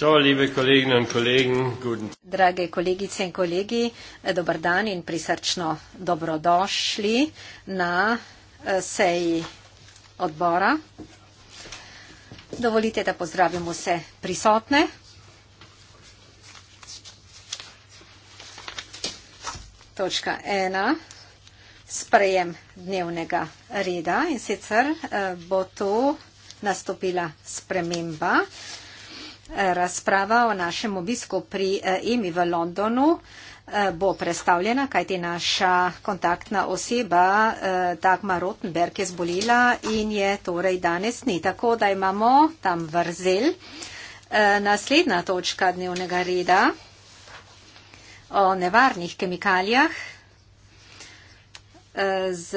So, liebe Kolleginnen und Kollegen, guten Drage kolegice in kolegi, dobar dan in prisrčno dobrodošli na eh, seji odbora. Dovolite, da pozdravim vse prisotne. Točka ena, sprejem dnevnega reda in sicer eh, bo tu nastopila sprememba razprava o našem obisku pri eh, EMI v Londonu eh, bo predstavljena, kajti naša kontaktna oseba eh, Dagmar Rotenberg je zbolila in je torej danes ni. Tako da imamo tam vrzel. Naslednja točka dnevnega reda o nevarnih kemikalijah z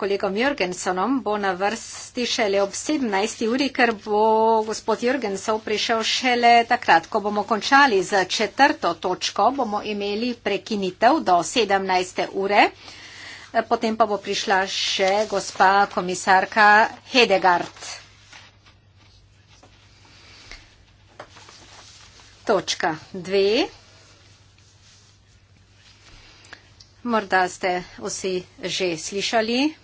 kolegom Jorgensonom bo na vrsti šele ob 17. uri, ker bo gospod Jorgensov prišel šele takrat. Ko bomo končali z četrto točko, bomo imeli prekinitev do 17. ure, potem pa bo prišla še gospa komisarka Hedegard. Točka dve. morda ste vsi že slišali.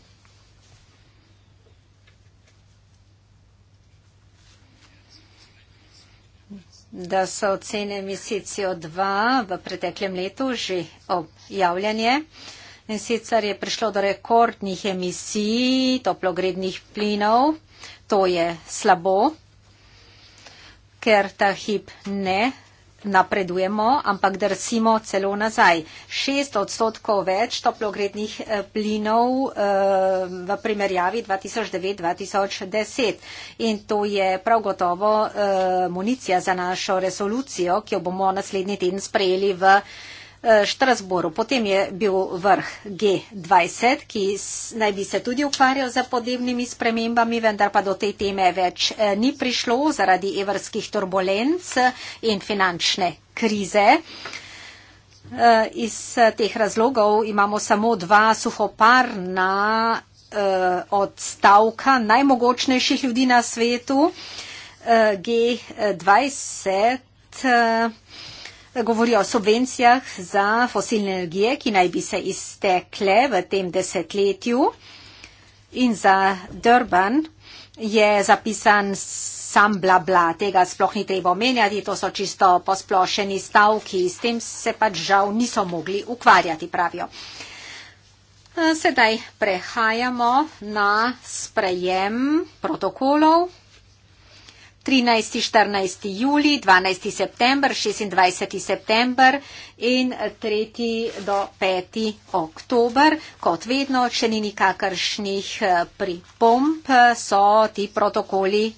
da so cene emisij CO2 v preteklem letu že objavljanje. In sicer je prišlo do rekordnih emisij toplogrednih plinov. To je slabo, ker ta hip ne napredujemo, ampak drsimo celo nazaj. Šest odstotkov več toplogrednih eh, plinov eh, v primerjavi 2009-2010. In to je prav gotovo eh, municija za našo resolucijo, ki jo bomo naslednji teden sprejeli v Štrasboru. Potem je bil vrh G20, ki naj bi se tudi ukvarjal za podnebnimi spremembami, vendar pa do te teme več eh, ni prišlo zaradi evrskih turbulenc eh, in finančne krize. Eh, iz teh razlogov imamo samo dva suhoparna odstavka najmogočnejših ljudi na svetu. G20 govori o subvencijah za fosilne energije, ki naj bi se iztekle v tem desetletju. In za Durban je zapisan sam bla bla, tega sploh ni treba omenjati, to so čisto posplošeni stavki, s tem se pač žal niso mogli ukvarjati, pravijo. Sedaj prehajamo na sprejem protokolov. 13. 14. juli, 12. september, 26. september in 3. do 5. oktober. Kot vedno, če ni nikakršnih eh, pripomp, eh, so ti protokoli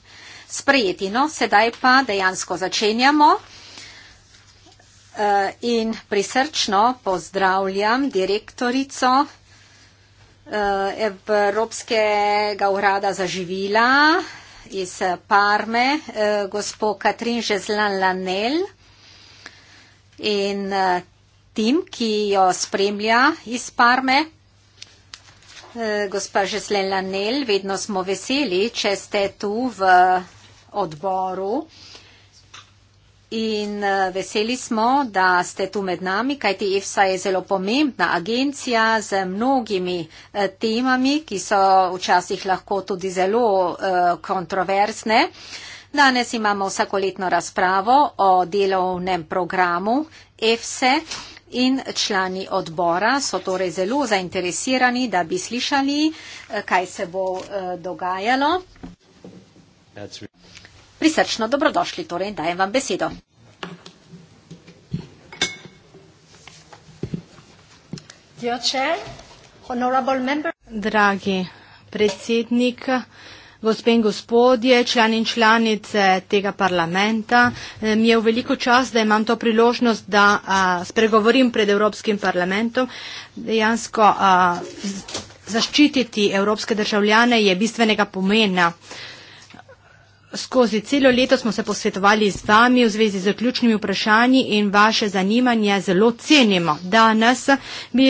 sprejeti. No, sedaj pa dejansko začenjamo eh, in prisrčno pozdravljam direktorico Evropskega urada za živila iz Parme, eh, gospo Katrin Žezlan-Lanel in eh, tim, ki jo spremlja iz Parme. Eh, gospa Žezlan-Lanel, vedno smo veseli, če ste tu v odboru in eh, veseli smo, da ste tu med nami, kajti EFSA je zelo pomembna agencija z mnogimi eh, temami, ki so včasih lahko tudi zelo eh, kontroversne. Danes imamo vsakoletno razpravo o delovnem programu EFSE. In člani odbora so torej zelo zainteresirani, da bi slišali, kaj se bo dogajalo. That's... Prisrčno dobrodošli, torej dajem vam besedo. Dragi predsednik, gospe in gospodje, člani in članice tega parlamenta, mi je v veliko čas, da imam to priložnost, da a, spregovorim pred Evropskim parlamentom. Dejansko a, zaščititi evropske državljane je bistvenega pomena. A, Skozi celo leto smo se posvetovali z vami v zvezi z ključnimi vprašanji in vaše zanimanje zelo cenimo. Danes bi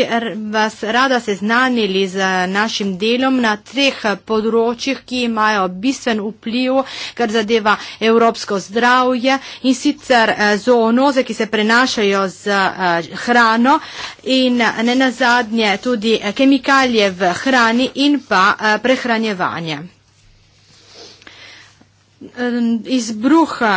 vas rada seznanili z našim delom na treh področjih, ki imajo bistven vpliv, kar zadeva evropsko zdravje in sicer eh, zoonoze, ki se prenašajo z eh, hrano in eh, ne nazadnje tudi kemikalije v hrani in pa prehranjevanje izbruha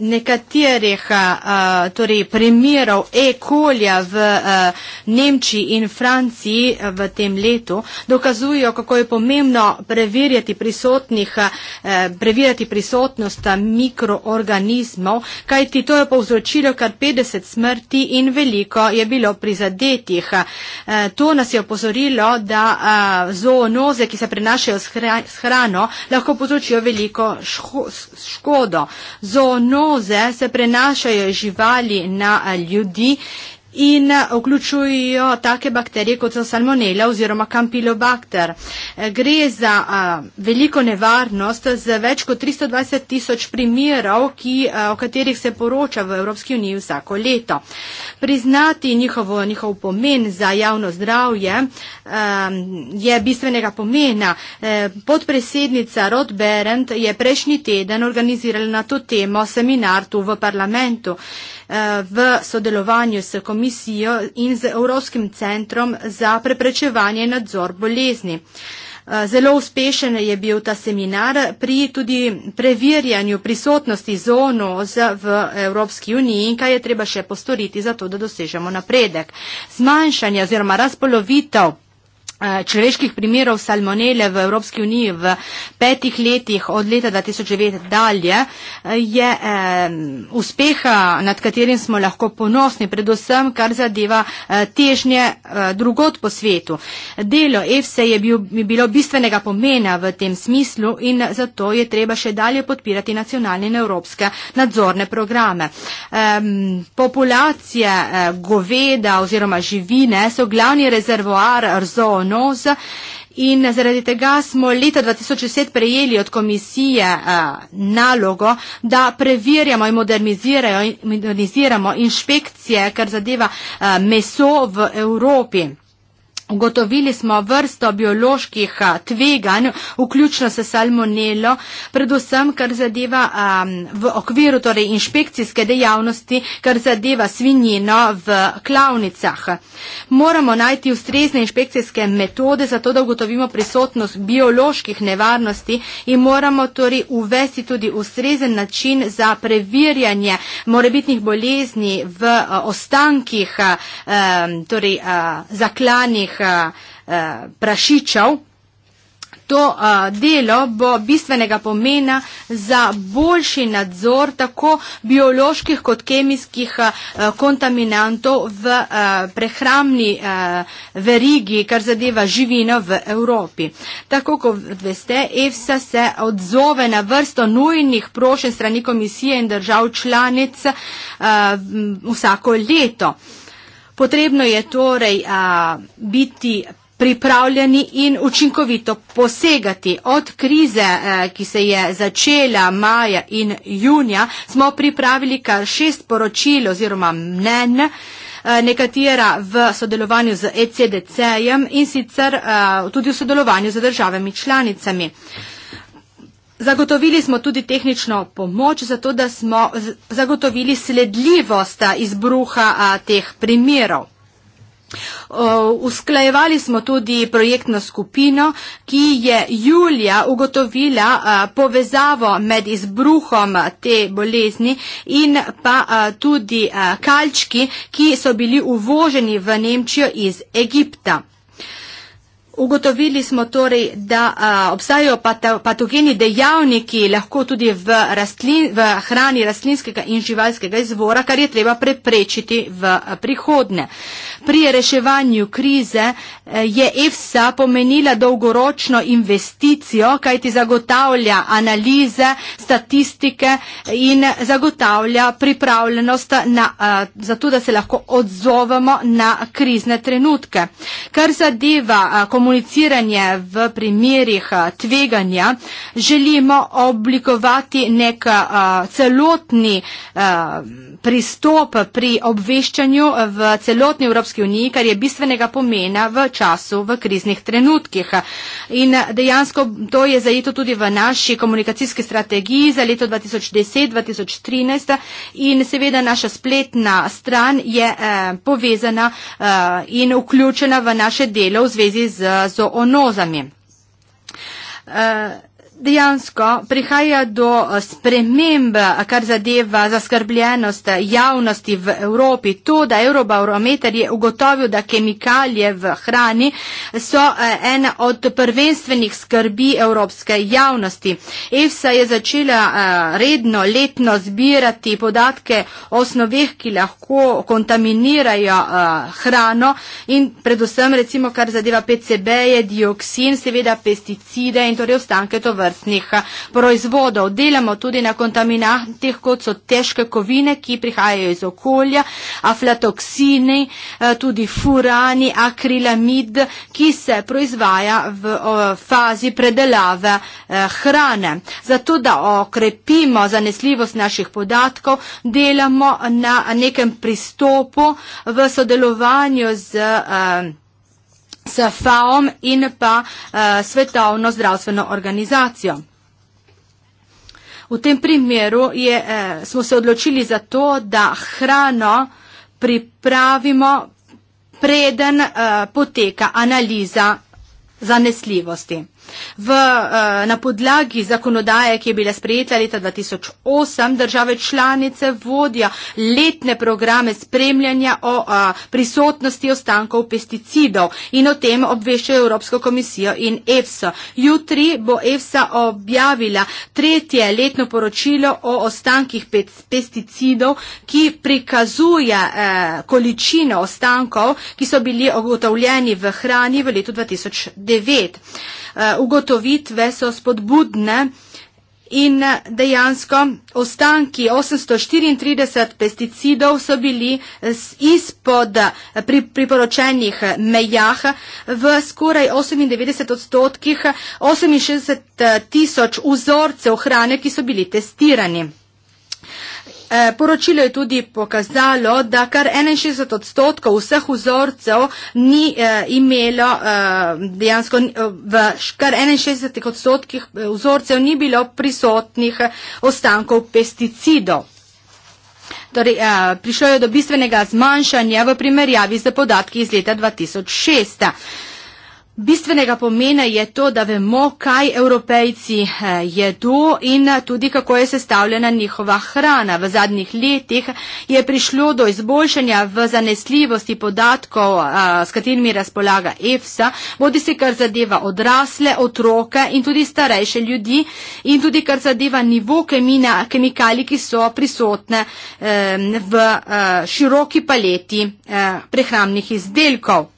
nekaterih eh, eh, torej, primerov e-kolja v eh, Nemčiji in Franciji v tem letu dokazujejo, kako je pomembno preverjati, preverjati prisotnost mikroorganizmov, kajti to je povzročilo kar 50 smrti in veliko je bilo prizadetih. To nas je opozorilo, da zoonoze, ki se prenašajo s hrano, lahko povzročijo veliko ško škodo. Zoonoze zoonoze se prenašajo živali na ljudi In eh, vključujejo take bakterije kot so salmonella oziroma kampilobakter. Eh, gre za eh, veliko nevarnost z več kot 320 tisoč primerov, ki, o katerih se poroča v Evropski uniji vsako leto. Priznati njihovo, njihov pomen za javno zdravje ehm, je bistvenega pomena. Podpredsednica Rod Berend je prejšnji teden organizirala na to temo seminar tu v parlamentu v sodelovanju s komisijo komisijo in z Evropskim centrom za preprečevanje in nadzor bolezni. Eh, zelo uspešen je bil ta seminar pri tudi preverjanju prisotnosti zoonoz v Evropski uniji in kaj je treba še postoriti za to, da dosežemo napredek. Zmanjšanje oziroma razpolovitev Eh, človeških primerov salmonele v Evropski uniji v petih letih od leta 2009 dalje eh, je eh, uspeha, nad katerim smo lahko ponosni, predvsem kar zadeva eh, težnje eh, drugot po svetu. Delo EFSE je bil, bilo bistvenega pomena v tem smislu in zato je treba še dalje podpirati nacionalne in evropske nadzorne programe. Eh, populacije eh, goveda oziroma živine so glavni rezervoar zon diagnoz in zaradi tega smo leta 2010 prejeli od komisije uh, nalogo, da preverjamo in moderniziramo inšpekcije, kar zadeva uh, meso v Evropi. Ugotovili smo vrsto bioloških tveganj, vključno s salmonelo, predvsem kar zadeva um, v okviru torej, inšpekcijske dejavnosti, kar zadeva svinjino v klavnicah. Moramo najti ustrezne inšpekcijske metode za to, da ugotovimo prisotnost bioloških nevarnosti in moramo torej uvesti tudi ustrezen način za preverjanje morebitnih bolezni v uh, ostankih uh, torej, uh, zaklanih Eh, prašičev. To eh, delo bo bistvenega pomena za boljši nadzor tako bioloških kot kemijskih eh, kontaminantov v prehramni verigi, kar zadeva živino v Evropi. Tako kot veste, EFSA se odzove na vrsto nujnih prošen strani komisije in držav članic vsako leto. Potrebno je torej a, biti pripravljeni in učinkovito posegati. Od krize, ki se je začela maja in junija, smo pripravili kar šest poročil oziroma mnen, nekatera v sodelovanju z ECDC-jem in sicer tudi v sodelovanju z državami članicami. Zagotovili smo tudi tehnično pomoč, zato da smo zagotovili sledljivost izbruha teh primerov. Usklajevali smo tudi projektno skupino, ki je julija ugotovila povezavo med izbruhom te bolezni in pa tudi kalčki, ki so bili uvoženi v Nemčijo iz Egipta. Ugotovili smo torej, da a, obstajajo patogeni dejavniki lahko tudi v, rastlin, v hrani rastlinskega in živalskega izvora, kar je treba preprečiti v prihodne. Pri reševanju krize je EFSA pomenila dolgoročno investicijo, kaj ti zagotavlja analize, statistike in zagotavlja pripravljenost na, a, zato, da se lahko odzovemo na krizne trenutke. Kar zadeva a, komunikacijo, komuniciranje v primerih tveganja, želimo oblikovati nek celotni pristop pri obveščanju v celotni Evropski uniji, kar je bistvenega pomena v času, v kriznih trenutkih. In dejansko to je zajeto tudi v naši komunikacijski strategiji za leto 2010-2013 in seveda naša spletna stran je eh, povezana eh, in vključena v naše delo v zvezi z zoonozami. Eh, dejansko prihaja do eh, sprememb, eh, kar zadeva zaskrbljenost eh, javnosti v Evropi. To, da Eurobarometer je ugotovil, da kemikalije v hrani so ena od prvenstvenih skrbi evropske javnosti. EFSA je začela redno letno zbirati podatke o osnovih, ki lahko kontaminirajo hrano in predvsem, recimo, kar zadeva PCB-je, dioksin, seveda pesticide in torej ostanke tovrstnih vrstnih proizvodov. Delamo tudi na kontaminantih, kot so težke kovine, ki prihajajo iz okolja, aflatoksini, tudi furani, akrilamid, ki se proizvaja v fazi predelave hrane. Zato, da okrepimo zanesljivost naših podatkov, delamo na nekem pristopu v sodelovanju z s FAOM in pa eh, Svetovno zdravstveno organizacijo. V tem primeru je, eh, smo se odločili za to, da hrano pripravimo preden eh, poteka analiza zanesljivosti. V, eh, na podlagi zakonodaje, ki je bila sprejeta leta 2008, države članice vodijo letne programe spremljanja o a, eh, prisotnosti ostankov pesticidov in o tem obveščajo Evropsko komisijo in EFSA. Jutri bo EFSA objavila tretje letno poročilo o ostankih pesticidov, ki prikazuje a, eh, količino ostankov, ki so bili ogotovljeni v hrani v letu 2009. Eh, ugotovitve so spodbudne in eh, dejansko ostanki 834 pesticidov so bili eh, izpod pri priporočenih mejah v skoraj 98 odstotkih 68 tisoč vzorcev hrane, ki so bili testirani. Eh, poročilo je tudi pokazalo, da kar 61 odstotkov vseh vzorcev ni eh, imelo, eh, dejansko eh, v kar 61 odstotkih eh, vzorcev ni bilo prisotnih ostankov pesticidov. Torej, eh, prišlo je do bistvenega zmanjšanja v primerjavi z podatki iz leta 2006. Bistvenega pomena je to, da vemo, kaj evropejci eh, jedo in eh, tudi kako je sestavljena njihova hrana. V zadnjih letih je prišlo do izboljšanja v zanesljivosti podatkov, eh, s katerimi razpolaga EFSA, bodi se kar zadeva odrasle, otroke in tudi starejše ljudi in tudi kar zadeva nivo kemikalij, ki so prisotne v široki paleti prehramnih izdelkov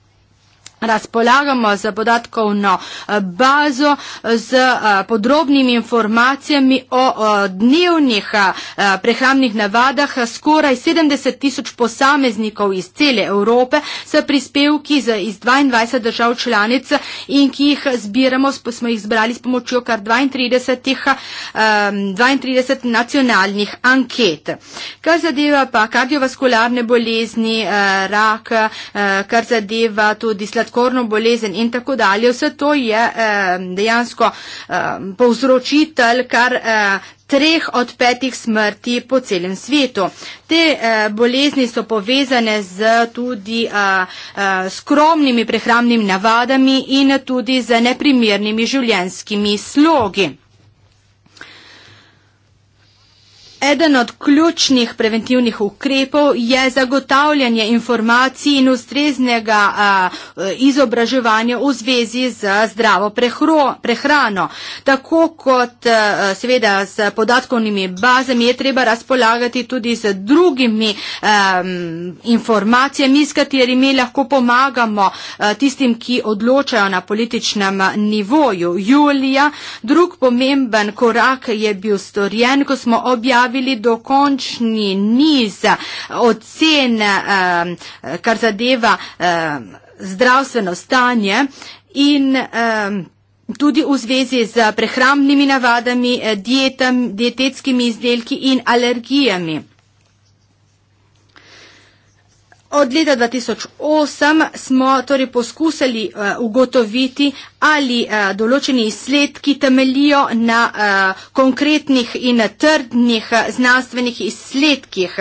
razpolagamo z podatkovno eh, bazo z eh, podrobnimi informacijami o dnevnih eh, prehrambnih navadah skoraj 70 tisoč posameznikov iz cele Evrope s prispevki iz 22 držav članic in ki jih zbiramo, smo jih zbrali s pomočjo kar 32, 32 nacionalnih anket. Kar zadeva pa kardiovaskularne bolezni, rak, kar zadeva tudi sladkosti, sladkorno bolezen in tako dalje, vse to je eh, dejansko eh, povzročitelj kar. Eh, treh od petih smrti po celem svetu. Te eh, bolezni so povezane z tudi eh, eh skromnimi prehramnimi navadami in tudi z neprimernimi življenskimi slogi. Eden od ključnih preventivnih ukrepov je zagotavljanje informacij in ustreznega a, izobraževanja v zvezi z zdravo prehro, prehrano. Tako kot a, seveda z podatkovnimi bazami je treba razpolagati tudi z drugimi a, informacijami, s katerimi lahko pomagamo a, tistim, ki odločajo na političnem nivoju. Julija, drug pomemben korak je bil storjen, ko smo objavili pripravili dokončni niz ocen, um, kar zadeva um, zdravstveno stanje in um, tudi v zvezi z prehrambnimi navadami, dietam, dietetskimi izdelki in alergijami. Od leta 2008 smo torej poskusili uh, ugotoviti, ali uh, določeni izsledki temelijo na uh, konkretnih in trdnih znanstvenih izsledkih.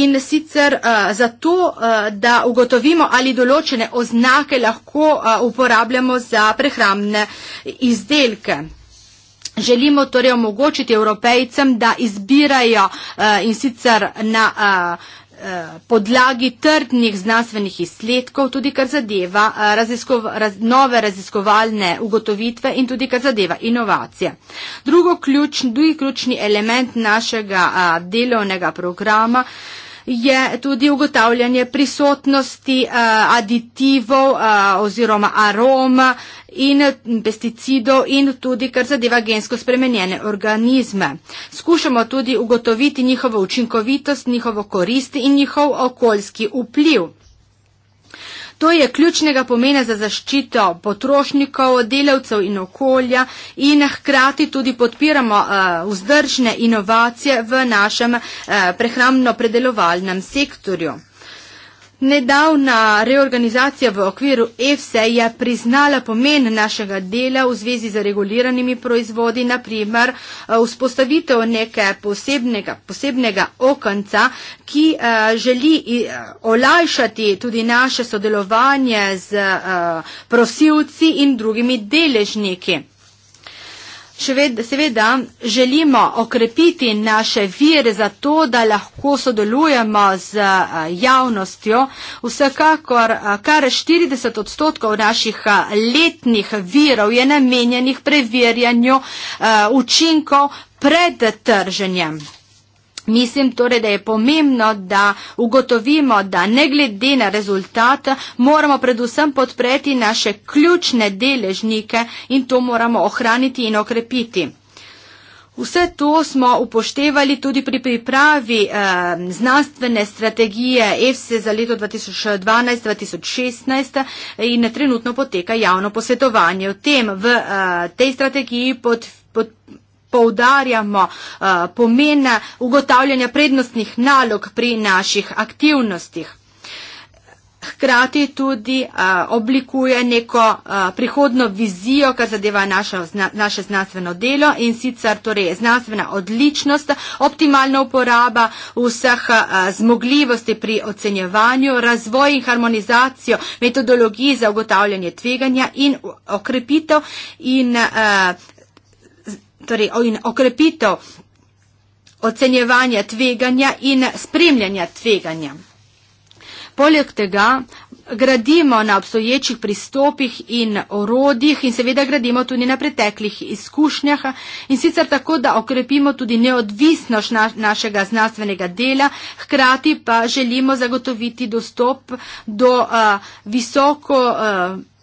In sicer uh, zato, uh, da ugotovimo, ali določene oznake lahko uh, uporabljamo za prehramne izdelke. Želimo torej omogočiti evropejcem, da izbirajo uh, in sicer na. Uh, Eh, podlagi trdnih znanstvenih izsledkov, tudi kar zadeva eh, raziskov, raz, nove raziskovalne ugotovitve in tudi kar zadeva inovacije. Drugi ključni, ključni element našega a, eh, delovnega programa je tudi ugotavljanje prisotnosti uh, aditivov uh, oziroma aroma in mm, pesticidov in tudi, kar zadeva gensko spremenjene organizme. Skušamo tudi ugotoviti njihovo učinkovitost, njihovo koristi in njihov okoljski vpliv. To je ključnega pomena za zaščito potrošnikov, delavcev in okolja in hkrati tudi podpiramo eh, vzdržne inovacije v našem eh, prehramno-predelovalnem sektorju. Nedavna reorganizacija v okviru EFSE je priznala pomen našega dela v zvezi z reguliranimi proizvodi, naprimer eh, vzpostavitev neke posebnega, posebnega okanca, ki eh, želi eh, olajšati tudi naše sodelovanje z prosilci in drugimi deležniki. Seveda želimo okrepiti naše vire za to, da lahko sodelujemo z eh, javnostjo. Vsekakor eh, kar 40 odstotkov naših eh, letnih virov je namenjenih preverjanju učinkov pred trženjem. Mislim torej, da je pomembno, da ugotovimo, da ne glede na rezultat, moramo predvsem podpreti naše ključne deležnike in to moramo ohraniti in okrepiti. Vse to smo upoštevali tudi pri pripravi eh, znanstvene strategije EFSE za leto 2012-2016 eh, in trenutno poteka javno posvetovanje o tem. V eh, tej strategiji pod, pod, poudarjamo eh, pomen ugotavljanja prednostnih nalog pri naših aktivnostih. Hkrati tudi eh, oblikuje neko eh, prihodno vizijo, kar zadeva naše, naše znanstveno delo in sicer torej znanstvena odličnost, optimalna uporaba vseh zmogljivosti pri ocenjevanju, razvoj in harmonizacijo metodologij za ugotavljanje tveganja in okrepitev in torej, in okrepitev ocenjevanja tveganja in spremljanja tveganja. Poleg tega gradimo na obstoječih pristopih in orodjih in seveda gradimo tudi na preteklih izkušnjah in sicer tako, da okrepimo tudi neodvisnost na, našega znanstvenega dela, hkrati pa želimo zagotoviti dostop do a, eh, visoko. A, eh,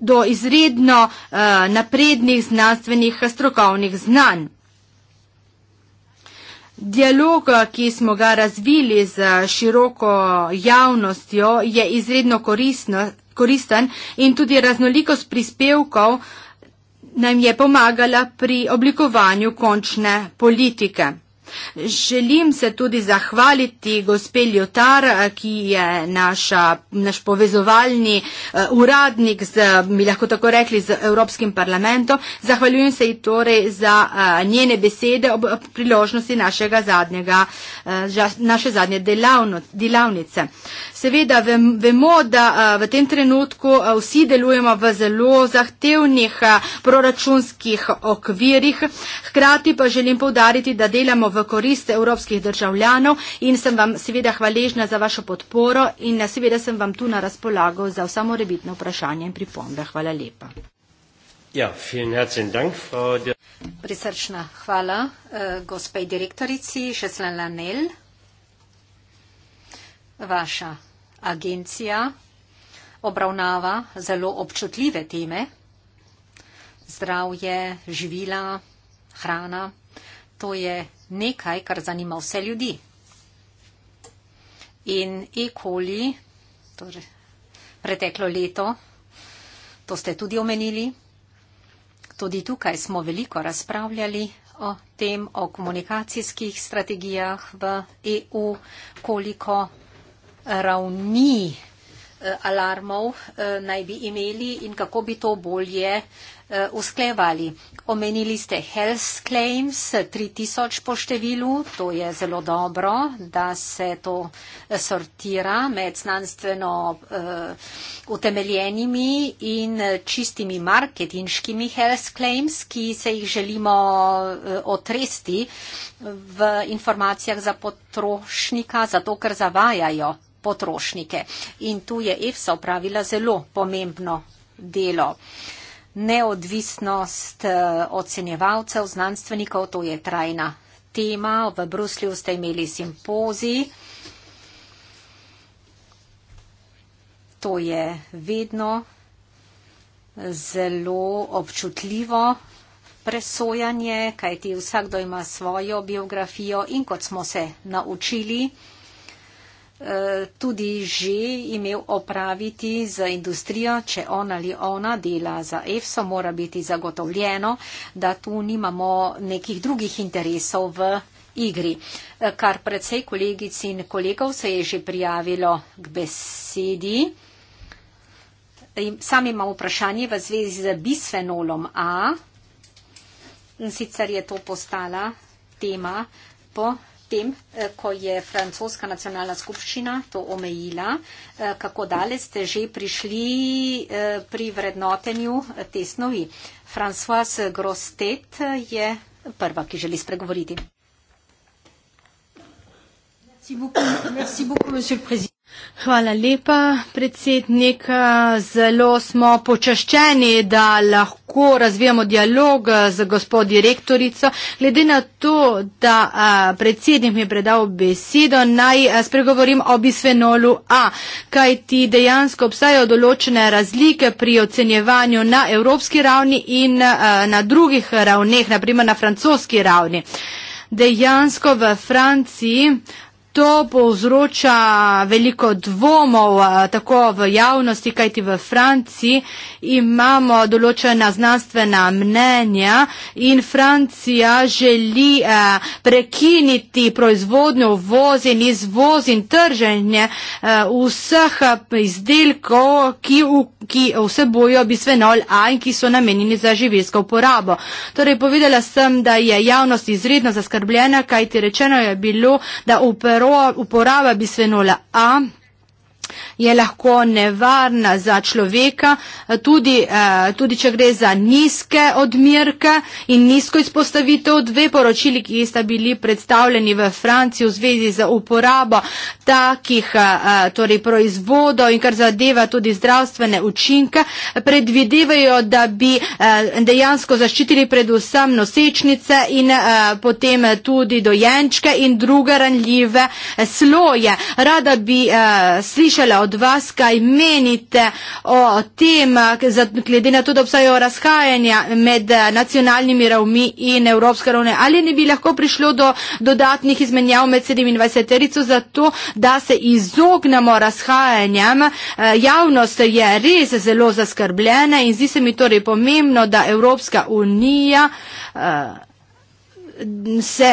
do izredno eh, naprednih znanstvenih strokovnih znanj. Dialog, eh, ki smo ga razvili z široko javnostjo, je izredno koristno, koristen in tudi raznolikost prispevkov nam je pomagala pri oblikovanju končne politike. Želim se tudi zahvaliti gospe Ljotar, eh, ki je naša, naš povezovalni eh, uradnik z, mi lahko tako rekli, z Evropskim parlamentom. Zahvaljujem se ji torej za eh, njene besede ob priložnosti našega zadnjega, naše zadnje delavno, delavnice. Seveda vemo, da v tem trenutku vsi delujemo v zelo zahtevnih proračunskih okvirih. Hkrati pa želim povdariti, da delamo v korist evropskih državljanov in sem vam seveda hvaležna za vašo podporo in seveda sem vam tu na razpolago za vsa morebitna vprašanja in pripombe. Hvala lepa. Ja, dank, Frau... Prisrčna hvala eh, gospej direktorici Šeslen Lanel. Vaša agencija obravnava zelo občutljive teme, zdravje, živila, hrana, to je nekaj, kar zanima vse ljudi. In e-koli, torej preteklo leto, to ste tudi omenili, tudi tukaj smo veliko razpravljali o tem, o komunikacijskih strategijah v EU, koliko ravni eh, alarmov eh, naj bi imeli in kako bi to bolje eh, usklevali. Omenili ste health claims 3000 po številu, to je zelo dobro, da se to sortira med znanstveno uh, utemeljenimi in čistimi marketinškimi health claims, ki se jih želimo uh, otresti v informacijah za potrošnika, zato ker zavajajo potrošnike. In tu je EFSA upravila zelo pomembno delo. Neodvisnost eh, ocenjevalcev, znanstvenikov, to je trajna tema. V Bruslju ste imeli simpozij. To je vedno zelo občutljivo presojanje, kajti vsakdo ima svojo biografijo in kot smo se naučili, tudi že imel opraviti z industrijo, če on ali ona dela za EFSO, mora biti zagotovljeno, da tu nimamo nekih drugih interesov v igri. Kar predvsej kolegic in kolegov se je že prijavilo k besedi. Sam imam vprašanje v zvezi z bisfenolom A. In sicer je to postala tema po potem, eh, ko je francoska nacionalna skupščina to omejila, eh, kako daleč ste že prišli eh, pri vrednotenju te snovi. François Grostet je prva, ki želi spregovoriti. Merci beaucoup, merci beaucoup, Hvala lepa, predsednik. Zelo smo počaščeni, da lahko razvijamo dialog z gospod direktorico. Glede na to, da predsednik mi je predal besedo, naj spregovorim o bisfenolu A, kaj ti dejansko obstajajo določene razlike pri ocenjevanju na evropski ravni in na drugih ravneh, naprimer na francoski ravni. Dejansko v Franciji. To povzroča veliko dvomov tako v javnosti, kajti v Franciji imamo določena znanstvena mnenja in Francija želi eh, prekiniti proizvodnjo voz in izvoz in trženje eh, vseh izdelkov, ki, v, ki vse bojo bisfenol A in ki so namenjeni za živilsko uporabo. Torej, povedala sem, da je javnost izredno zaskrbljena, kajti rečeno je bilo, da uporabljajo uporaba bisfenola A je lahko nevarna za človeka, eh, tudi, eh, tudi če gre za nizke odmerke in nizko izpostavitev. Dve poročili, ki sta bili predstavljeni v Franciji v zvezi z uporabo takih eh, torej proizvodov in kar zadeva tudi zdravstvene učinke, predvidevajo, da bi dejansko zaščitili predvsem nosečnice in potem tudi dojenčke in druge ranljive sloje. Rada bi slišala od od vas, kaj menite o tem, glede na to, da obstajajo razhajanja med eh, nacionalnimi ravmi in Evropske ravne. Ali ne bi lahko prišlo do dodatnih izmenjav med 27-terico za to, da se izognemo razhajanjem? Eh, javnost je res zelo zaskrbljena in zdi se mi torej pomembno, da Evropska unija. Uh, se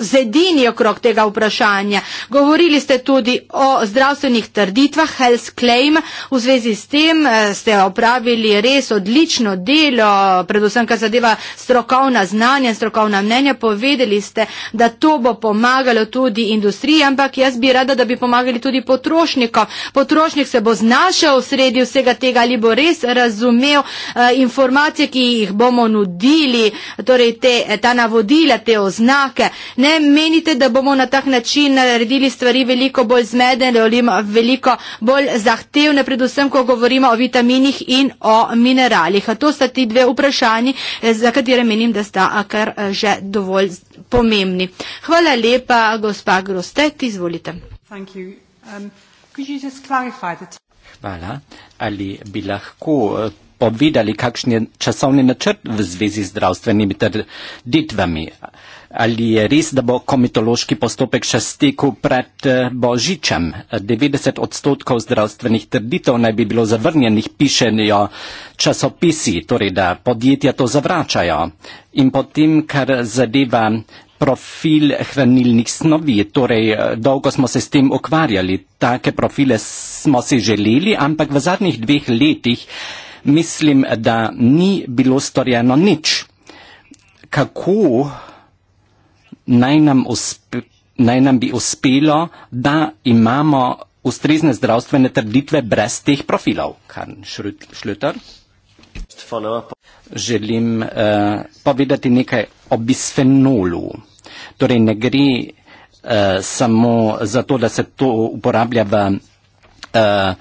zedini okrog tega vprašanja. Govorili ste tudi o zdravstvenih trditvah, health claim. V zvezi s tem eh, ste opravili res odlično delo, predvsem, kar zadeva strokovna znanja in strokovna mnenja. Povedali ste, da to bo pomagalo tudi industriji, ampak jaz bi rada, da bi pomagali tudi potrošnikom. Potrošnik se bo znašel v sredi vsega tega ali bo res razumel eh, informacije, ki jih bomo nudili, torej te, ta navodila vodile te oznake. Ne menite, da bomo na tak način naredili stvari veliko bolj zmedene, veliko bolj zahtevne, predvsem, ko govorimo o vitaminih in o mineralih. To sta ti dve vprašanji, eh, za katere menim, da sta kar eh, že dovolj pomembni. Hvala lepa, gospa Grostet, izvolite. Um, Hvala. Ali bi lahko eh, povedali, kakšen je časovni načrt v zvezi z zdravstvenimi trditvami. Ali je res, da bo komitološki postopek še stekel pred eh, Božičem? 90 odstotkov zdravstvenih trditev naj bi bilo zavrnjenih, pišenjo časopisi, torej da podjetja to zavračajo. In potem, kar zadeva profil hranilnih snovi, torej eh, dolgo smo se s tem ukvarjali, take profile smo si želeli, ampak v zadnjih dveh letih mislim, da ni bilo storjeno nič. Kako naj nam, uspe, naj nam bi uspelo, da imamo ustrezne zdravstvene trditve brez teh profilov? Kar šlutar? Želim uh, povedati nekaj o bisfenolu. Torej ne gre uh, samo za to, da se to uporablja v uh,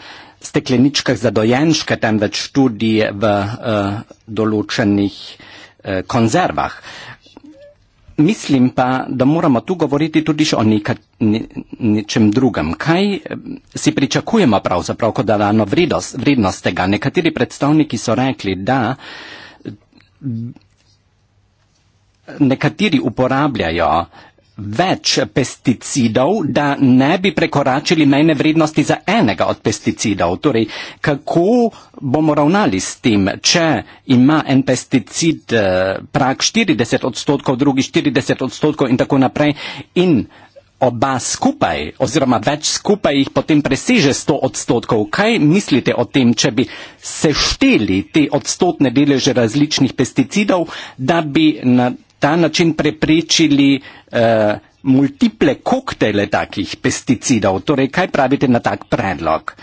stekleničkah za dojenčke, temveč tudi v uh, določenih uh, konzervah. Mislim pa, da moramo tu govoriti tudi o neka, ne, nečem drugem. Kaj eh, si pričakujemo pravzaprav kot dano vrednost, vrednost tega? Nekateri predstavniki so rekli, da nekateri uporabljajo uh, več pesticidov, da ne bi prekoračili mejne vrednosti za enega od pesticidov. Torej, kako bomo ravnali s tem, če ima en pesticid eh, prak 40 odstotkov, drugi 40 odstotkov in tako naprej in oba skupaj oziroma več skupaj jih potem preseže 100 odstotkov. Kaj mislite o tem, če bi sešteli te odstotne deleže različnih pesticidov, da bi na ta način prepričili uh, eh, multiple koktele takih pesticidov. Torej, kaj pravite na tak predlog?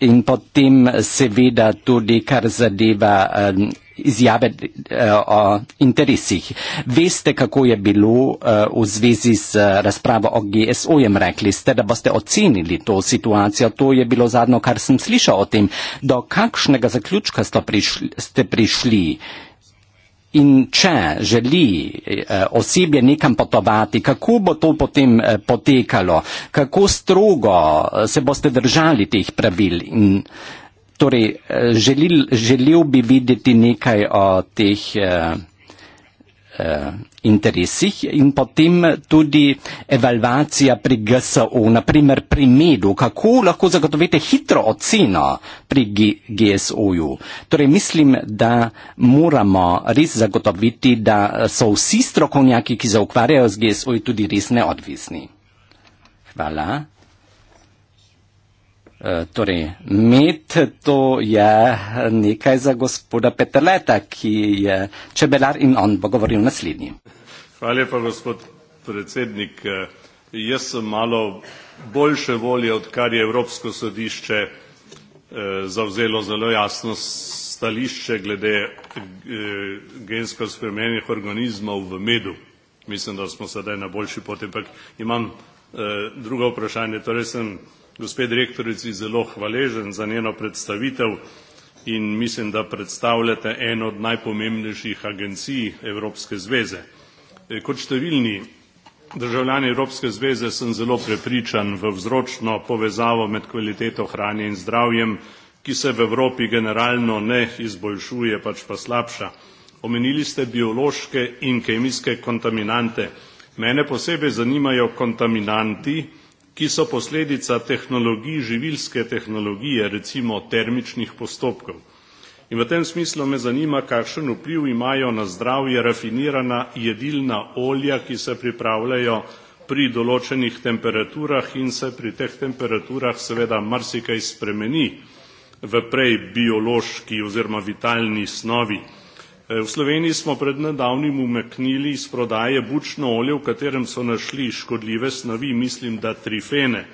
In potem seveda tudi, kar zadeva uh, izjave uh, o interesih. Veste, kako je bilo uh, v zvezi z razpravo o GSO-jem, rekli ste, da boste ocenili to situacijo. To je bilo zadnjo, kar sem slišal o tem. Do kakšnega zaključka prišli, ste prišli? In če želi eh, osebje nekam potovati, kako bo to potem eh, potekalo, kako strogo eh, se boste držali teh pravil. In, torej, eh, želil, želil bi videti nekaj o teh. Eh, eh, interesih in potem eh, tudi evalvacija pri GSO, naprimer pri medu, kako lahko zagotovite hitro oceno pri GSO-ju. Torej mislim, da moramo res zagotoviti, da eh, so vsi strokovnjaki, ki se ukvarjajo z GSO-ji, tudi res neodvisni. Hvala. Eh, torej, med to je nekaj za gospoda Peterleta, ki je čebelar in on bo govoril naslednji. Hvala lepa, gospod predsednik. Eh, jaz sem malo boljše volje, odkar je Evropsko sodišče eh, zavzelo zelo jasno stališče glede gensko spremenjenih organizmov v medu. Mislim, da smo sedaj na boljši poti, ampak imam eh, drugo vprašanje. Torej sem eh, gospe direktorici zelo hvaležen za njeno predstavitev in mislim, da predstavljate eno od najpomembnejših agencij Evropske zveze. E, kot številni državljani Evropske zveze sem zelo prepričan v vzročno povezavo med kvaliteto hranje in zdravjem, ki se v Evropi generalno ne izboljšuje, pač pa slabša. Omenili ste biološke in kemijske kontaminante. Mene posebej zanimajo kontaminanti, ki so posledica tehnologij, živilske tehnologije, recimo termičnih postopkov. In v tem smislu me zanima, kakšen vpliv imajo na zdravje rafinirana jedilna olja, ki se pripravljajo pri določenih temperaturah in se pri teh temperaturah seveda marsikaj spremeni v prej biološki oziroma vitalni snovi. Eh, v Sloveniji smo pred nedavnim umeknili iz prodaje bučno olje, v katerem so našli škodljive snovi, mislim, da trifene.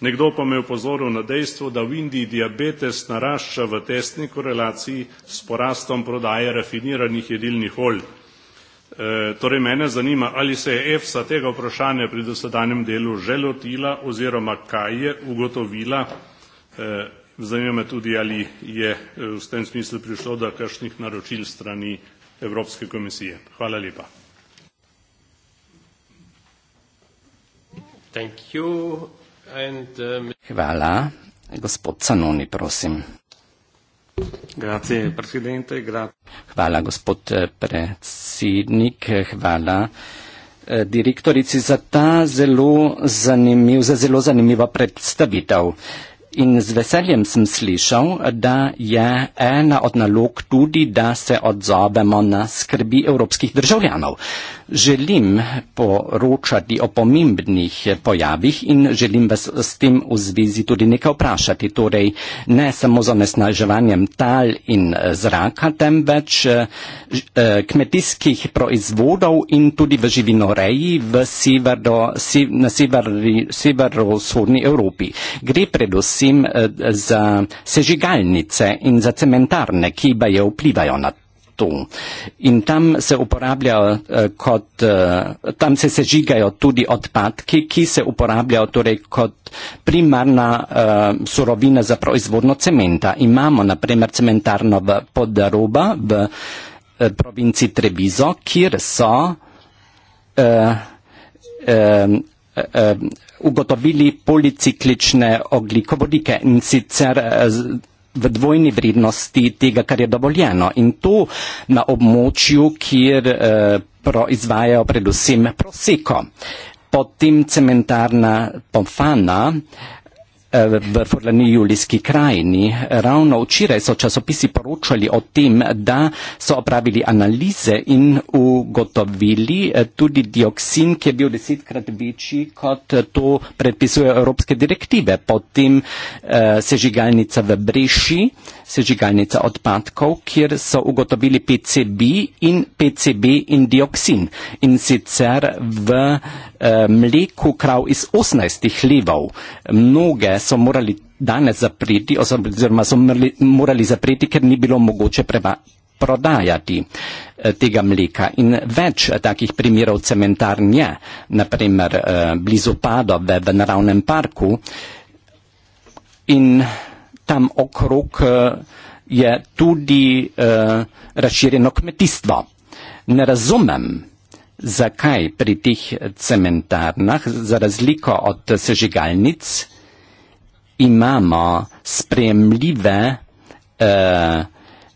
Nekdo pa me je upozoril na dejstvo, da v Indiji diabetes narašča v tesni korelaciji s porastom prodaje rafiniranih jedilnih olj. E, torej mene zanima, ali se je EFSA tega vprašanja pri dosedanjem delu že lotila oziroma kaj je ugotovila. E, Zanima me tudi, ali je eh, v tem smislu prišlo do kakšnih naročil strani Evropske komisije. Hvala lepa. Uh, Hvala. Gospod Canoni, prosim. Hvala, gospod eh, predsednik. Hvala eh, direktorici za ta zelo zanimiv, za zelo zanimiva predstavitev. In z veseljem sem slišal, da je ena od nalog tudi, da se odzovemo na skrbi evropskih državljanov. Želim poročati o pomembnih eh, pojavih in želim vas s tem v zvezi tudi nekaj vprašati. Torej, ne samo z onesnaževanjem tal in eh, zraka, temveč eh, kmetijskih proizvodov in tudi v živinoreji v severo, na severovzhodni Evropi. Gre predvsem za sežigalnice in za cementarne, ki pa jo vplivajo na to svetu. In tam se uporabljajo eh, kot, eh, tam se sežigajo tudi odpadki, ki se uporabljajo torej kot primarna eh, surovina za proizvodno cementa. Imamo naprimer cementarno v Podaruba v eh, provinci Trebizo, kjer so eh, eh, eh, eh ugotovili policiklične oglikovodike in sicer eh, v dvojni vrednosti tega, kar je dovoljeno. In to na območju, kjer eh, proizvajajo predvsem proseko. Potem cementarna pomfana. Eh, v Furlani Julijski krajini. Eh, ravno včeraj so časopisi poročali o tem, da so opravili analize in ugotovili eh, tudi dioksin, ki je bil desetkrat večji, kot to predpisuje Evropske direktive. Potem sežigalnica v Breši sežigalnica odpadkov, kjer so ugotovili PCB in PCB in dioksin. In sicer v e, mleku krav iz 18 hlevov. Mnoge so morali danes zapreti, oziroma so mrli, morali zapreti, ker ni bilo mogoče preba prodajati eh, tega mleka. In več eh, takih primerov cementarn je, naprimer blizu Padove v naravnem parku. In tam okrog eh, je tudi uh, razširjeno kmetijstvo. Ne razumem, zakaj pri teh cementarnah, za razliko od sežigalnic, imamo sprejemljive uh,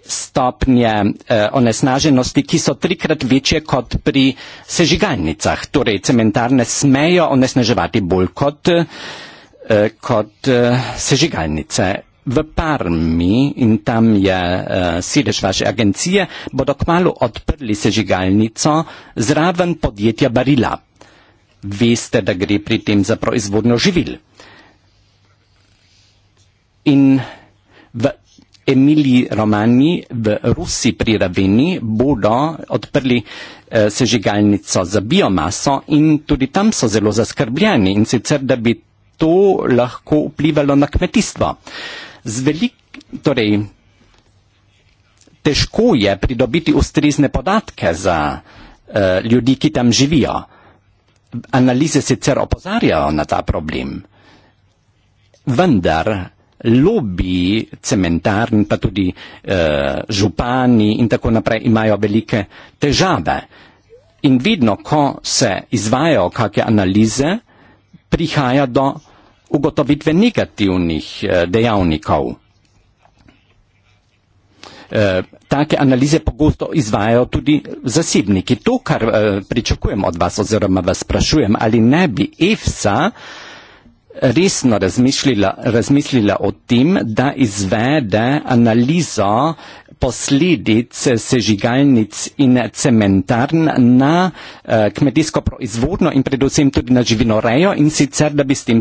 stopnje uh, onesnaženosti, ki so trikrat večje kot pri sežigalnicah. Torej, cementarne smejo onesnaževati bolj kot, uh, kot uh, sežigalnice w Parmi, in tam je uh, sedež vaše agencije, bodo kmalo odprli sežigalnico zraven podjetja Barila. Veste, da gre pri tem za proizvodno živil. In v Emiliji Romani v Rusi pri Raveni bodo odprli uh, sežigalnico za biomaso in tudi tam so zelo zaskrbljeni in sicer, da bi to lahko vplivalo na kmetijstvo. Uh, z velik, torej, težko je pridobiti ustrezne podatke za eh, ljudi, ki tam živijo. Analize sicer opozarjajo na ta problem, vendar lobi cementarn, pa tudi eh, župani in tako naprej imajo velike težave. In vidno, ko se izvajo kakšne analize, prihaja do ugotovitve negativnih eh, dejavnikov. Eh, take analize pogosto izvajajo tudi zasebniki. To, kar eh, pričakujem od vas oziroma vas sprašujem, ali ne bi EFSA resno razmislila, razmislila o tem, da izvede analizo posledic sežigalnic in cementarn na eh, kmetijsko proizvodno in predvsem tudi na živinorejo in sicer, da bi s tem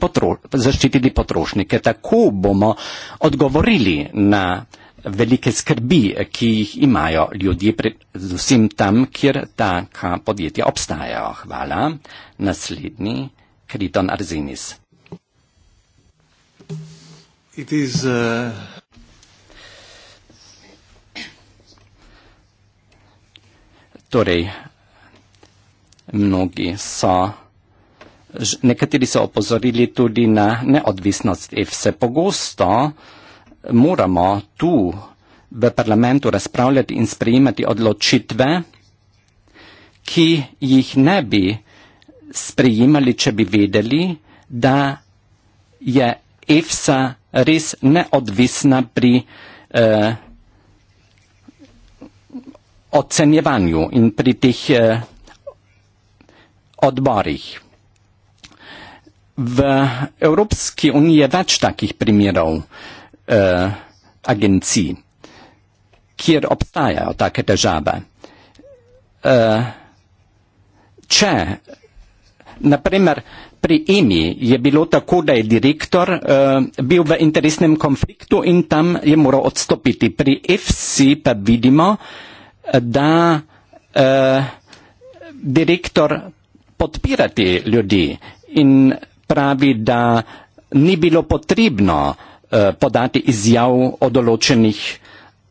potro, zaščitili potrošnike. Tako bomo odgovorili na velike skrbi, ki jih imajo ljudje predvsem tam, kjer taka podjetja obstajajo. Hvala. Naslednji. Kriton Arzinis. It is, uh... Torej, mnogi so, nekateri so opozorili tudi na neodvisnost EFSE. Pogosto moramo tu v parlamentu razpravljati in sprejemati odločitve, ki jih ne bi sprejemali, če bi vedeli, da je EFSA res neodvisna pri eh, ocenjevanju in pri teh eh, odborih. V Evropski uniji je več takih primerov eh, agencij, kjer obstajajo take težave. Eh, če Naprimer, pri EMI je bilo tako, da je direktor uh, bil v interesnem konfliktu in tam je moral odstopiti. Pri FC pa vidimo, da uh, direktor podpira te ljudi in pravi, da ni bilo potrebno uh, podati izjav o določenih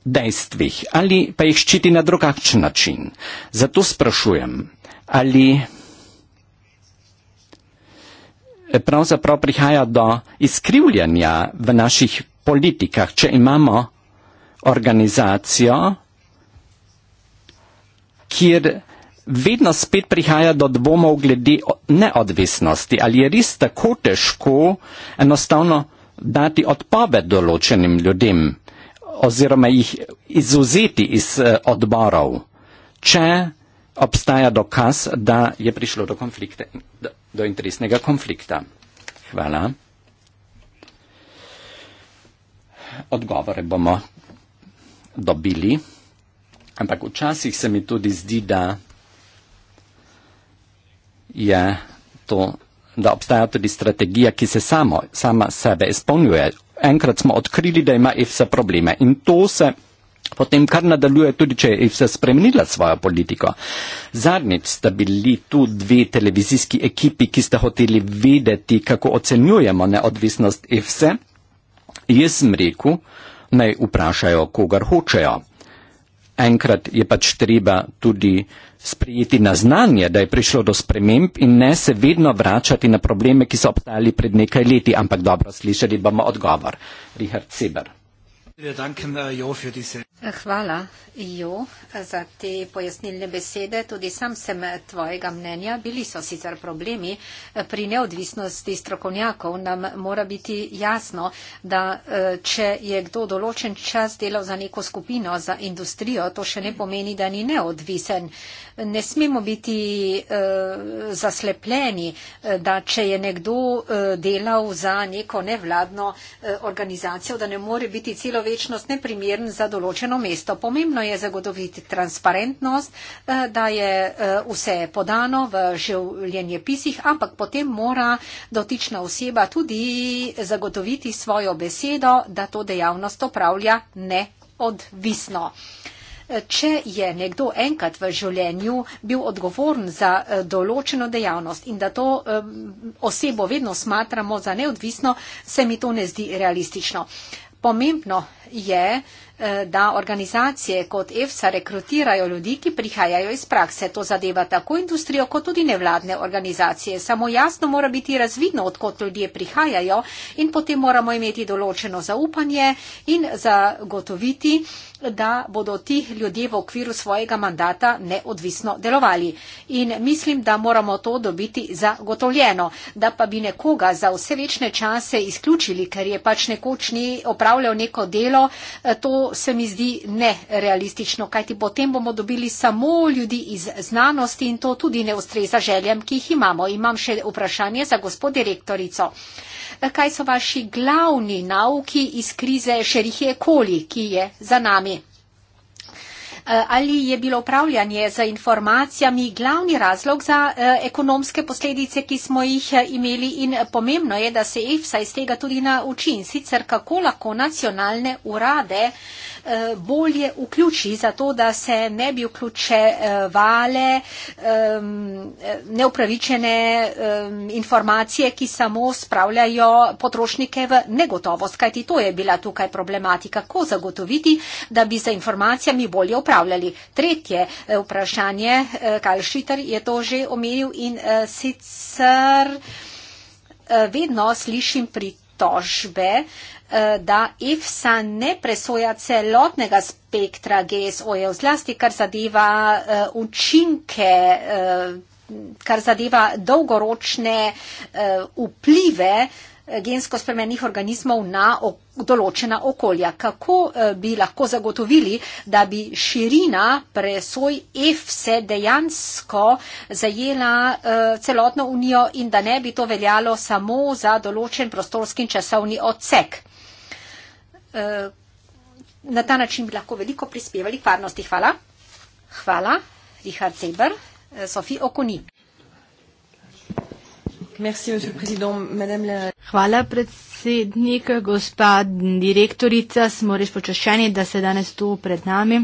dejstvih ali pa jih ščiti na drugačen način. Zato sprašujem, ali pravzaprav prihaja do izkrivljanja v naših politikah, če imamo organizacijo, kjer vedno spet prihaja do dvomov glede neodvisnosti, ali je res tako težko enostavno dati odpoved določenim ljudem oziroma jih izuzeti iz eh, odborov, če obstaja dokaz, da je prišlo do, konflikte, do interesnega konflikta. Hvala. Odgovore bomo dobili, ampak včasih se mi tudi zdi, da je to, da obstaja tudi strategija, ki se samo, sama sebe izpolnjuje. Enkrat smo odkrili, da ima EFSA probleme in to se Potem kar nadaljuje tudi, če je vse spremenila svojo politiko. Zadnjič sta bili tu dve televizijski ekipi, ki sta hoteli vedeti, kako ocenjujemo neodvisnost IFSE. Jaz sem rekel, naj vprašajo, kogar hočejo. Enkrat je pač treba tudi sprijeti na znanje, da je prišlo do sprememb in ne se vedno vračati na probleme, ki so obstajali pred nekaj leti, ampak dobro slišali bomo odgovor. Richard Seber. Äh, Hvala, Jo, za te pojasnilne besede. Tudi sam sem tvojega mnenja. Bili so sicer problemi pri neodvisnosti strokovnjakov. Nam mora biti jasno, da e, če je kdo določen čas delal za neko skupino, za industrijo, to še ne pomeni, da ni neodvisen ne smemo biti uh, zaslepljeni, eh, da če je nekdo uh, delal za neko nevladno uh, organizacijo, da ne more biti celo večnost neprimern za določeno mesto. Pomembno je zagotoviti transparentnost, uh, da je uh, vse podano v življenje pisih, ampak potem mora dotična oseba tudi zagotoviti svojo besedo, da to dejavnost opravlja neodvisno. Uh, če je nekdo enkrat v življenju bil odgovoren za eh, določeno dejavnost in da to eh, osebo vedno smatramo za neodvisno, se mi to ne zdi realistično. Pomembno je, eh, da organizacije kot EFSA rekrutirajo ljudi, ki prihajajo iz prakse. To zadeva tako industrijo, kot tudi nevladne organizacije. Samo jasno mora biti razvidno, odkot ljudje prihajajo in potem moramo imeti določeno zaupanje in zagotoviti, da bodo ti ljudje v okviru svojega mandata neodvisno delovali. In mislim, da moramo to dobiti zagotovljeno. Da pa bi nekoga za vse večne čase izključili, ker je pač nekoč ni opravljal neko delo, eh, to se mi zdi nerealistično, kajti potem bomo dobili samo ljudi iz znanosti in to tudi ne ustreza željem, ki jih imamo. Imam še vprašanje za gospod direktorico kaj so vaši glavni nauki iz krize šerihije koli, ki je za nami? Eh, ali je bilo upravljanje z informacijami glavni razlog za eh, ekonomske posledice, ki smo jih eh, imeli in pomembno je, da se EFSA iz tega tudi nauči in sicer kako lahko nacionalne urade Eh, bolje vključi, zato da se ne bi vključevale um, neupravičene um, informacije, ki samo spravljajo potrošnike v negotovost. Kajti to je bila tukaj problematika, kako zagotoviti, da bi za informacijami bolje upravljali. Tretje eh, vprašanje, eh, Karl Šiter je to že omenil in sicer vedno slišim pri obtožbe, eh, da IFSA ne presoja celotnega spektra GSO-jev, zlasti kar zadeva eh, učinke, eh, kar zadeva dolgoročne vplive gensko spremenjenih organizmov na določena okolja. Kako eh, bi lahko zagotovili, da bi širina presoj EFSE dejansko zajela eh, celotno unijo in da ne bi to veljalo samo za določen prostorski in časovni odsek? Eh, na ta način bi lahko veliko prispevali k varnosti. Hvala. Hvala. Richard Zeber, Sofi Okunik. Hvala predsednik, gospa direktorica, smo res počaščeni, da ste danes tu pred nami.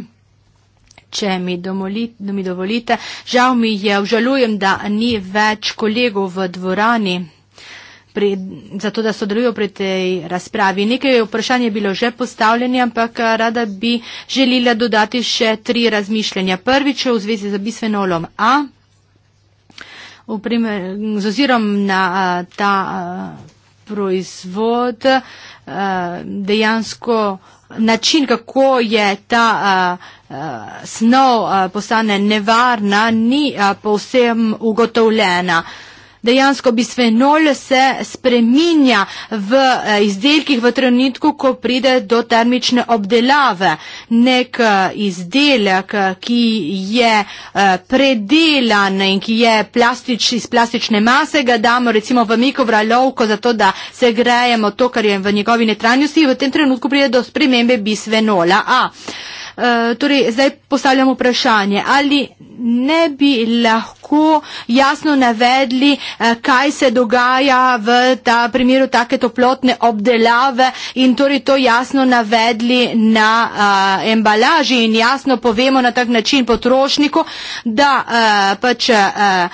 Če mi, domoli, mi dovolite, žal mi je, obžalujem, da ni več kolegov v dvorani, pri, zato da sodelujo pri tej razpravi. Nekaj vprašanj je bilo že postavljeno, ampak rada bi želila dodati še tri razmišljanja. Prvič v zvezi z bistvenolom A primer, z ozirom na a, ta a, proizvod, a, dejansko način, kako je ta a, a, snov a, postane nevarna, ni a, povsem ugotovljena. A, dejansko bisfenol se spreminja v eh, izdelkih v trenutku, ko pride do termične obdelave. Nek eh, izdelek, eh, ki je predelan in ki je plastič, iz plastične mase, ga damo recimo v mikrovralovko, zato da se grejemo to, kar je v njegovi netranjosti, v tem trenutku pride do spremembe bisfenola A. Eh, torej, zdaj postavljamo vprašanje, ali ne bi lahko jasno navedli, eh, kaj se dogaja v ta primeru take toplotne obdelave in torej to jasno navedli na a, eh, embalaži in jasno povemo na tak način potrošniku, da a, pač. A,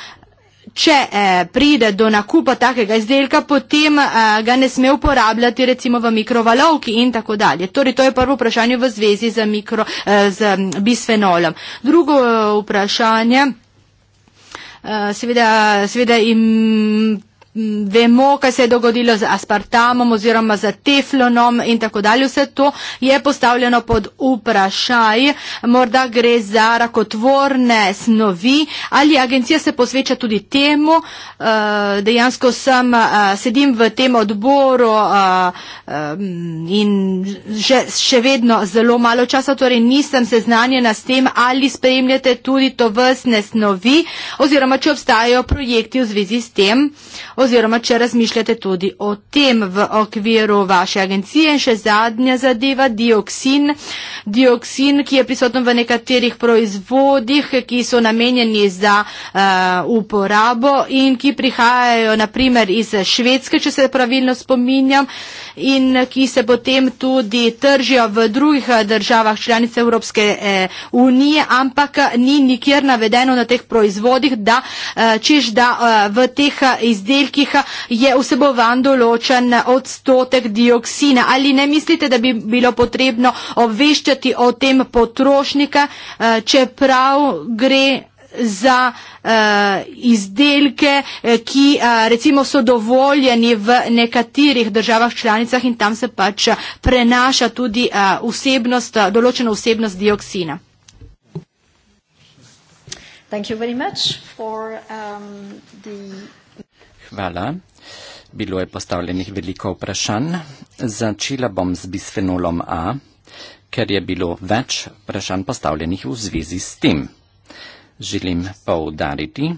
če eh, pride do nakupa takega izdelka, potem eh, ga ne sme uporabljati recimo v mikrovalovki in tako dalje. Torej, to je prvo vprašanje v zvezi z, mikro, eh, z bisfenolom. Drugo eh, vprašanje, eh, seveda, seveda im, Mm, vemo, kaj se je dogodilo z aspartamom oziroma z teflonom in tako dalje. Vse to je postavljeno pod vprašaj. Morda gre za rakotvorne snovi ali agencija se posveča tudi temu. Eh, dejansko sem, eh, sedim v tem odboru eh, in že, še vedno zelo malo časa, torej nisem seznanjena s tem, ali spremljate tudi to vrstne snovi oziroma, če obstajajo projekti v zvezi s tem oziroma če razmišljate tudi o tem v okviru vaše agencije. In še zadnja zadeva, dioksin. Dioksin, ki je prisoten v nekaterih proizvodih, ki so namenjeni za uh, uporabo in ki prihajajo naprimer iz Švedske, če se pravilno spominjam, in ki se potem tudi tržijo v drugih eh, državah članice Evropske eh, unije, ampak eh, ni nikjer navedeno na teh proizvodih, da, eh, češ, da eh, v teh izdelkih jabolčkih je vseboval določen odstotek dioksina. Ali ne mislite, da bi bilo potrebno obveščati o tem potrošnika, eh, čeprav gre za uh, izdelke, eh, ki uh, recimo so dovoljeni v nekaterih državah članicah in tam se pač prenaša tudi uh, vsebnost, uh, določeno vsebnost dioksina. Thank you very much for um, the hvala. Bilo je postavljenih veliko vprašanj. Začela bom z bisfenolom A, ker je bilo več vprašanj postavljenih v zvezi s tem. Želim poudariti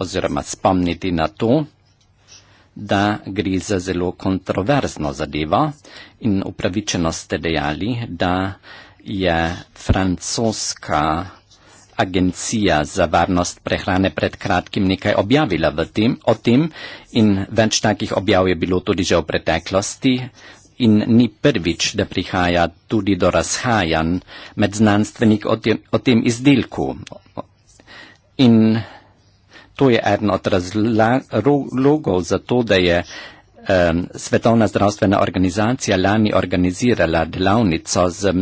oziroma spomniti na to, da gre za zelo kontroverzno zadevo in upravičeno ste dejali, da je francoska agencija za varnost prehrane pred kratkim nekaj objavila tem, o tem in več takih objav je bilo tudi že v preteklosti in ni prvič, da prihaja tudi do razhajan med znanstvenik o tem, o tem izdelku. In to je eden od razlogov za to, da je eh, Svetovna zdravstvena organizacija lani organizirala delavnico z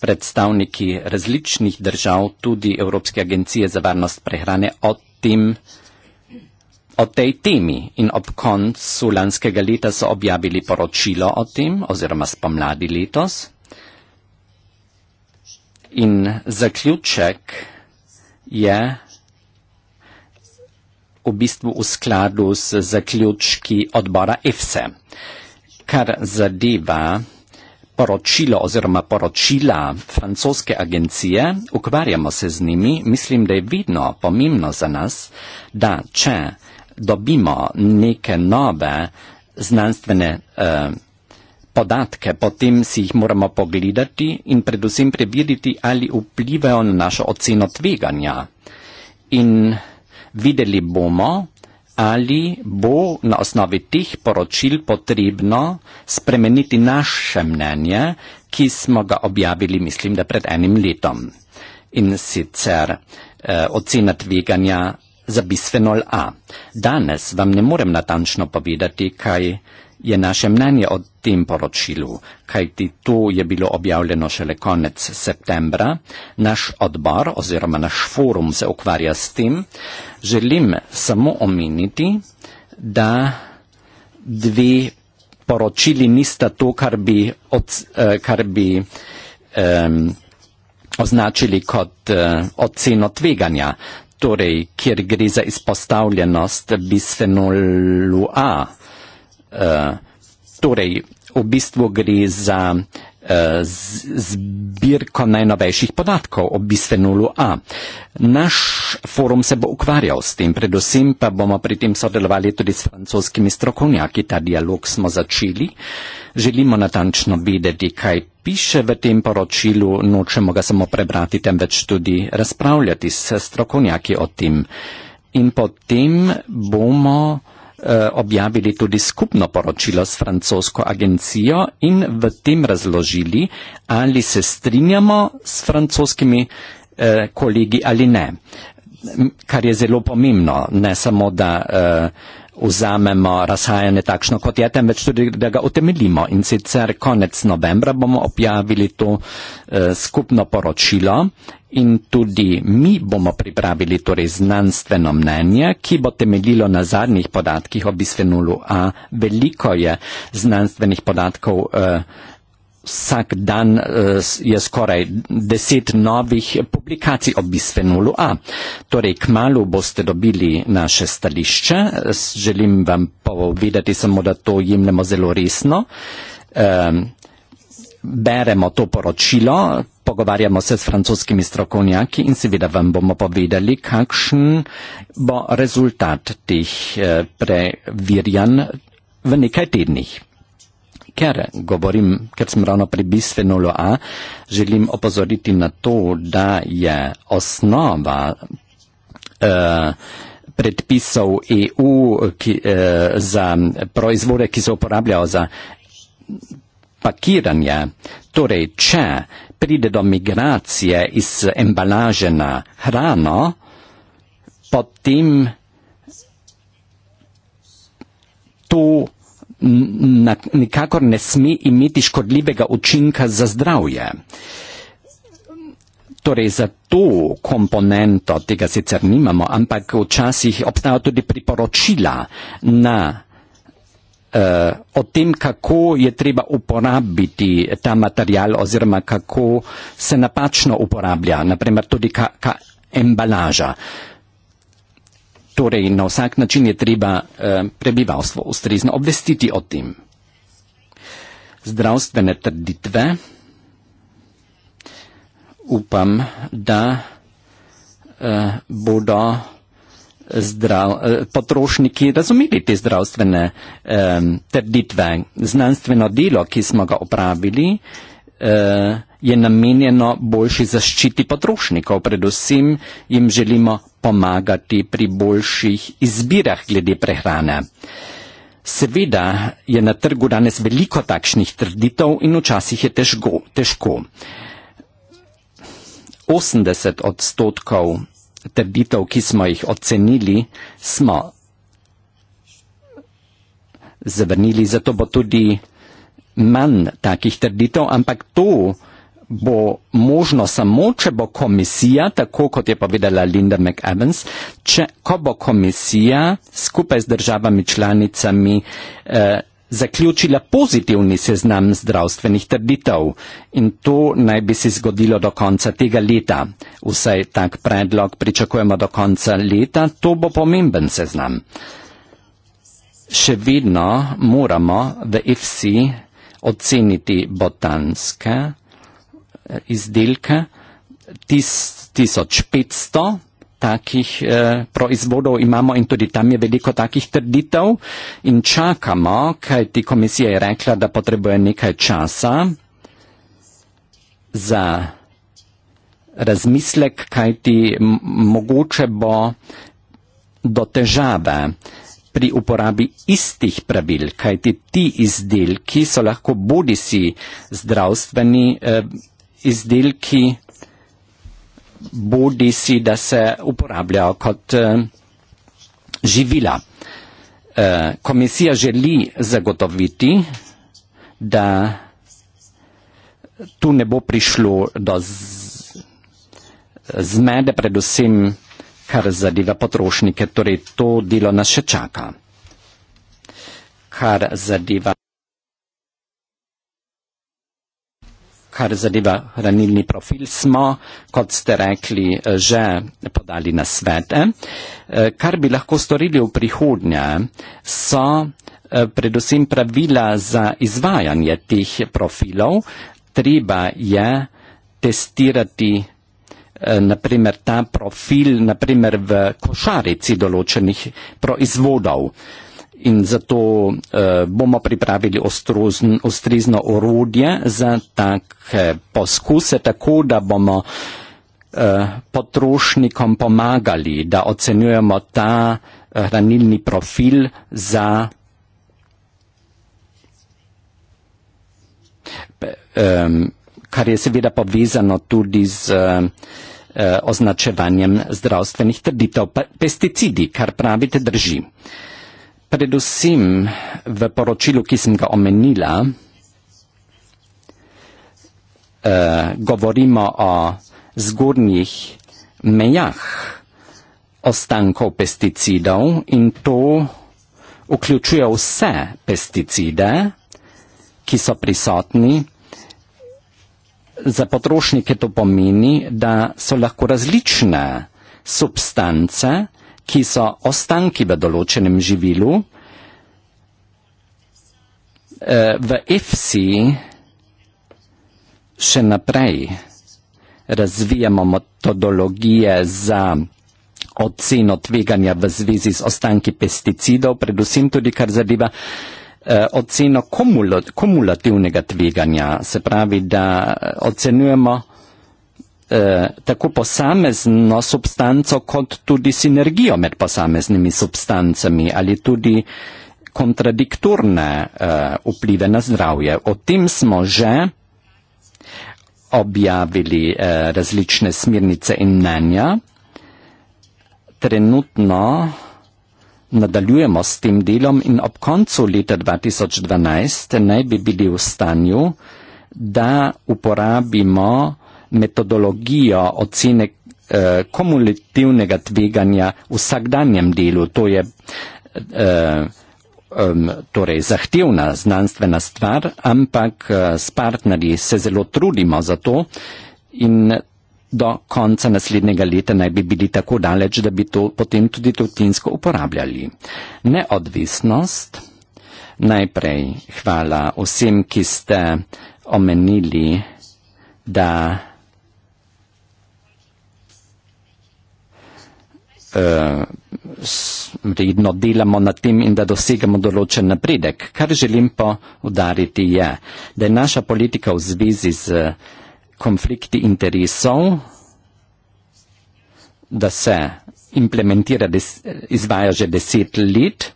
predstavniki različnih držav, tudi Evropske agencije za varnost prehrane, o, tem, o tej temi. In ob koncu lanskega leta so objavili poročilo o tem, oziroma spomladi letos. In zaključek je v bistvu v skladu z zaključki odbora EFSE, kar zadeva poročilo oziroma poročila francoske agencije, ukvarjamo se z njimi, mislim, da je vidno pomembno za nas, da če dobimo neke nove znanstvene eh, podatke, potem si jih moramo pogledati in predvsem prebiriti, ali vplivajo na našo oceno tveganja. In videli bomo, ali bo na osnovi teh poročil potrebno spremeniti naše mnenje, ki smo ga objavili, mislim, da pred enim letom. In sicer eh, ocena tveganja za bisfenol A. Danes vam ne morem natančno povedati, kaj je naše mnenje o tem poročilu, kajti to je bilo objavljeno šele konec septembra. Naš odbor oziroma naš forum se ukvarja s tem. Želim samo omeniti, da dve poročili nista to, kar bi, od, eh, kar bi um, označili kot uh, oceno tveganja. Torej, kjer gre za izpostavljenost bisfenolu A, uh, Eh, torej, v bistvu gre za eh, zbirko najnovejših podatkov o bisfenolu A. Naš forum se bo ukvarjal s tem, predvsem pa bomo pri tem sodelovali tudi s francoskimi strokovnjaki. Ta dialog smo začeli. Želimo natančno vedeti, kaj piše v tem poročilu, nočemo ga samo prebrati, temveč tudi razpravljati s strokovnjaki o tem. In potem bomo. Eh, objavili tudi skupno poročilo s francosko agencijo in v tem razložili, ali se strinjamo s francoskimi eh, kolegi ali ne. Kar je zelo pomembno, ne samo, da eh, vzamemo razhajanje takšno, kot je, temveč tudi, da ga utemeljimo. In sicer konec novembra bomo objavili to skupno poročilo in tudi mi bomo pripravili torej znanstveno mnenje, ki bo temeljilo na zadnjih podatkih o bisfenolu A. Veliko je znanstvenih podatkov. Uh, Vsak dan eh, je skoraj deset novih publikacij o bisfenolu A. Torej, kmalo boste dobili naše stališče. Želim vam povedati samo, da to jemljemo zelo resno. Ehm, beremo to poročilo, pogovarjamo se s francoskimi strokovnjaki in seveda vam bomo povedali, kakšen bo rezultat teh eh, preverjan v nekaj tednih. Ker govorim, ker sem ravno pri bisfenolu A, želim opozoriti na to, da je osnova eh, predpisov EU ki, eh, za proizvode, ki se uporabljajo za pakiranje, torej če eh, pride do migracije iz embalaže na hrano, potem to nikakor ne sme imeti škodljivega učinka za zdravje. Torej, za to komponento tega sicer nimamo, ampak včasih obstajajo tudi priporočila na Eh, o tem, kako je treba uporabiti ta material oziroma kako se napačno uporablja, naprimer tudi ka, ka embalaža. Torej, na vsak način je treba eh, prebivalstvo ustrezno obvestiti o tem. Zdravstvene trditve. Upam, da uh, bodo zdrav, eh, potrošniki razumeli te zdravstvene eh, trditve. Znanstveno delo, ki smo ga opravili, eh, je namenjeno boljši zaščiti potrošnikov. Predvsem jim želimo pomagati pri boljših izbirah glede prehrane. Seveda je na trgu danes veliko takšnih trditev in včasih je težko. težko. 80 odstotkov trditev, ki smo jih ocenili, smo zavrnili, zato bo tudi manj takih trditev, ampak to bo možno samo, če bo komisija, tako kot je povedala Linda McEvans, če ko bo komisija skupaj z državami članicami eh, zaključila pozitivni seznam zdravstvenih trditev in to naj bi se zgodilo do konca tega leta. Vsaj tak predlog pričakujemo do konca leta, to bo pomemben seznam. Še vedno moramo v FC oceniti botanske eh, izdelke 1500 takih eh, proizvodov imamo in tudi tam je veliko takih trditev in čakamo, kaj ti komisija je rekla, da potrebuje nekaj časa za razmislek, kaj ti mogoče bo do težave pri uporabi istih pravil, kaj ti ti izdelki so lahko bodi si zdravstveni eh, izdelki, bodi si, da se uporabljajo kot uh, živila. Uh, komisija želi zagotoviti, da tu ne bo prišlo do zmede, predvsem kar zadeva potrošnike, torej to delo nas še čaka. Kar zadeva. kar zadeva ranilni profil, smo, kot ste rekli, eh, že podali na svete. Eh, kar bi lahko storili v prihodnje, so eh, predvsem pravila za izvajanje teh profilov. Treba je testirati naprimer, ta profil naprimer, v košarici določenih proizvodov in zato uh, bomo pripravili ostrozn, ostrizno orodje za take poskuse, tako da bomo uh, potrošnikom pomagali, da ocenjujemo ta eh, hranilni profil za um, kar je seveda povezano tudi z uh, označevanjem zdravstvenih trditev. Pesticidi, kar pravite, drži. Uh, predvsem v poročilu, ki sem ga omenila, eh, govorimo o zgornjih mejah ostankov pesticidov in to vključuje vse pesticide, ki so prisotni. Za potrošnike to pomeni, da so lahko različne substance, ki so ostanki v določenem živilu, eh, v EFSI še naprej razvijamo metodologije za oceno tveganja v zvezi z ostanki pesticidov, predvsem tudi kar zadeva eh, oceno kumulativnega tveganja, se pravi, da eh, ocenujemo, Eh, tako posamezno substanco kot tudi sinergijo med posameznimi substancami ali tudi kontradikturne uh, eh, vplive na zdravje. O tem smo že objavili uh, različne smirnice in mnenja. Trenutno nadaljujemo s tem delom in ob koncu leta 2012 naj bi bili v stanju, da uporabimo metodologijo ocene eh, kumulativnega tveganja v vsakdanjem delu. To je eh, torej zahtevna znanstvena stvar, ampak eh, s partnerji se zelo trudimo za to in do konca naslednjega leta naj bi bili tako daleč, da bi to potem tudi rutinsko uporabljali. Neodvisnost. Najprej hvala vsem, ki ste omenili, da redno eh, delamo na tem in da dosegamo določen napredek. Kar želim pa udariti je, da je naša politika v zvezi z eh, konflikti interesov, da se implementira, des, izvaja že deset let.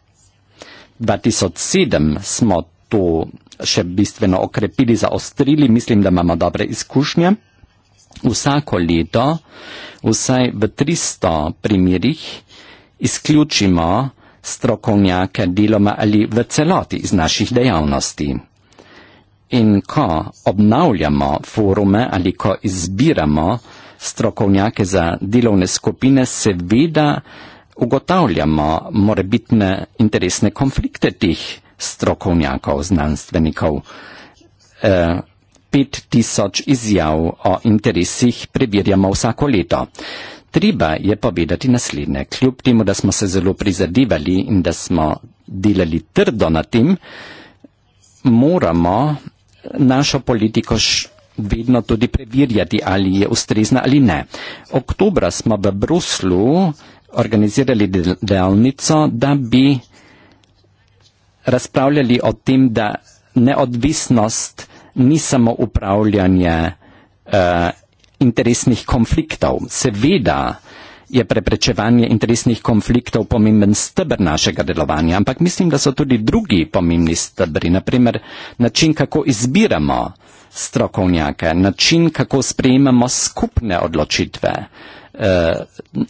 2007 smo to še bistveno okrepili, zaostrili, mislim, da imamo dobre izkušnje vsako leto, vsaj v 300 primerjih, izključimo strokovnjake deloma ali v celoti iz naših dejavnosti. In ko obnavljamo forume ali ko izbiramo strokovnjake za delovne skupine, seveda ugotavljamo morebitne interesne konflikte teh strokovnjakov, znanstvenikov. Eh, 5 tisoč izjav o interesih preverjamo vsako leto. Treba je povedati naslednje. Kljub temu, da smo se zelo prizadevali in da smo delali trdo na tem, moramo našo politiko vedno tudi preverjati, ali je ustrezna ali ne. Oktobra smo v Bruslu organizirali delavnico, da bi razpravljali o tem, da neodvisnost ni samo upravljanje uh, interesnih konfliktov. Seveda je preprečevanje interesnih konfliktov pomemben stebr našega delovanja, ampak mislim, da so tudi drugi pomembni stebri, naprimer način, kako izbiramo strokovnjake, način, kako sprejemamo skupne odločitve uh,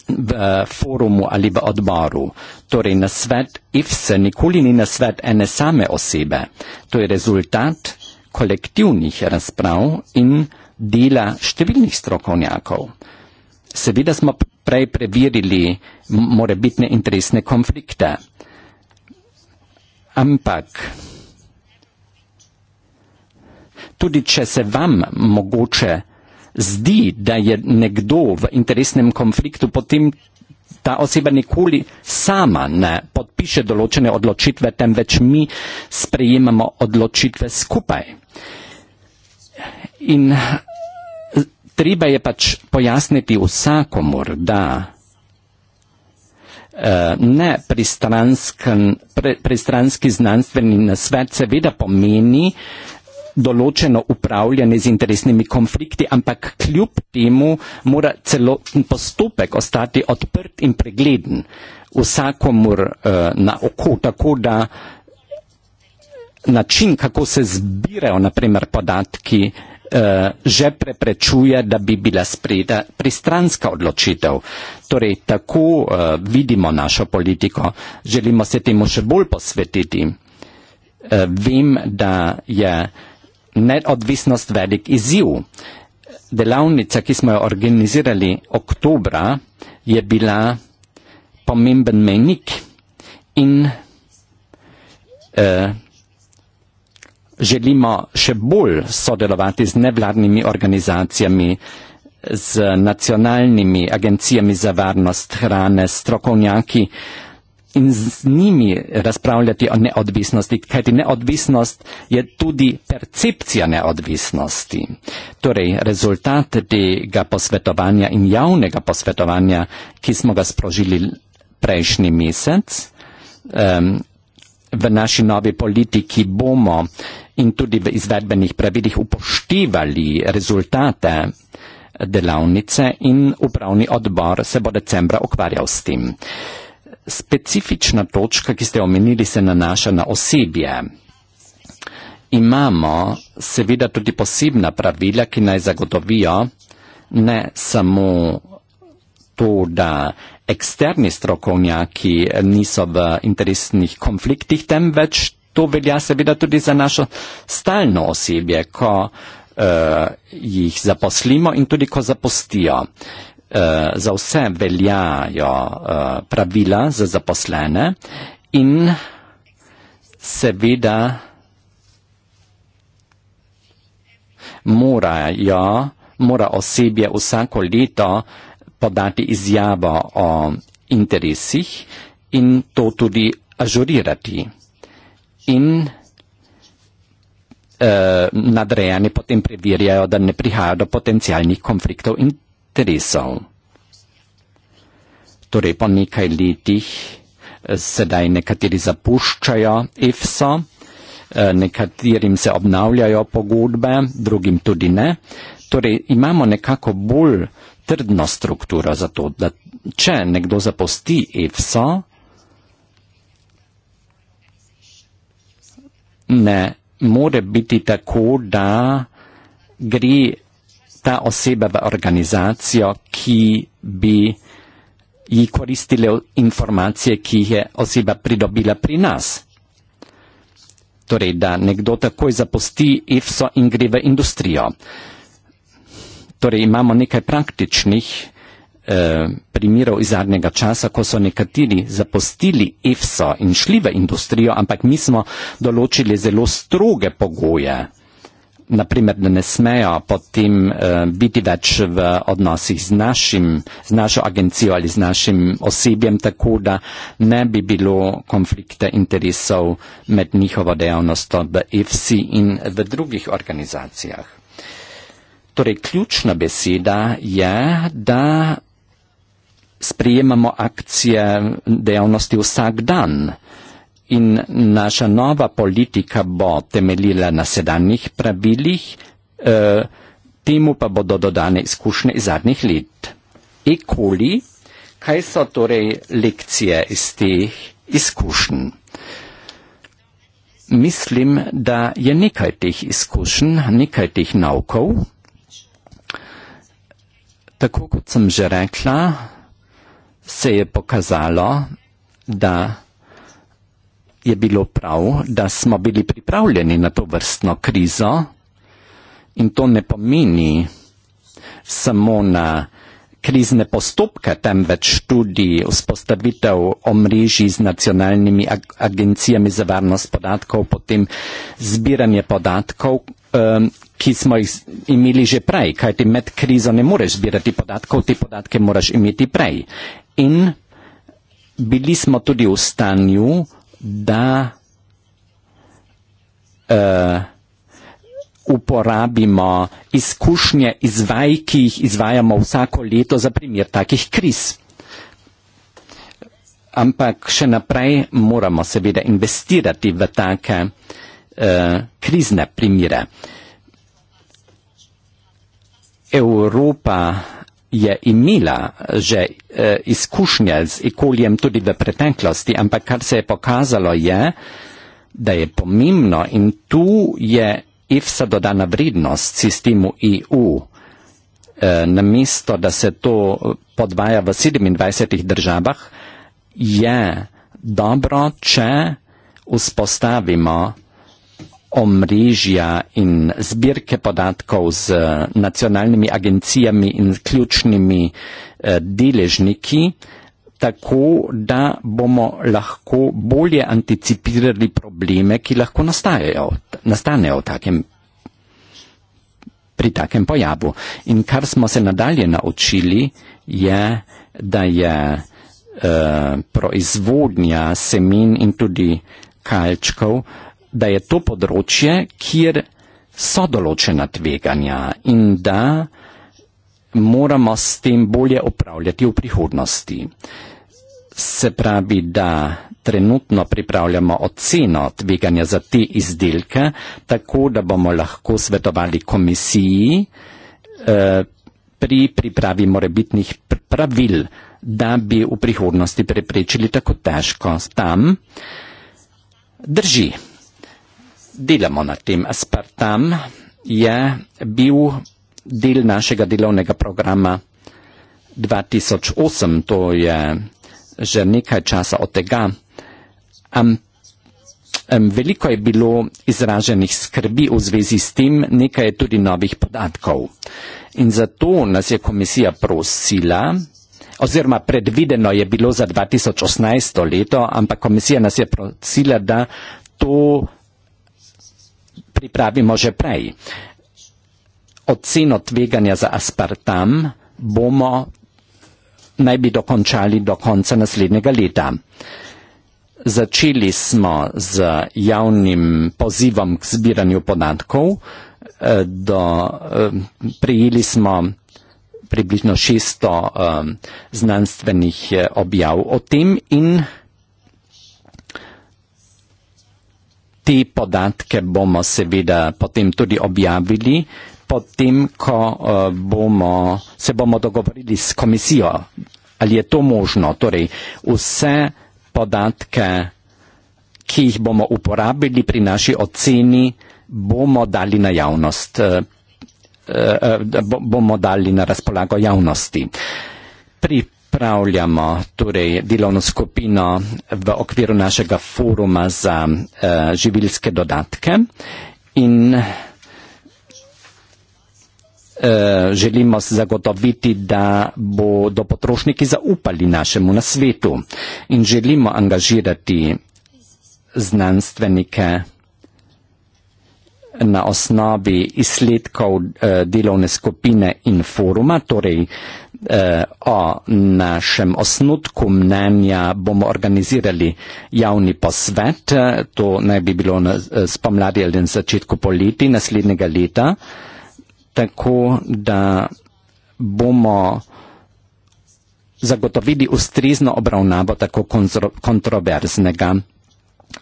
v forumu ali v odboru. Torej, nasvet IFSE nikoli ni nasvet ene same osebe, to je rezultat kolektivnih razprav in dela številnih strokovnjakov. Seveda smo prej preverili morebitne interesne konflikte, ampak tudi če se vam mogoče zdi, da je nekdo v interesnem konfliktu, potem Ta oseba nikoli sama ne podpiše določene odločitve, temveč mi sprejemamo odločitve skupaj. In eh, treba je pač pojasniti vsakomor, da eh, ne pristranski, pre, pristranski znanstveni nasvet seveda pomeni, določeno upravljanje z interesnimi konflikti, ampak kljub temu mora celoten postopek ostati odprt in pregleden vsakomur uh, na oko, tako da način, kako se zbirajo naprimer podatki, uh, že preprečuje, da bi bila sprejeta pristranska odločitev. Torej, tako uh, vidimo našo politiko, želimo se temu še bolj posvetiti. Uh, vem, da je uh, neodvisnost velik izziv. Delavnica, ki smo jo organizirali oktobra, je bila pomemben menik in eh, želimo še bolj sodelovati z nevladnimi organizacijami, z nacionalnimi agencijami za varnost hrane, strokovnjaki. Eh, in z njimi razpravljati o neodvisnosti, kajti neodvisnost je tudi percepcija neodvisnosti. Torej, rezultat tega posvetovanja in javnega posvetovanja, ki smo ga sprožili prejšnji mesec, um, v naši novi politiki bomo in tudi v izvedbenih pravilih upoštevali rezultate delavnice in upravni odbor se bo decembra ukvarjal s tem specifična točka, ki ste omenili, se nanaša na osebje. Imamo seveda tudi posebna pravila, ki naj zagotovijo ne samo to, da eksterni strokovnjaki niso v interesnih konfliktih, temveč to velja seveda tudi za našo stalno osebje, ko uh, jih zaposlimo in tudi ko zapustijo. Uh, Eh, za vse veljajo eh, pravila za zaposlene in seveda morajo, mora osebje vsako leto podati izjavo o interesih in to tudi ažurirati. In eh, nadrejeni potem preverjajo, da ne prihaja do potencijalnih konfliktov interesov tri so. Torej po nekaj letih eh, sedaj nekateri zapuščajo EFSO, eh, nekaterim se obnavljajo pogodbe, drugim tudi ne. Torej imamo nekako bolj trdno strukturo za to, da če nekdo zapusti EFSO, ne more biti tako, da gre ta oseba v organizacijo, ki bi ji koristile informacije, ki jih je oseba pridobila pri nas. Torej, da nekdo takoj zapusti IFSO in gre v industrijo. Torej, imamo nekaj praktičnih eh, primerov iz zadnjega časa, ko so nekateri zapustili EFSO in šli v industrijo, ampak mi smo določili zelo stroge pogoje naprimer, da ne smejo potem uh, biti več v odnosih z, našim, z našo agencijo ali z našim osebjem, tako da ne bi bilo konflikta interesov med njihovo dejavnostjo v EFSI in v drugih organizacijah. Torej, ključna beseda je, da sprejemamo akcije dejavnosti vsak dan. Uh, in naša nova politika bo temeljila na sedanjih pravilih, eh, temu pa bodo dodane izkušnje iz zadnjih let. Ekoli, kaj so torej lekcije iz teh izkušenj? Mislim, da je nekaj teh izkušenj, nekaj teh naukov. Tako kot sem že rekla, se je pokazalo, da je bilo prav, da smo bili pripravljeni na to vrstno krizo in to ne pomeni samo na krizne postopke, temveč tudi vzpostavitev omrežij z nacionalnimi ag agencijami za varnost podatkov, potem zbiranje podatkov, um, ki smo jih imeli že prej, kajti med krizo ne moreš zbirati podatkov, te podatke moraš imeti prej. In bili smo tudi v stanju, da uh, uporabimo izkušnje iz vaj, ki jih izvajamo vsako leto za primer takih kriz. Ampak še naprej moramo seveda investirati v take uh, krizne primere. Evropa je imela že eh, izkušnje z ekoljem tudi v preteklosti, ampak kar se je pokazalo je, da je pomembno in tu je IFSA dodana vrednost sistemu EU. Eh, namesto, da se to podvaja v 27 državah, je dobro, če vzpostavimo omrežja in zbirke podatkov z eh, nacionalnimi agencijami in ključnimi eh, deležniki, tako da bomo lahko bolje anticipirali probleme, ki lahko nastajajo, nastanejo takem, pri takem pojavu. In kar smo se nadalje naučili, je, da je eh, proizvodnja semen in tudi kalčkov eh, da je to področje, kjer so določena tveganja in da moramo s tem bolje upravljati v prihodnosti. Se pravi, da trenutno pripravljamo oceno tveganja za te izdelke, tako da bomo lahko svetovali komisiji eh, pri pripravi morebitnih pravil, da bi v prihodnosti preprečili tako težko tam. Drži delamo na tem. Aspartam je bil del našega delovnega programa 2008, to je že nekaj časa od tega. Um, um, veliko je bilo izraženih skrbi v zvezi s tem, nekaj je tudi novih podatkov. In zato nas je komisija prosila, oziroma predvideno je bilo za 2018 leto, ampak komisija nas je prosila, da to pripravimo že prej. Oceno tveganja za aspartam bomo naj bi dokončali do konca naslednjega leta. Začeli smo z javnim pozivom k zbiranju podatkov, eh, do, eh, prijeli smo približno 600 eh, znanstvenih objav o tem in te podatke bomo seveda potem tudi objavili, potem, ko eh, bomo, se bomo dogovorili s komisijo, ali je to možno. Torej, vse podatke, ki jih bomo uporabili pri naši oceni, bomo dali na javnost, eh, eh, bomo dali na razpolago javnosti. Pri pripravljamo torej delovno skupino v okviru našega foruma za uh, živilske dodatke in uh, želimo zagotoviti, da bodo potrošniki zaupali našemu nasvetu in želimo angažirati znanstvenike na osnovi izsledkov eh, delovne skupine in foruma, torej eh, o našem osnutku mnenja bomo organizirali javni posvet, eh, to naj bi bilo spomladi ali na začetku poleti naslednjega leta, tako da bomo zagotovili ustrezno obravnavo tako kontroverznega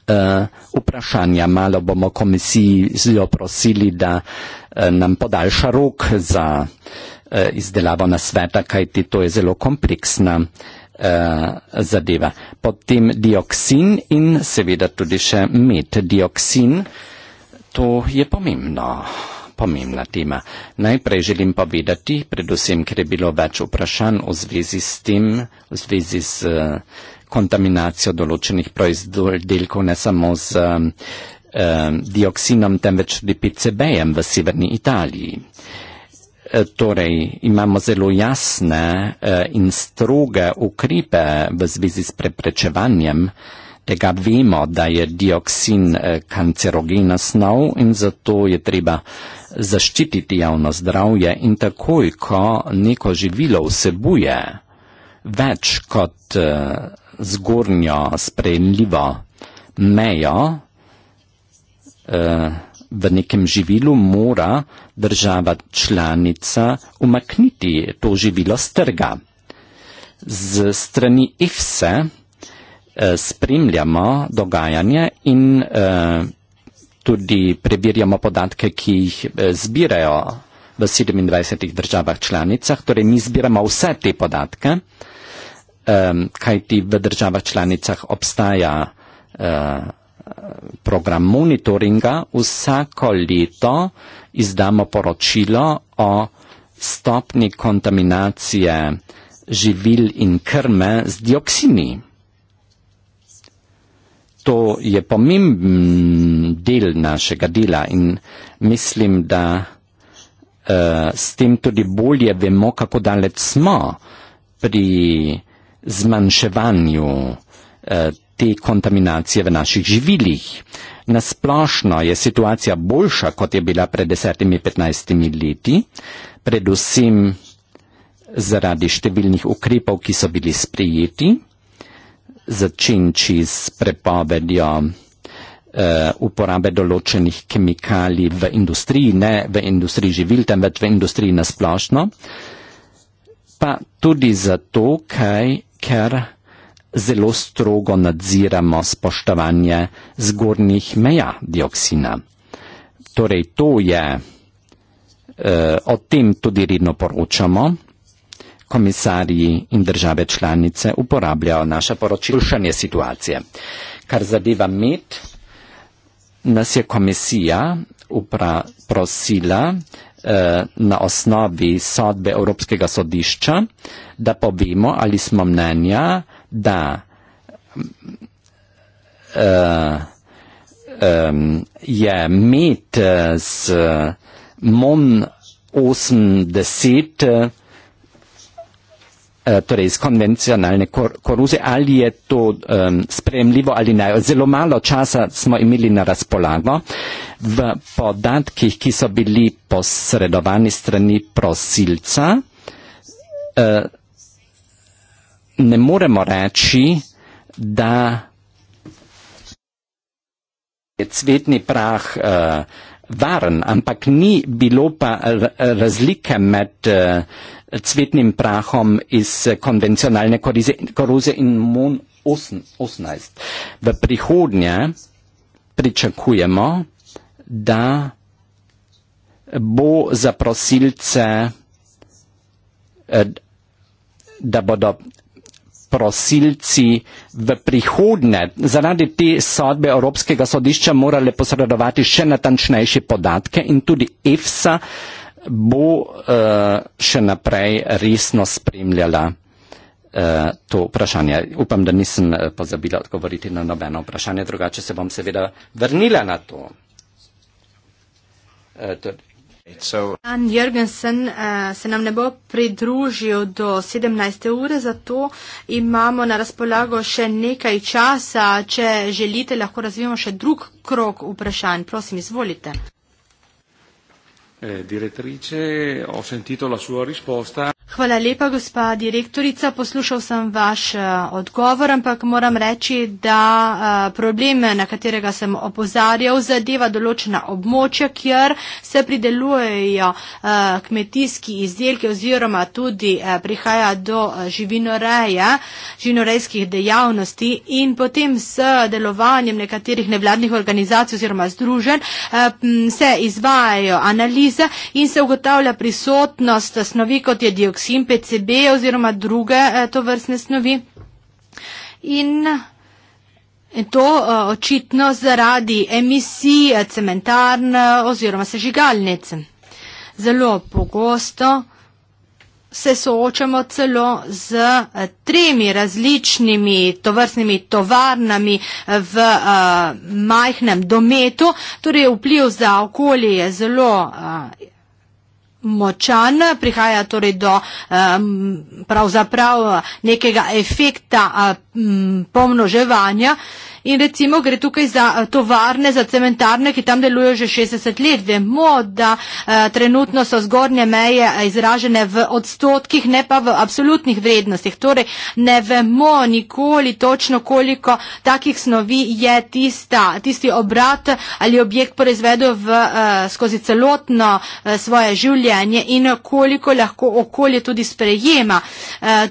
uh, vprašanja malo bomo komisiji zelo prosili, da uh, nam podaljša rok za uh, izdelavo na sveta, kajti to je zelo kompleksna uh, zadeva. Potem dioksin in seveda tudi še med dioksin. To je pomembno, pomembna tema. Najprej želim povedati, predvsem, ker je bilo več vprašanj v zvezi s tem, v zvezi s. Uh, kontaminacijo določenih proizdelkov, ne samo z um, um, dioksinom, temveč tudi PCB-jem v severni Italiji. E, torej, imamo zelo jasne e, in stroge ukrepe v zvezi s preprečevanjem tega. Vemo, da je dioksin e, kancerogena snov in zato je treba zaščititi javno zdravje in takoj, ko neko živilo vsebuje več kot zgornja sprejemljiva meja eh, v nekem živilu mora država članica umakniti to živilo z trga. Z strani IFSE eh, spremljamo dogajanje in eh, tudi preverjamo podatke, ki jih eh, zbirajo v 27 državah članicah, torej mi zbiramo vse te podatke. Eh, kaj ti v državah članicah obstaja eh, program monitoringa, vsako leto izdamo poročilo o stopni kontaminacije živil in krme z dioksini. To je pomemben del našega dela in mislim, da uh, s tem tudi bolje vemo, kako daleč smo pri zmanjševanju eh, te kontaminacije v naših živilih. Nasplošno je situacija boljša, kot je bila pred 10-15 leti, predvsem zaradi številnih ukrepov, ki so bili sprejeti, začenči s prepovedjo uh, uporabe določenih kemikalij v industriji, ne v industriji živil, temveč v industriji nasplošno, pa tudi zato, kaj ker zelo strogo nadziramo spoštovanje zgornjih meja dioksina. Torej, to je, eh, o tem tudi redno poročamo, komisarji in države članice uporabljajo naše poročilšanje situacije. Kar zadeva med, nas je komisija uprosila, Eh, na osnovi sodbe Evropskega sodišča, da povemo ali smo mnenja, da eh, je med eh, z MON 80 Eh, torej iz konvencionalne kor koruze, ali je to um, spremljivo ali ne. Zelo malo časa smo imeli na razpolago. V podatkih, ki so bili posredovani strani prosilca, uh, ne moremo reči, da je cvetni prah uh, varen, ampak ni bilo pa razlike med uh, cvetnim prahom iz eh, konvencionalne korize, koruze in MON 18. V prihodnje pričakujemo, da bo za prosilce, eh, da bodo prosilci v prihodne zaradi te sodbe Evropskega sodišča morale posredovati še natančnejše podatke in tudi EFSA bo uh, še naprej resno spremljala uh, to vprašanje. Upam, da nisem eh, pozabila odgovoriti na nobeno vprašanje, drugače se bom seveda vrnila na to. Uh, tudi, torej, Jan Jürgensen uh, se nam ne bo pridružil do 17. ure, zato imamo na razpolago še nekaj časa. Če želite, lahko razvijemo še drug krok vprašanj. Prosim, izvolite. Eh, direttrice, ho sentito la sua risposta. Hvala lepa, gospa direktorica. Poslušal sem vaš eh, odgovor, ampak moram reči, da eh, problem, na katerega sem opozarjal, zadeva določena območja, kjer se pridelujejo kmetijski izdelki oziroma tudi prihaja do živinoreje, živinorejskih dejavnosti in potem s delovanjem nekaterih nevladnih organizacij oziroma združen se izvajajo analize, telesa in se ugotavlja prisotnost snovi, kot je dioksin, PCB oziroma druge eh, to vrstne snovi. In In to uh, očitno zaradi emisij eh, cementarn oziroma sežigalnic. Zelo pogosto se soočamo celo z eh, tremi različnimi tovrstnimi tovarnami eh, v uh, majhnem dometu, torej vpliv za okolje je zelo uh, močan, prihaja torej do pravzaprav nekega efekta pomnoževanja. In recimo gre tukaj za eh, tovarne, za cementarne, ki tam delujejo že 60 let. Vemo, da eh, trenutno so zgornje meje eh, izražene v odstotkih, ne pa v absolutnih vrednostih. Torej, ne vemo nikoli točno, koliko takih snovi je tista, tisti obrat ali objekt proizvedo v, skozi celotno svoje življenje in koliko lahko okolje tudi sprejema.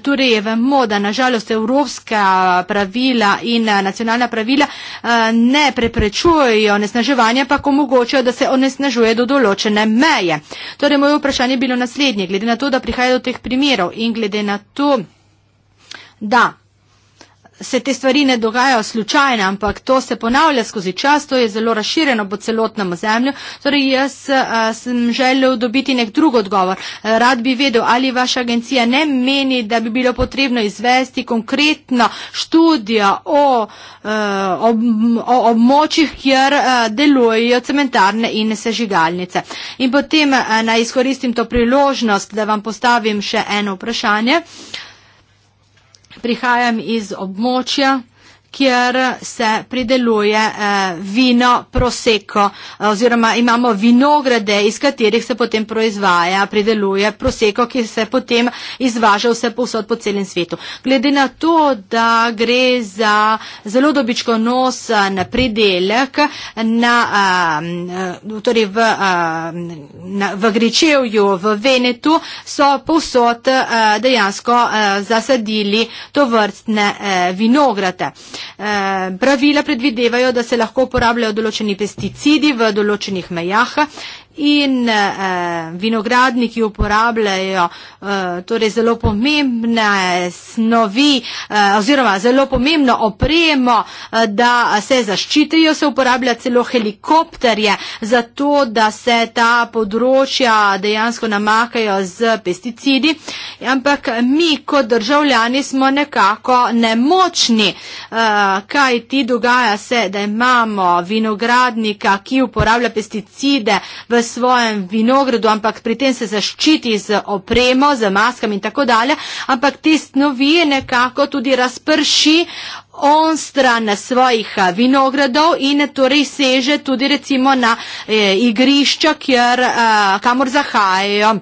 Torej, vemo, da nažalost evropska pravila in nacionalna pravila pravila eh, ne preprečujejo onesnaževanja, pa omogočajo, da se onesnažuje do določene meje. Torej, moje vprašanje je bilo naslednje. Glede na to, da prihaja do teh primerov in glede na to, da se te stvari ne dogajajo slučajno, ampak to se ponavlja skozi čas, to je zelo razširjeno po celotnem ozemlju. Torej, jaz a, eh, sem želel dobiti nek drug odgovor. Eh, rad bi vedel, ali vaša agencija ne meni, da bi bilo potrebno izvesti konkretno študijo o, eh, o, o območjih, kjer delujejo cementarne in sežigalnice. In potem naj izkoristim to priložnost, da vam postavim še eno vprašanje. Uh, prihajam iz območja, kjer se prideluje eh, vino proseko oziroma imamo vinograde, iz katerih se potem proizvaja, prideluje proseko, ki se potem izvaža vse povsod po celem svetu. Glede na to, da gre za zelo dobičkonosen pridelek na, eh, torej v, eh, na, v Gričevju, v Venetu, so povsod eh, dejansko eh, zasadili to vrstne eh, vinograde. Eh, pravila predvidevajo, da se lahko uporabljajo določeni pesticidi v določenih mejah, in eh, vinogradniki uporabljajo eh, torej zelo pomembne snovi eh, oziroma zelo pomembno opremo, eh, da se zaščitijo, se uporablja celo helikopterje za to, da se ta področja dejansko namakajo z pesticidi. Ampak mi kot državljani smo nekako nemočni, eh, kaj ti dogaja se, da imamo vinogradnika, ki uporablja pesticide v svojem vinogradu, ampak pri tem se zaščiti z opremo, z maskami in tako dalje, ampak te snovi nekako tudi razprši on stran svojih vinogradov in torej seže tudi recimo na e, igrišča, kjer, a, kamor zahajajo.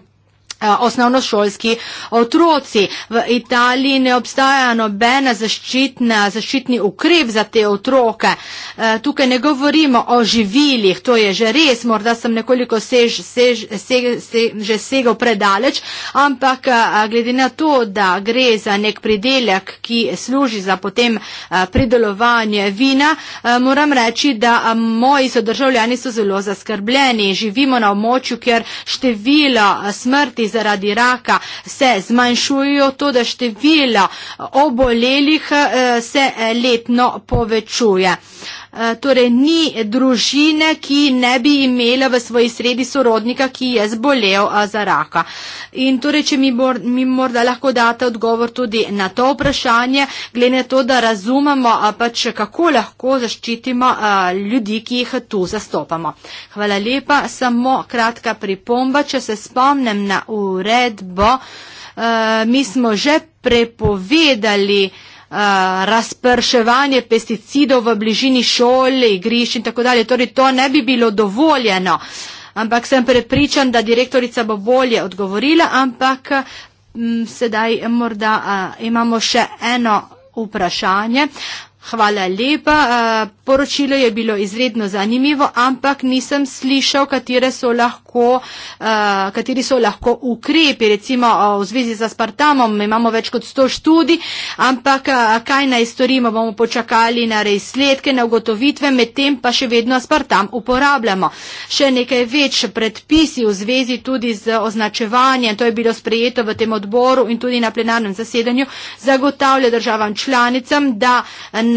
Eh, osnovnošolski otroci. V Italiji ne obstaja nobena zaščitna, zaščitni ukrep za te otroke. Eh, tukaj ne govorimo o živilih, to je že res, morda sem nekoliko sež, sež, sež, sež, že segel predaleč, ampak eh, glede na to, da gre za nek pridelek, ki služi za potem pridelovanje vina, moram reči, da moji sodržavljani so zelo zaskrbljeni. Živimo na območju, kjer število smrti zaradi raka se zmanjšujejo, to, da število obolelih eh, se eh, letno povečuje. Eh, torej ni družine, ki ne bi imela v svoji sredi sorodnika, ki je zbolel eh, za raka. In torej, če mi, mor, mi morda lahko date odgovor tudi na to vprašanje, glede na to, da razumemo, eh, pač kako lahko zaščitimo ljudi, ki jih tu zastopamo. Hvala lepa, samo kratka pripomba, če se spomnim na uredbo, mi smo že prepovedali, Eh, razprševanje pesticidov v bližini šol, igrišč in tako dalje. Torej, to ne bi bilo dovoljeno. Ampak sem prepričan, da direktorica bo bolje odgovorila, ampak m, mm, sedaj morda a, eh, imamo še eno vprašanje. Hvala lepa. Eh, poročilo je bilo izredno zanimivo, ampak nisem slišal, so lahko, eh, kateri so lahko ukrepi. Recimo v zvezi z Aspartamom imamo več kot 100 študij, ampak eh, kaj naj storimo, bomo počakali na izsledke, na ugotovitve, medtem pa še vedno Aspartam uporabljamo. Še nekaj več predpisi v zvezi tudi z označevanjem, to je bilo sprejeto v tem odboru in tudi na plenarnem zasedanju, zagotavlja državam članicam, da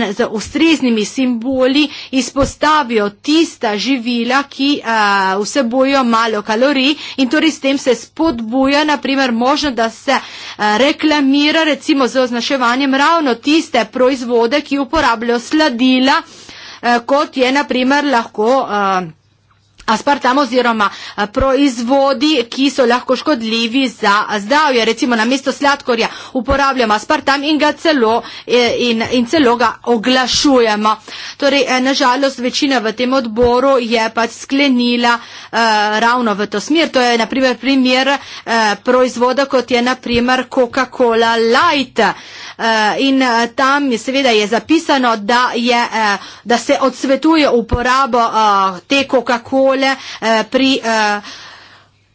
z ustreznimi simboli izpostavijo tista živila, ki a, eh, vsebojo malo kalorij in torej s tem se spodbuja, naprimer možno, da se a, eh, reklamira recimo z označevanjem ravno tiste proizvode, ki uporabljajo sladila, a, eh, kot je naprimer lahko a, aspartama oziroma eh, proizvodi, ki so lahko škodljivi za eh, zdravje. Recimo na mesto sladkorja uporabljamo aspartam in ga celo, eh, in, in celo ga oglašujemo. Torej, nažalost, večina v tem odboru je pač sklenila eh, ravno v to smer. To je naprimer primer eh, proizvoda, kot je naprimer Coca-Cola Light. In tam seveda je zapisano, da, je, da se odsvetuje uporabo te Coca-Cola. Eh, pri uh,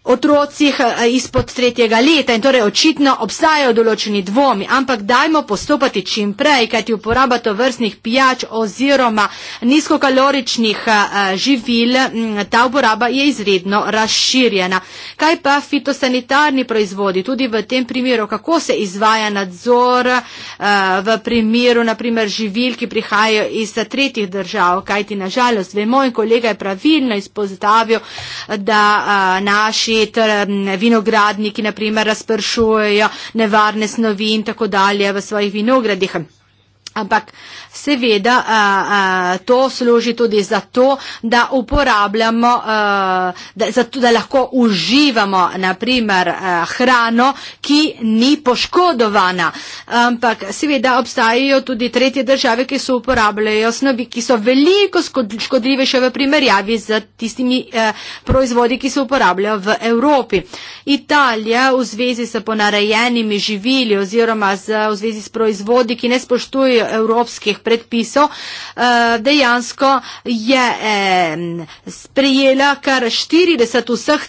otrocih eh, izpod tretjega leta in torej očitno obstajajo določeni dvomi, ampak dajmo postopati čim prej, kajti uporaba to vrstnih pijač oziroma nizkokaloričnih eh, živil, mm, ta uporaba je izredno razširjena. Kaj pa fitosanitarni proizvodi, tudi v tem primeru, kako se izvaja nadzor eh, v primeru naprimer živil, ki prihajajo iz tretjih držav, kajti nažalost vemo in kolega je pravilno izpostavil, da naši začeti, vinogradniki naprimer razpršujejo nevarne snovi in tako dalje v svojih vinogradih. Ampak uh, Seveda uh, uh, to služi tudi zato, da uporabljamo, uh, da, zato, da lahko uživamo naprimer uh, hrano, ki ni poškodovana. Ampak seveda obstajajo tudi tretje države, ki so uporabljajo snovi, ki so veliko škodljivejše v primerjavi z tistimi uh, proizvodi, ki se uporabljajo v Evropi. Italija v zvezi s ponarejenimi živili oziroma z, v zvezi s proizvodi, ki ne spoštujejo evropskih predpisov, eh, dejansko je sprejela kar 40, vseh,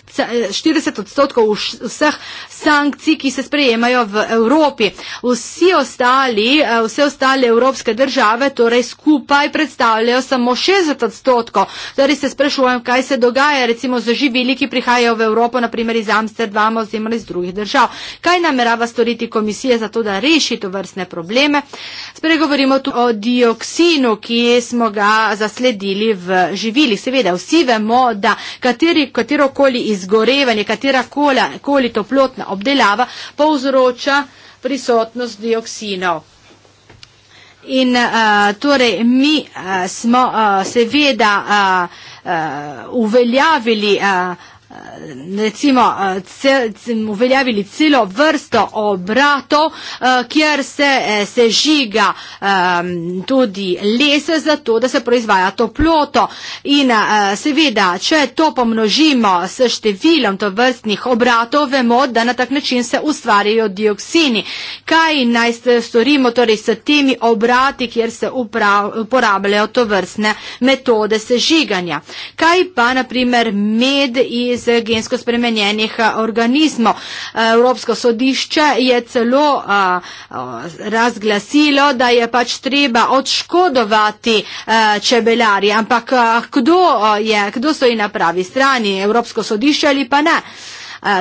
40 odstotkov vseh sankcij, ki se sprejemajo v Evropi. Vsi ostali, eh, vse ostale evropske države torej skupaj predstavljajo samo 60 odstotkov. Torej se sprašujem, kaj se dogaja recimo za živili, ki prihajajo v Evropo, naprimer iz Amsterdama oziroma iz drugih držav. Kaj namerava storiti komisija za to, da reši to vrstne probleme? Spregovorimo tu o dioksinu, ki smo ga zasledili v živili. Seveda, vsi vemo, da kateri, katerokoli izgorevanje, katera koli toplotna obdelava povzroča prisotnost dioksinov. In uh, torej mi uh, smo uh, seveda uh, uh, uveljavili uh, Eh, recimo eh, uveljavili celo vrsto obratov, eh, kjer se sežiga ehm, tudi les za to, da se proizvaja toploto. In seveda, če to pomnožimo s številom to vrstnih obratov, vemo, da na tak način se ustvarjajo dioksini. Kaj naj storimo torej s temi obrati, kjer se uporabljajo to vrstne metode sežiganja? Kaj pa, naprimer, med iz iz gensko spremenjenih organizmov. Evropsko sodišče je celo razglasilo, da je pač treba odškodovati čebelarje, ampak kdo, je, kdo so jih na pravi strani, Evropsko sodišče ali pa ne?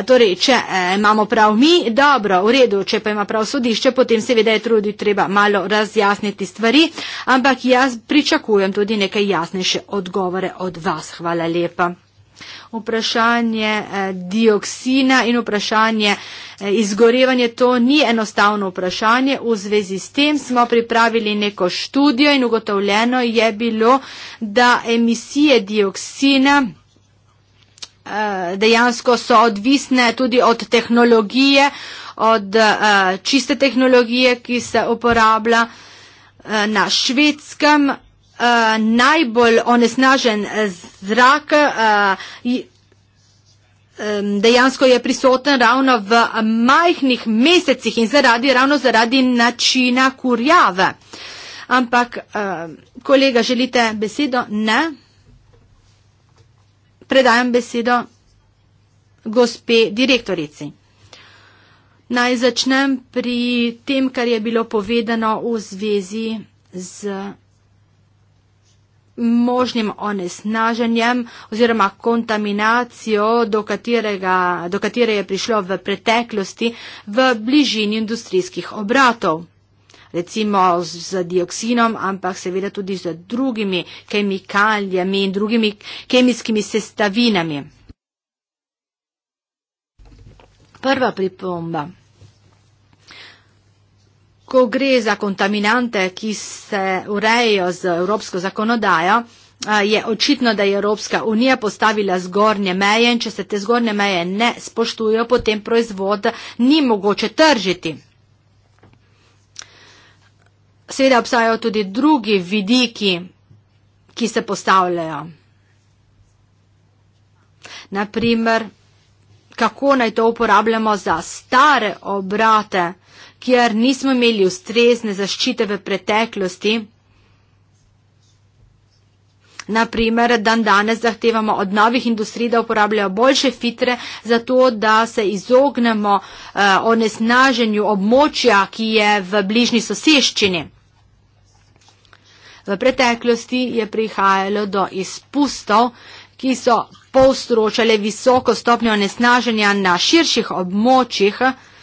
Torej, če e, imamo prav mi, dobro, v redu, če pa ima prav sodišče, potem seveda je trudi treba malo razjasniti stvari, ampak jaz pričakujem tudi nekaj jasnejše odgovore od vas. Hvala lepa vprašanje eh, dioksina in vprašanje eh, izgorevanja. To ni enostavno vprašanje. V zvezi s tem smo pripravili neko študijo in ugotovljeno je bilo, da emisije dioksina eh, dejansko so odvisne tudi od tehnologije, od čiste tehnologije, ki se uporablja na švedskem uh, najbolj onesnažen eh, zrak. Uh, dejansko je prisoten ravno v majhnih mesecih in zaradi, ravno zaradi načina kurjave. Ampak, kolega, želite besedo? Ne. Predajam besedo gospe direktorici. Naj začnem pri tem, kar je bilo povedano v zvezi z možnim onesnaženjem oziroma kontaminacijo, do, katerega, do katere je prišlo v preteklosti v bližini industrijskih obratov. Recimo z dioksinom, ampak seveda tudi z drugimi kemikalijami in drugimi kemijskimi sestavinami. Prva pripomba ko gre za kontaminante, ki se urejajo z evropsko zakonodajo, je očitno, da je Evropska unija postavila zgornje meje in če se te zgornje meje ne spoštujejo, potem proizvod ni mogoče tržiti. Seveda obstajajo tudi drugi vidiki, ki se postavljajo. Naprimer, kako naj to uporabljamo za stare obrate, kjer nismo imeli ustrezne zaščite v preteklosti. Naprimer, dan danes zahtevamo od novih industrij, da uporabljajo boljše fitre, zato da se izognemo uh, onesnaženju območja, ki je v bližnji soseščini. V preteklosti je prihajalo do izpustov, ki so povzročale visoko stopnjo onesnaženja na širših območjih, uh,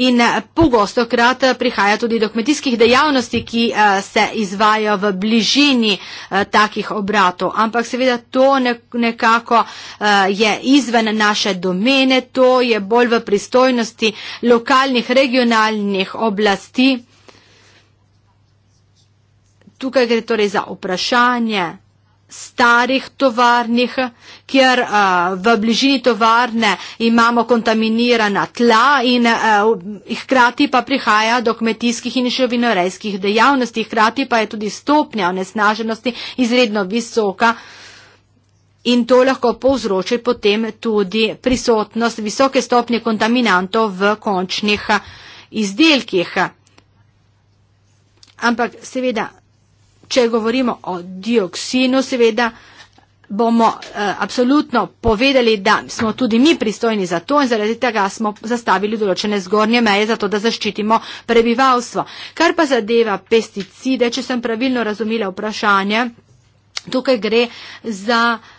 in eh, pogosto krat eh, prihaja tudi do kmetijskih dejavnosti, ki eh, se izvajo v bližini takih obratov. Ampak seveda to nekako je izven naše domene, to je bolj v pristojnosti lokalnih, regionalnih oblasti. Tukaj gre torej za vprašanje starih tovarnih, kjer uh, v bližini tovarne imamo kontaminirana tla in uh, hkrati pa prihaja do kmetijskih in živinorejskih dejavnosti, hkrati pa je tudi stopnja onesnaženosti izredno visoka in to lahko povzroči potem tudi prisotnost visoke stopnje kontaminantov v končnih eh, izdelkih. Ampak seveda Če govorimo o dioksinu, seveda bomo eh, absolutno povedali, da smo tudi mi pristojni za to in zaradi tega smo zastavili določene zgornje meje, zato da zaščitimo prebivalstvo. Kar pa zadeva pesticide, če sem pravilno razumela vprašanje, tukaj gre za. Eh,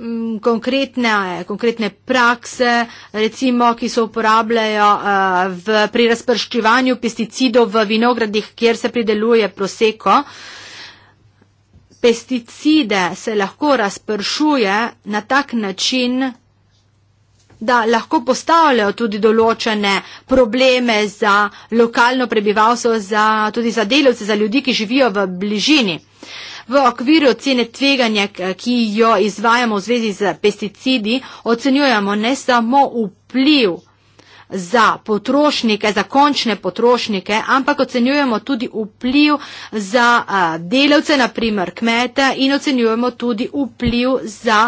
Mm, konkretne, konkretne prakse, recimo, ki se uporabljajo eh, v, pri razprščevanju pesticidov v vinogradih, kjer se prideluje proseko. Pesticide se lahko razpršuje na tak način, da lahko postavljajo tudi določene probleme za lokalno prebivalstvo, za, tudi za delavce, za ljudi, ki živijo v bližini. Uh, V okviru ocene tveganja, ki jo izvajamo v zvezi z pesticidi, ocenjujemo ne samo vpliv za potrošnike, za končne potrošnike, ampak ocenjujemo tudi vpliv za delavce, naprimer kmete in ocenjujemo tudi vpliv za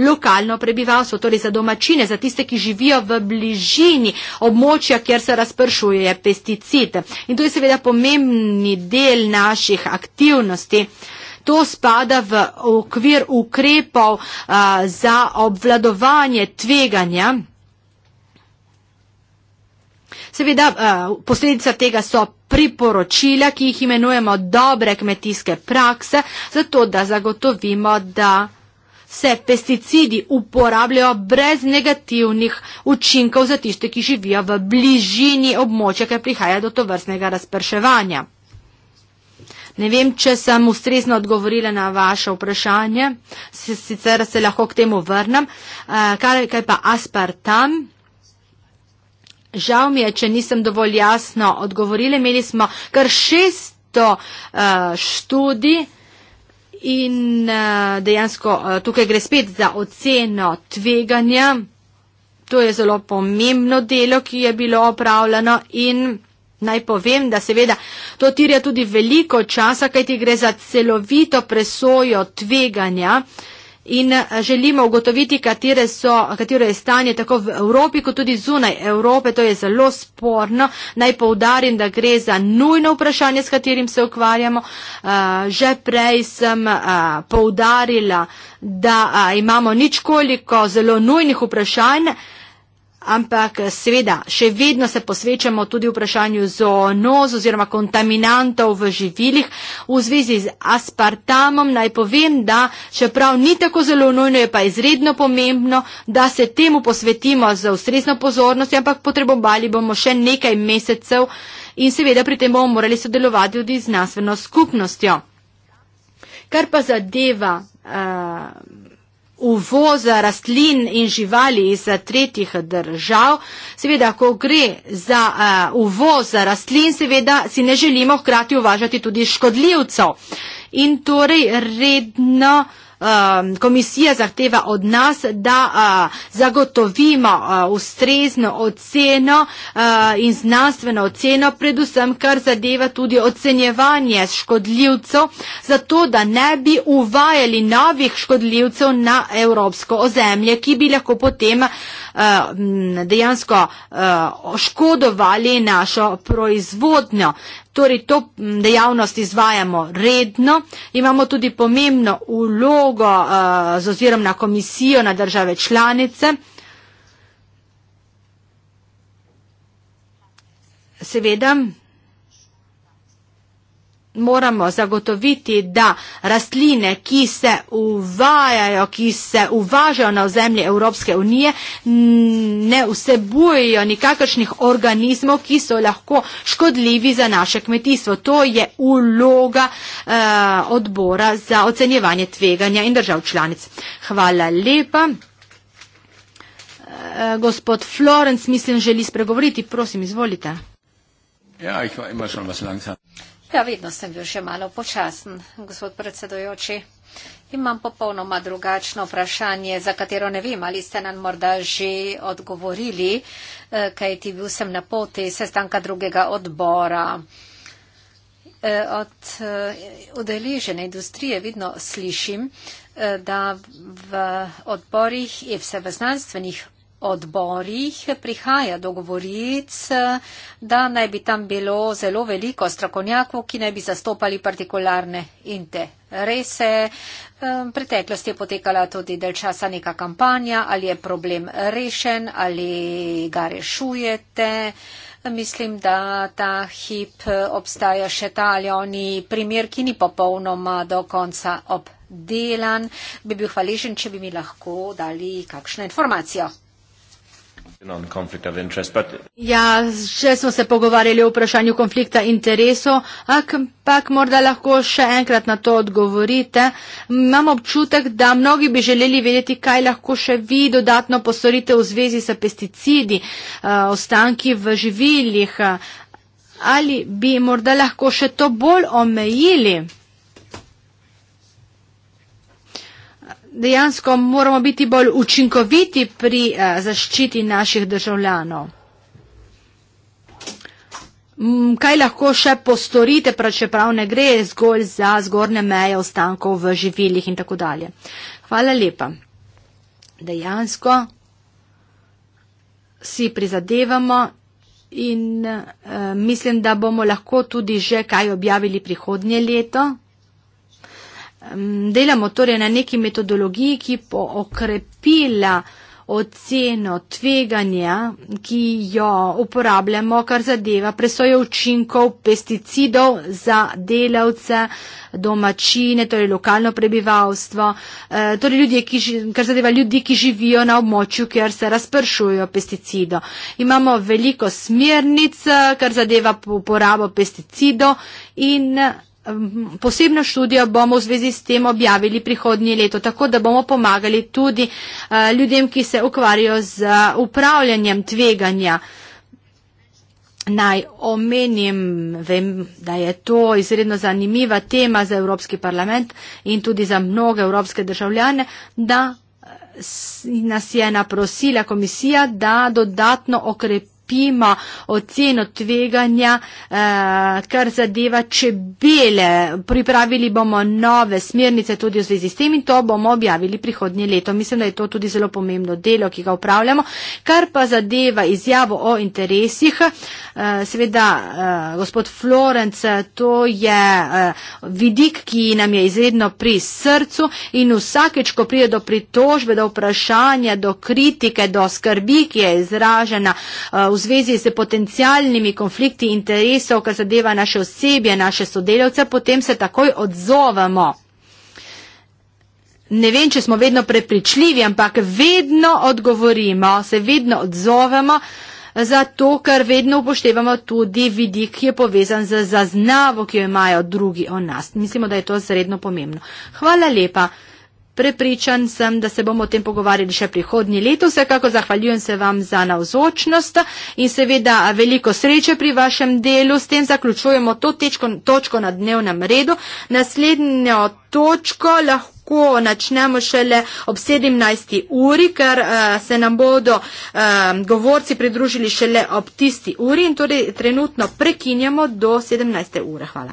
lokalno prebivalstvo, torej za domačine, za tiste, ki živijo v bližini območja, kjer se razpršuje pesticid. In to je seveda pomembni del naših aktivnosti. To spada v okvir ukrepov uh, za obvladovanje tveganja. Seveda, uh, posledica tega so priporočila, ki jih imenujemo dobre kmetijske prakse, zato da zagotovimo, da se pesticidi uporabljajo brez negativnih učinkov za tiste, ki živijo v bližini območja, ker prihaja do tovrstnega razprševanja. Ne vem, če sem ustrezno odgovorila na vaše vprašanje, sicer se lahko k temu vrnem. Eh, kaj, kaj pa aspartam? Žal mi je, če nisem dovolj jasno odgovorila. Imeli smo kar 600 eh, študij in eh, dejansko tukaj gre spet za oceno tveganja. To je zelo pomembno delo, ki je bilo opravljeno in Naj povem, da seveda to tirja tudi veliko časa, kajti gre za celovito presojo tveganja in eh, želimo ugotoviti, so, katero je stanje tako v Evropi, kot tudi zunaj Evrope. To je zelo sporno. Naj povdarim, da gre za nujno vprašanje, s katerim se ukvarjamo. Eh, že prej sem eh, poudarila, da imamo ničkoliko zelo nujnih vprašanj ampak eh, seveda še vedno se posvečamo tudi vprašanju zoonoz oziroma kontaminantov v živilih. V zvezi z aspartamom naj povem, da čeprav ni tako zelo nujno, je pa izredno pomembno, da se temu posvetimo z ustrezno pozornostjo, ampak potrebovali bomo še nekaj mesecev in seveda pri tem bomo morali sodelovati tudi z nasveno skupnostjo. Kar pa zadeva. Uh, uvoza rastlin in živali iz eh, tretjih držav. Seveda, ko gre za uh, uvoz rastlin, seveda si ne želimo hkrati uvažati tudi škodljivcev. In torej redno. Um, komisija zahteva od nas, da uh, zagotovimo uh, ustrezno oceno uh, in znanstveno oceno, predvsem kar zadeva tudi ocenjevanje škodljivcev, zato da ne bi uvajali novih škodljivcev na evropsko ozemlje, ki bi lahko potem dejansko oškodovali našo proizvodnjo. Torej, to dejavnost izvajamo redno, imamo tudi pomembno ulogo eh, z ozirom na komisijo, na države članice. Seveda, moramo zagotoviti, da rastline, ki se uvajajo, ki se uvažajo na ozemlje Evropske unije, ne vsebujejo nikakršnih organizmov, ki so lahko škodljivi za naše kmetijstvo. To je uloga eh, odbora za ocenjevanje tveganja in držav članic. Hvala lepa. Eh, gospod Florenc, mislim, želi spregovoriti. Prosim, izvolite. Ja, ich war immer schon was langsam. Ja, vedno sem bil še malo počasen, gospod predsedojoči. Imam popolnoma drugačno vprašanje, za katero ne vem, ali ste nam morda že odgovorili, eh, kaj ti bil sem na poti sestanka drugega odbora. Eh, od eh, udeležene industrije vidno slišim, da v odborih in vse v znanstvenih odborih prihaja do govoric, da naj bi tam bilo zelo veliko strokovnjakov, ki naj bi zastopali partikularne interese. V preteklosti je potekala tudi del časa neka kampanja, ali je problem rešen, ali ga rešujete. Mislim, da ta hip obstaja še ta ali oni primer, ki ni popolnoma do konca obdelan. Bi bil hvaležen, če bi mi lahko dali kakšno informacijo. Ja, še smo se pogovarjali o vprašanju konflikta interesov, ampak morda lahko še enkrat na to odgovorite. Imam občutek, da mnogi bi želeli vedeti, kaj lahko še vi dodatno postorite v zvezi s pesticidi, eh, ostanki v živilih. Ali bi morda lahko še to bolj omejili? dejansko moramo biti bolj učinkoviti pri eh, zaščiti naših državljanov. Mm, kaj lahko še postorite, pravčeprav ne gre zgolj za zgornje meje ostankov v živilih in tako dalje. Hvala lepa. Dejansko si prizadevamo in uh, mislim, da bomo lahko tudi že kaj objavili prihodnje leto. Delamo torej na neki metodologiji, ki bo okrepila oceno tveganja, ki jo uporabljamo, kar zadeva presojo učinkov pesticidov za delavce, domačine, torej lokalno prebivalstvo, eh, torej ljudje, ki, kar zadeva ljudi, ki živijo na območju, kjer se razpršujo pesticido. Imamo veliko smernic, eh, kar zadeva uporabo pesticidov in Posebno študijo bomo v zvezi s tem objavili prihodnje leto, tako da bomo pomagali tudi eh, ljudem, ki se ukvarjajo z eh, upravljanjem tveganja. Naj omenim, vem, da je to izredno zanimiva tema za Evropski parlament in tudi za mnoge evropske državljane, da nas je naprosila komisija, da dodatno okrepimo pima oceno tveganja, eh, kar zadeva čebele. Pripravili bomo nove smernice tudi v zvezi s tem in to bomo objavili prihodnje leto. Mislim, da je to tudi zelo pomembno delo, ki ga upravljamo. Kar pa zadeva izjavo o interesih, eh, seveda eh, gospod Florenc, to je eh, vidik, ki nam je izredno pri srcu in vsakeč, ko pride do pritožbe, do vprašanja, do kritike, do skrbi, ki je izražena eh, v zvezi z potencialnimi konflikti interesov, kar zadeva naše osebje, naše sodelavce, potem se takoj odzovemo. Ne vem, če smo vedno prepričljivi, ampak vedno odgovorimo, se vedno odzovemo, zato ker vedno upoštevamo tudi vidik, ki je povezan z zaznavo, ki jo imajo drugi o nas. Mislimo, da je to zredno pomembno. Hvala lepa. Prepričan sem, da se bomo o tem pogovarjali še prihodnji leto. Vsekako zahvaljujem se vam za navzočnost in seveda veliko sreče pri vašem delu. S tem zaključujemo to tečko, točko na dnevnem redu. Naslednjo točko lahko. Ko načnemo šele ob 17. uri, ker uh, se nam bodo uh, govorci pridružili šele ob tisti uri in torej trenutno prekinjamo do 17. ure. Hvala.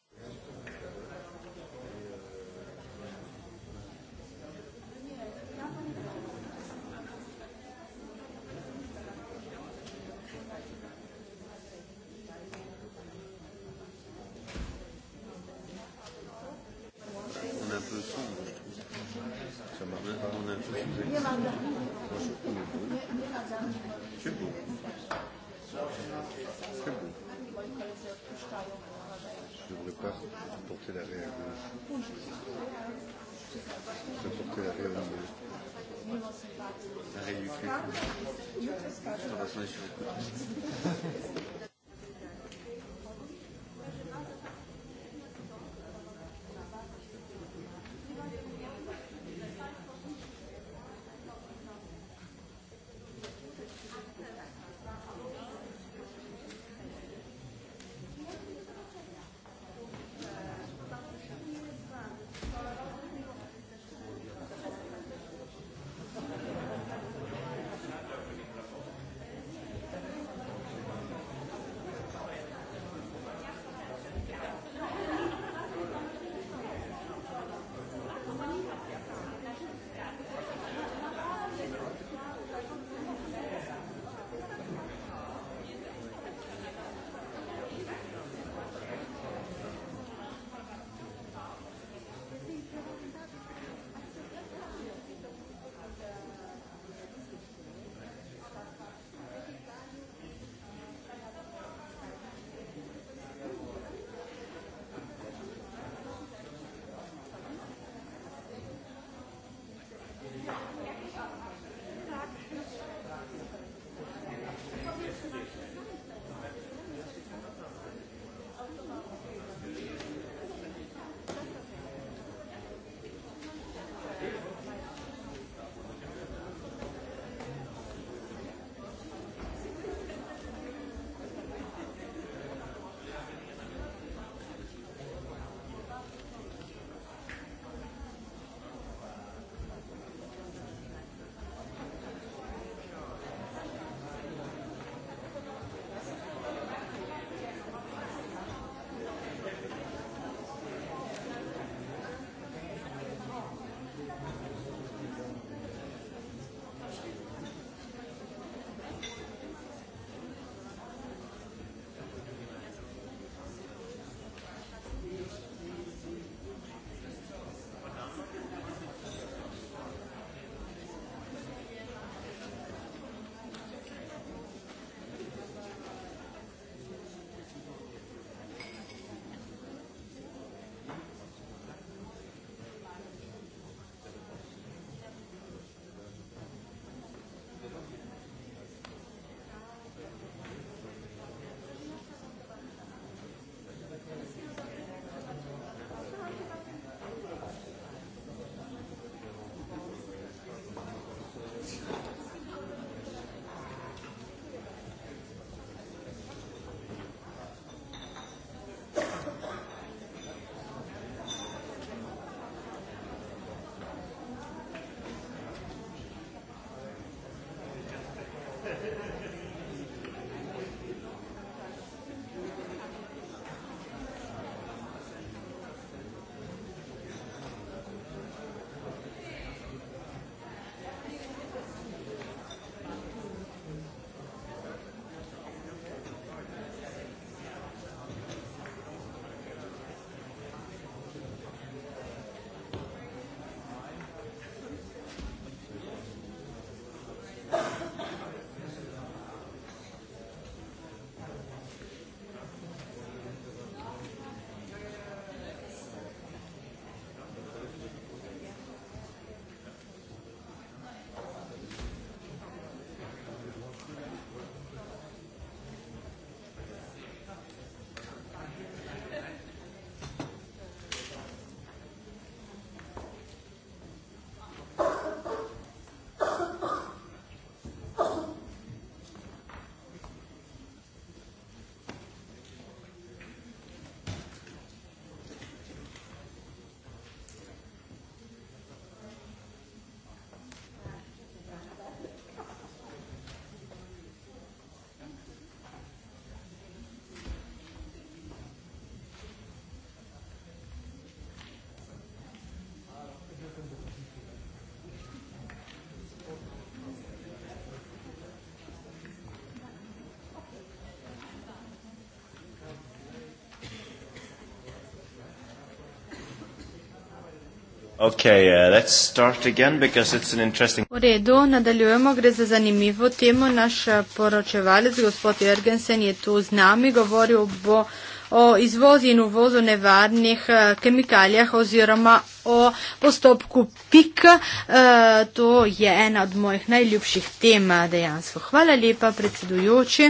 Okay, uh, let's start again because it's an interesting. V redu, nadaljujemo, gre za zanimivo temo. Naš uh, poročevalec, gospod Jergensen, je tu z nami, govoril bo o izvozi in uvozu nevarnih uh, kemikalijah oziroma o postopku PIK. Uh, to je ena od mojih najljubših tem uh, dejansko. Hvala lepa, predsedujoči.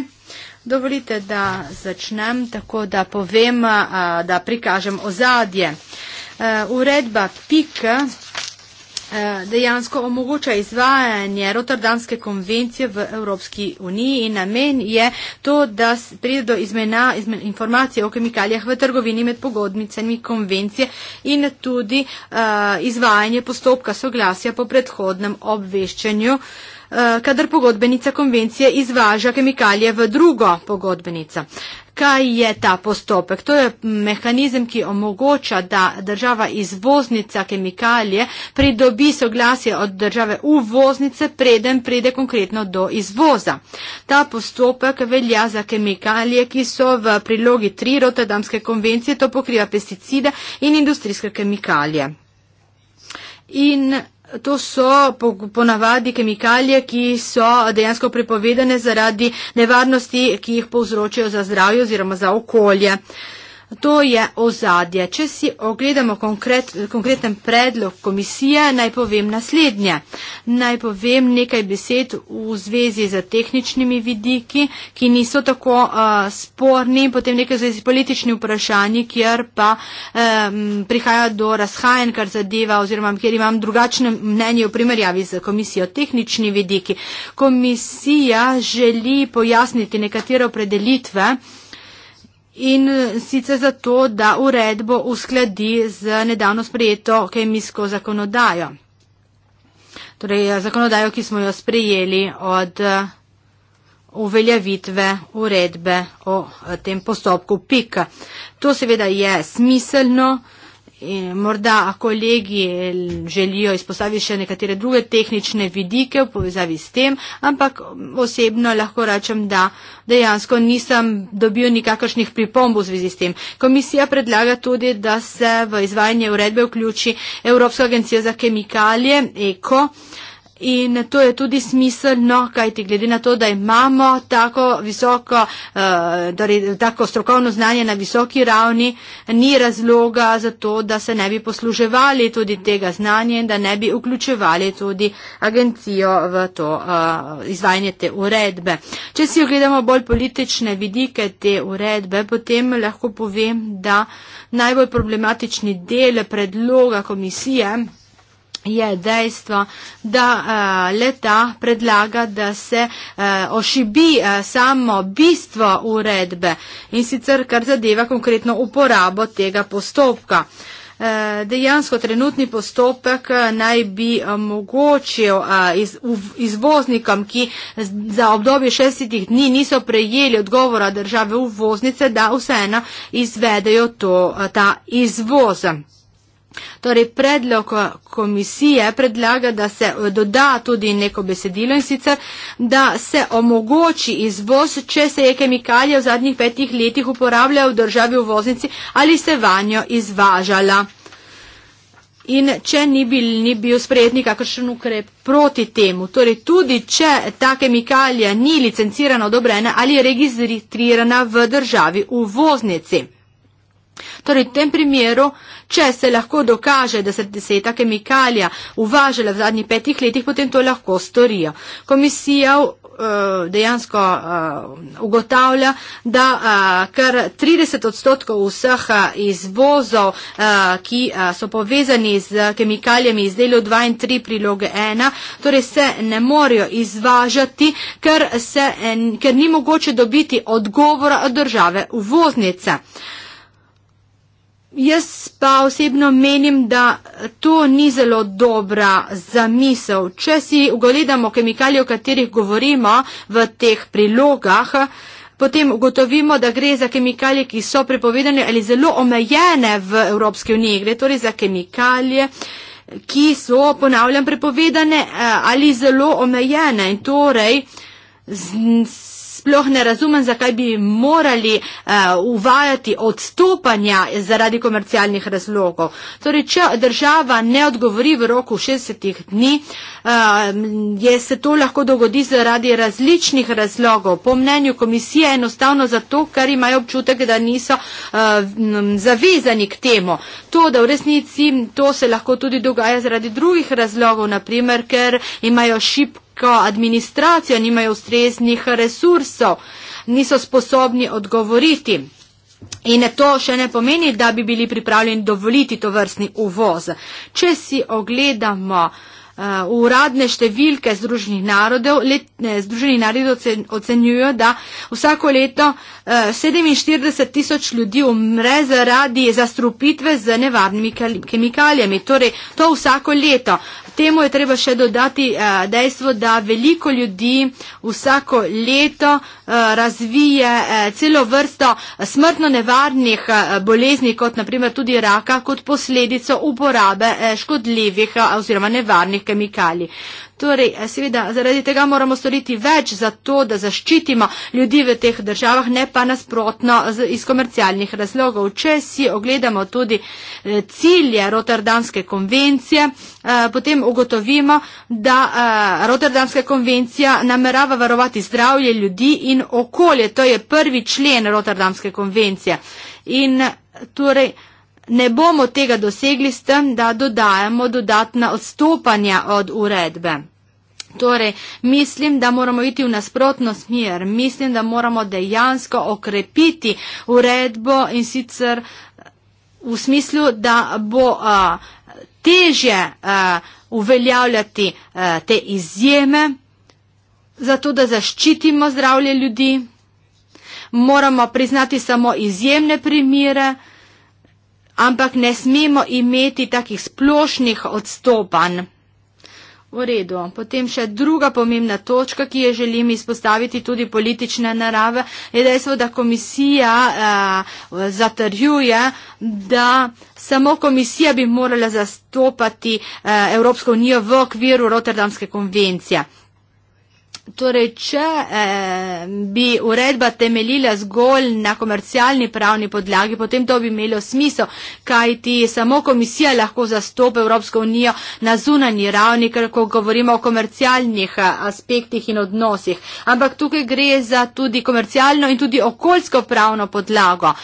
Dovolite, da začnem tako, da povem, uh, da prikažem ozadje. Uh, Eh, uredba PIK eh, dejansko omogoča izvajanje Rotterdamske konvencije v Evropski uniji in namen je to, da pride do izmena, izmena informacije o kemikalijah v trgovini med pogodnicami konvencije in tudi uh, izvajanje postopka soglasja po predhodnem obveščanju uh, Eh, kadar pogodbenica konvencije izvaža kemikalije v drugo pogodbenico. Kaj je ta postopek? To je mehanizem, ki omogoča, da država izvoznica kemikalije pridobi soglasje od države uvoznice, preden pride konkretno do izvoza. Ta postopek velja za kemikalije, ki so v prilogi 3 Rotterdamske konvencije, to pokriva pesticide in industrijske kemikalije. In To so ponavadi po kemikalije, ki so dejansko prepovedane zaradi nevarnosti, ki jih povzročajo za zdravje oziroma za okolje. Uh, To je ozadje. Če si ogledamo konkret, konkreten predlog komisije, naj povem naslednje. Naj povem nekaj besed v zvezi z tehničnimi vidiki, ki niso tako uh, sporni, potem nekaj zvezi s političnimi vprašanji, kjer pa um, prihaja do razhajen, kar zadeva oziroma kjer imam drugačne mnenje v primerjavi z komisijo. Tehnični vidiki. Komisija želi pojasniti nekatere opredelitve. In eh, sicer zato, da uredbo uskladi z nedavno sprejeto kemijsko zakonodajo. Torej, eh, zakonodajo, ki smo jo sprejeli od eh, uveljavitve uredbe o tem postopku PIK. To seveda je smiselno. In eh, morda kolegi eh, želijo izpostaviti še nekatere druge tehnične vidike v povezavi s tem, ampak mm, osebno lahko rečem, da dejansko nisem dobil nikakršnih pripomb v zvezi s tem. Komisija predlaga tudi, da se v izvajanje uredbe vključi Evropska agencija za kemikalije, ECO. In to je tudi smiselno, kajti glede na to, da imamo tako, visoko, eh, torej, tako strokovno znanje na visoki ravni, ni razloga za to, da se ne bi posluževali tudi tega znanja in da ne bi vključevali tudi agencijo v to eh, izvajanje te uredbe. Če si ogledamo bolj politične vidike te uredbe, potem lahko povem, da najbolj problematični del predloga komisije je dejstvo, da eh, leta predlaga, da se eh, ošibi eh, samo bistvo uredbe in sicer kar zadeva konkretno uporabo tega postopka. Dejansko trenutni postopek naj bi omogočil izvoznikom, ki za obdobje šestih dni niso prejeli odgovora države uvoznice, da vseeno izvedejo to, ta izvoz. Torej, predlog eh, komisije predlaga, da se eh, doda tudi neko besedilo in sicer, da se omogoči izvoz, če se je kemikalija v zadnjih petih letih uporabljala v državi uvoznici ali se vanjo izvažala. In če ni bil, ni bil sprejet nikakršen ukrep proti temu, torej tudi če ta kemikalija ni licencirana, odobrena ali registrirana v državi uvoznici. Torej, v tem primeru Če se lahko dokaže, da se deseta kemikalija uvažala v zadnjih petih letih, potem to lahko storijo. Komisija eh, dejansko eh, ugotavlja, da eh, kar 30 odstotkov vseh izvozov, ki so povezani z kemikalijami iz delov 2 in 3 priloge 1, torej se ne morejo izvažati, ker, se, ker ni mogoče dobiti odgovora od države uvoznice. Jaz pa osebno menim, da to ni zelo dobra zamisel. Če si ugledamo kemikalije, o katerih govorimo v teh prilogah, potem ugotovimo, da gre za kemikalije, ki so prepovedane ali zelo omejene v Evropski uniji. Gre torej za kemikalije, ki so, ponavljam, prepovedane eh, ali zelo omejene. In torej sploh ne razumem, zakaj bi morali uh, uvajati odstopanja zaradi komercialnih razlogov. Torej, če država ne odgovori v roku 60 dni, uh, je se to lahko dogodi zaradi različnih razlogov. Po mnenju komisije enostavno zato, ker imajo občutek, da niso uh, zavezani k temu. To, da v resnici to se lahko tudi dogaja zaradi drugih razlogov, naprimer, ker imajo šipko administracijo, nimajo ustreznih resursov, niso sposobni odgovoriti. In to še ne pomeni, da bi bili pripravljeni dovoliti to vrstni uvoz. Če si ogledamo uh, uradne številke Združenih narodov, Združeni narodi ocen, ocenjujo, da vsako leto uh, 47 tisoč ljudi umre zaradi zastrupitve z nevarnimi kemikalijami. Torej, to vsako leto temu je treba še dodati eh, dejstvo, da veliko ljudi vsako leto eh, razvije eh, celo vrsto smrtno nevarnih bolezni, kot naprimer tudi raka, kot posledico uporabe škodljivih oziroma nevarnih kemikalij. Torej, eh, seveda, zaradi tega moramo storiti več za to, da zaščitimo ljudi v teh državah, ne pa nasprotno iz komercialnih razlogov. Če si ogledamo tudi eh, cilje Rotterdamske konvencije, eh, potem ugotovimo, da Rotterdamska konvencija namerava varovati zdravje ljudi in okolje. To je prvi člen Rotterdamske konvencije. In, torej, ne bomo tega dosegli s tem, da dodajamo dodatna odstopanja od uredbe. Torej, mislim, da moramo iti v nasprotno smer, mislim, da moramo dejansko okrepiti uredbo in sicer v smislu, da bo a, teže a, uveljavljati a, te izjeme, zato da zaščitimo zdravje ljudi. Moramo priznati samo izjemne primere, ampak ne smemo imeti takih splošnih odstopanj. V redu. Potem še druga pomembna točka, ki jo želim izpostaviti tudi politične narave, je dejstvo, da komisija a, eh, zatrjuje, da samo komisija bi morala zastopati a, eh, Evropsko unijo v okviru Rotterdamske konvencije. Torej, če eh, bi uredba temeljila zgolj na komercialni pravni podlagi, potem to bi imelo smisel, kajti samo komisija lahko zastopi Evropsko unijo na zunanji ravni, ker ko govorimo o komercialnih eh, aspektih in odnosih. Ampak tukaj gre za tudi komercialno in tudi okoljsko pravno podlago.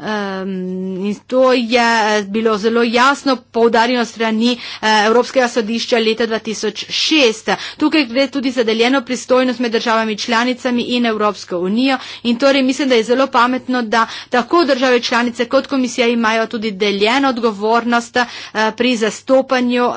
Um, in to je eh, bilo zelo jasno povdarjeno strani uh, Evropskega sodišča leta 2006. Tukaj gre tudi za deljeno pristojnost med državami članicami in Evropsko unijo. In torej mislim, da je zelo pametno, da tako države članice kot komisija imajo tudi deljeno odgovornost uh, pri zastopanju uh,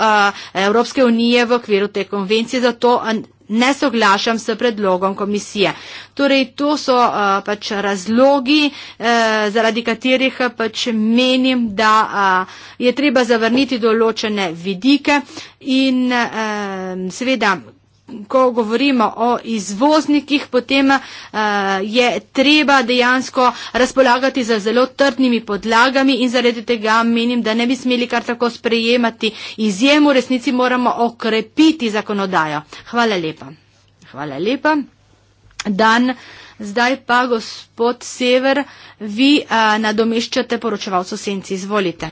Evropske unije v okviru te konvencije. Zato ne soglašam s predlogom komisije. Torej, to so uh, pač razlogi, uh, zaradi katerih eh, pač menim, da uh, je treba zavrniti določene vidike in uh, seveda, ko govorimo o izvoznikih, potem uh, je treba dejansko razpolagati za zelo trdnimi podlagami in zaradi tega menim, da ne bi smeli kar tako sprejemati izjemu, resnici moramo okrepiti zakonodajo. Hvala lepa. Hvala lepa. Dan. Zdaj pa, gospod Sever, vi uh, nadomeščate poročevalcu Senci. Izvolite.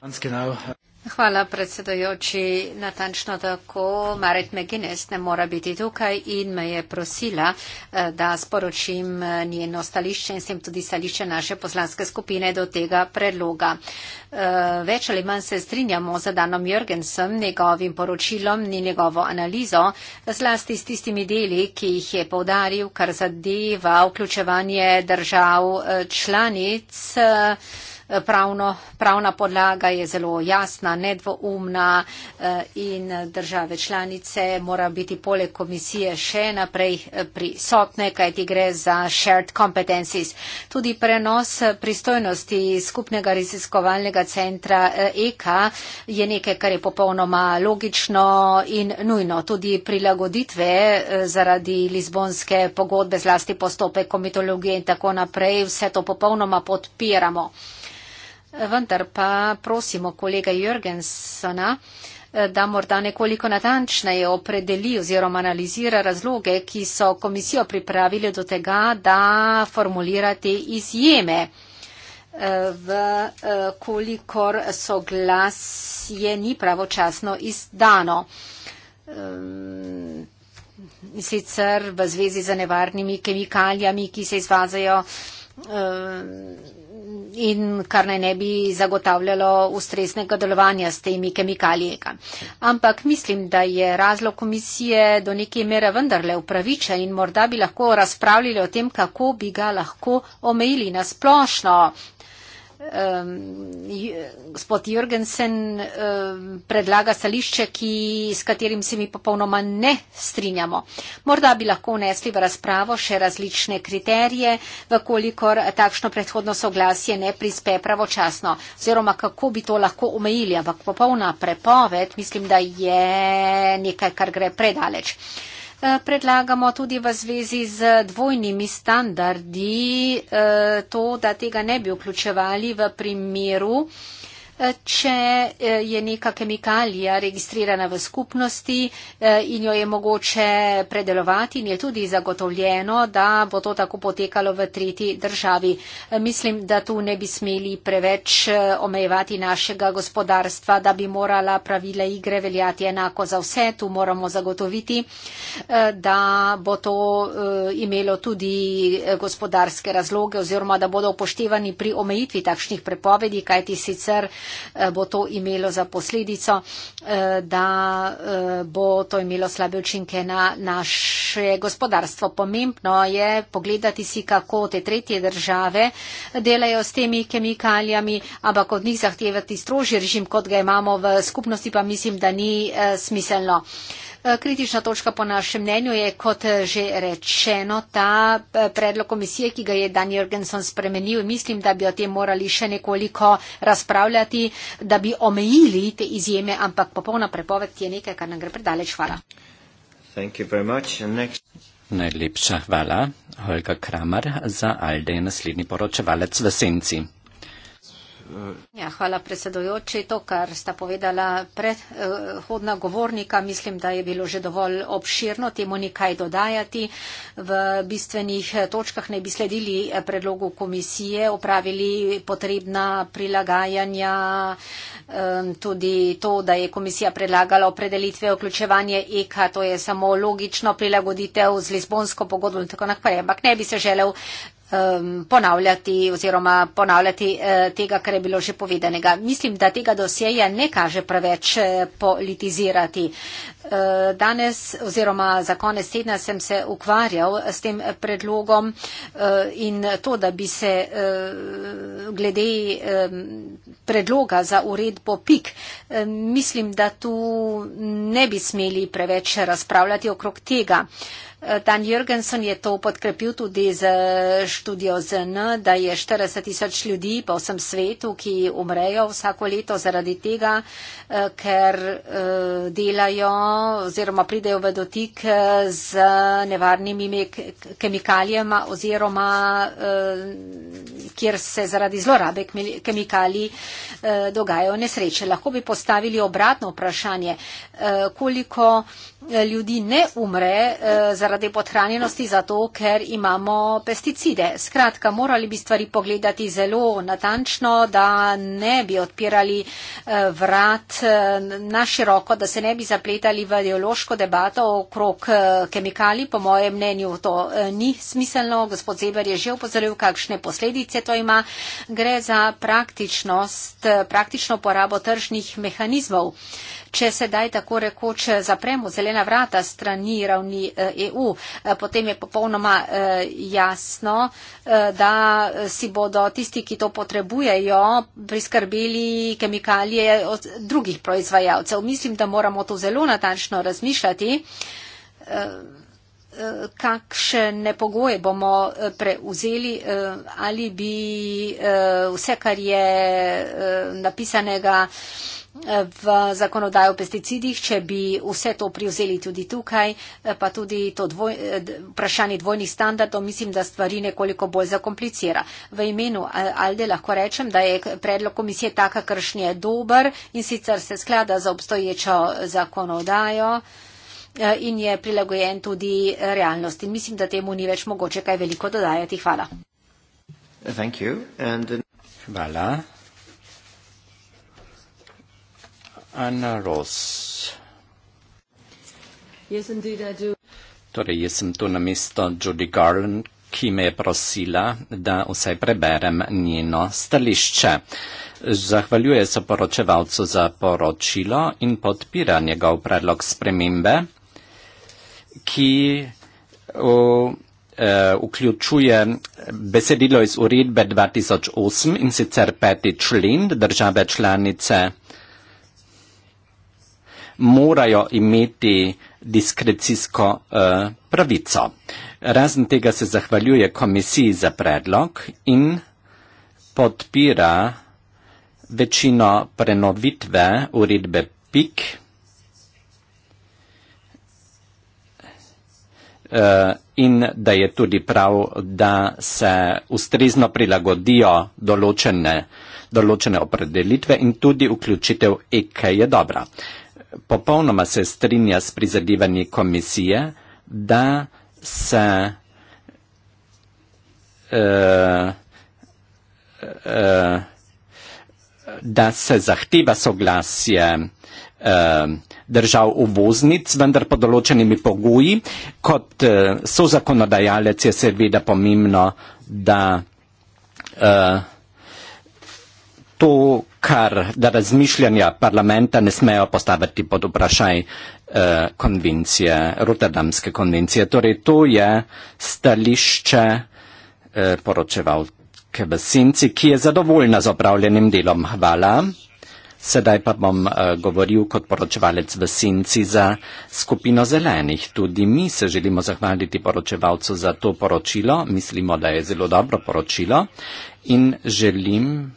Hvala predsedojoči, natančno tako. Marit McGuinness ne mora biti tukaj in me je prosila, eh, da sporočim eh, njeno stališče in s tem tudi stališče naše poslanske skupine do tega predloga. Eh, več ali manj se strinjamo z Danom Jörgensom, njegovim poročilom in njegovo analizo, zlasti s tistimi deli, ki jih je povdaril, kar zadeva vključevanje držav članic pravno, pravna podlaga je zelo jasna, nedvoumna eh, in države članice morajo biti poleg komisije še naprej eh, prisotne, kaj ti gre za shared competencies. Tudi prenos eh, pristojnosti skupnega raziskovalnega centra ECA e je nekaj, kar je popolnoma logično in nujno. Tudi prilagoditve zaradi Lizbonske pogodbe zlasti postopek komitologije in tako naprej, vse to popolnoma podpiramo vendar pa prosimo kolega Jürgensona, eh, da morda nekoliko natančneje opredeli oziroma analizira razloge, ki so komisijo pripravili do tega, da formulirate izjeme eh, v eh, kolikor soglasje ni pravočasno izdano. Ehm, sicer v zvezi z nevarnimi kemikalijami, ki se izvazajo ehm, in kar naj ne bi zagotavljalo ustreznega delovanja s temi kemikalijega. Ampak mislim, da je razlog komisije do neke mere vendarle upraviča in morda bi lahko razpravljali o tem, kako bi ga lahko omejili na splošno, um, gospod Jorgensen um, predlaga stališče, s katerim se mi popolnoma ne strinjamo. Morda bi lahko vnesli v razpravo še različne kriterije, vkolikor takšno predhodno soglasje ne prispe pravočasno, oziroma kako bi to lahko omejili, ampak popolna prepoved mislim, da je nekaj, kar gre predaleč predlagamo tudi v zvezi z dvojnimi standardi eh, to, da tega ne bi vključevali v primeru, če eh, je neka kemikalija registrirana v skupnosti eh, in jo je mogoče predelovati in je tudi zagotovljeno, da bo to tako potekalo v tretji državi. Eh, mislim, da tu ne bi smeli preveč omejevati našega gospodarstva, da bi morala pravile igre veljati enako za vse. Tu moramo zagotoviti, da bo to imelo tudi gospodarske razloge oziroma da bodo upoštevani pri omejitvi takšnih prepovedi, kajti sicer Eh, bo to imelo za posledico, eh, da eh, bo to imelo slabe učinke na naše gospodarstvo. Pomembno je pogledati si, kako te tretje države delajo s temi kemikalijami, ampak od njih zahtevati strožji režim, kot ga imamo v skupnosti, pa mislim, da ni smiselno. Eh, kritična točka po našem mnenju je, kot eh, že rečeno, ta eh, predlog komisije, ki ga je Dan Jorgensen spremenil in mislim, da bi o tem morali še nekoliko razpravljati, da bi omejili te izjeme, ampak popolna prepoved je nekaj, kar nam gre predaleč. Hvala. Najlepša hvala, Olga Kramer, za Alde je naslednji poročevalec v Senci. Ja, hvala predsedojoči. To, kar sta povedala predhodna govornika, mislim, da je bilo že dovolj obširno, temu ni kaj dodajati. V bistvenih točkah naj bi sledili predlogu komisije, opravili potrebna prilagajanja, tudi to, da je komisija predlagala opredelitve vključevanje EKA, to je samo logično prilagoditev z Lizbonsko pogodbo in tako naprej. Ampak ne bi se želel um, ponavljati oziroma ponavljati uh, tega, kar je bilo že povedanega. Mislim, da tega dosjeja ne kaže preveč uh, politizirati. Uh, Eh, danes oziroma za konec tedna sem se ukvarjal s tem predlogom eh, in to, da bi se eh, glede predloga za uredbo PIK, mislim, da tu ne bi smeli preveč razpravljati okrog tega. Dan Jürgenson je to podkrepil tudi z študijo ZN, da je 40 tisoč ljudi po vsem svetu, ki umrejo vsako leto zaradi tega, ker delajo oziroma pridejo v dotik eh, z nevarnimi kemikalijami oziroma eh, kjer se zaradi zlorabe kemikalij eh, dogajajo nesreče. Lahko bi postavili obratno vprašanje, koliko ljudi ne umre zaradi podhranjenosti zato, ker imamo pesticide. Skratka, morali bi stvari pogledati zelo natančno, da ne bi odpirali vrat na široko, da se ne bi zapletali v ideološko debato okrog eh, kemikali, po mojem mnenju to eh, ni smiselno. Gospod Zeber je že upozoril, kakšne posledice to ima. Gre za praktičnost, eh, praktično porabo tržnih mehanizmov. Če sedaj tako rekoč zapremo zelena vrata strani ravni EU, eh, e eh, potem je popolnoma eh, jasno, da si bodo tisti, ki to potrebujejo, priskrbeli kemikalije od drugih proizvajalcev. Mislim, da moramo to zelo natančno razmišljati kakšne pogoje bomo preuzeli, ali bi vse, kar je napisanega, v zakonodaj o pesticidih, če bi vse to privzeli tudi tukaj, pa tudi to dvoj, vprašanje dvojnih standardov, mislim, da stvari nekoliko bolj zakomplicira. V imenu Alde lahko rečem, da je predlog komisije taka kršnje dober in sicer se sklada za obstoječo zakonodajo e, in je prilagojen tudi realnosti. Mislim, da temu ni več mogoče kaj veliko dodajati. Hvala. Hvala. Ana Ross. Yes, indeed, I do. Torej, jaz sem tu na mesto Judy Garland, ki me je prosila, da vsaj preberem njeno stališče. Zahvaljuje se poročevalcu za poročilo in podpira njegov predlog spremembe, ki v, e, vključuje besedilo iz uredbe 2008 in sicer peti člen države članice morajo imeti diskrecijsko uh, pravico. Razen tega se zahvaljuje komisiji za predlog in podpira večino prenovitve uredbe PIK. Eh, in da je tudi prav, da se ustrezno prilagodijo določene, določene opredelitve in tudi vključitev EK je dobra popolnoma se strinja s prizadevanji komisije, da se eh, eh, da se zahteva soglasje eh, držav uvoznic, vendar pod določenimi pogoji, kot so zakonodajalec je seveda pomembno, da to kar da razmišljanja parlamenta ne smejo postaviti pod vprašaj eh, konvencije, Rotterdamske konvencije. Torej, to je stališče eh, poročevalke Besinci, ki je zadovoljna z opravljenim delom. Hvala. Sedaj pa bom eh, govoril kot poročevalec Besinci za skupino zelenih. Tudi mi se želimo zahvaliti poročevalcu za to poročilo. Mislimo, da je zelo dobro poročilo in želim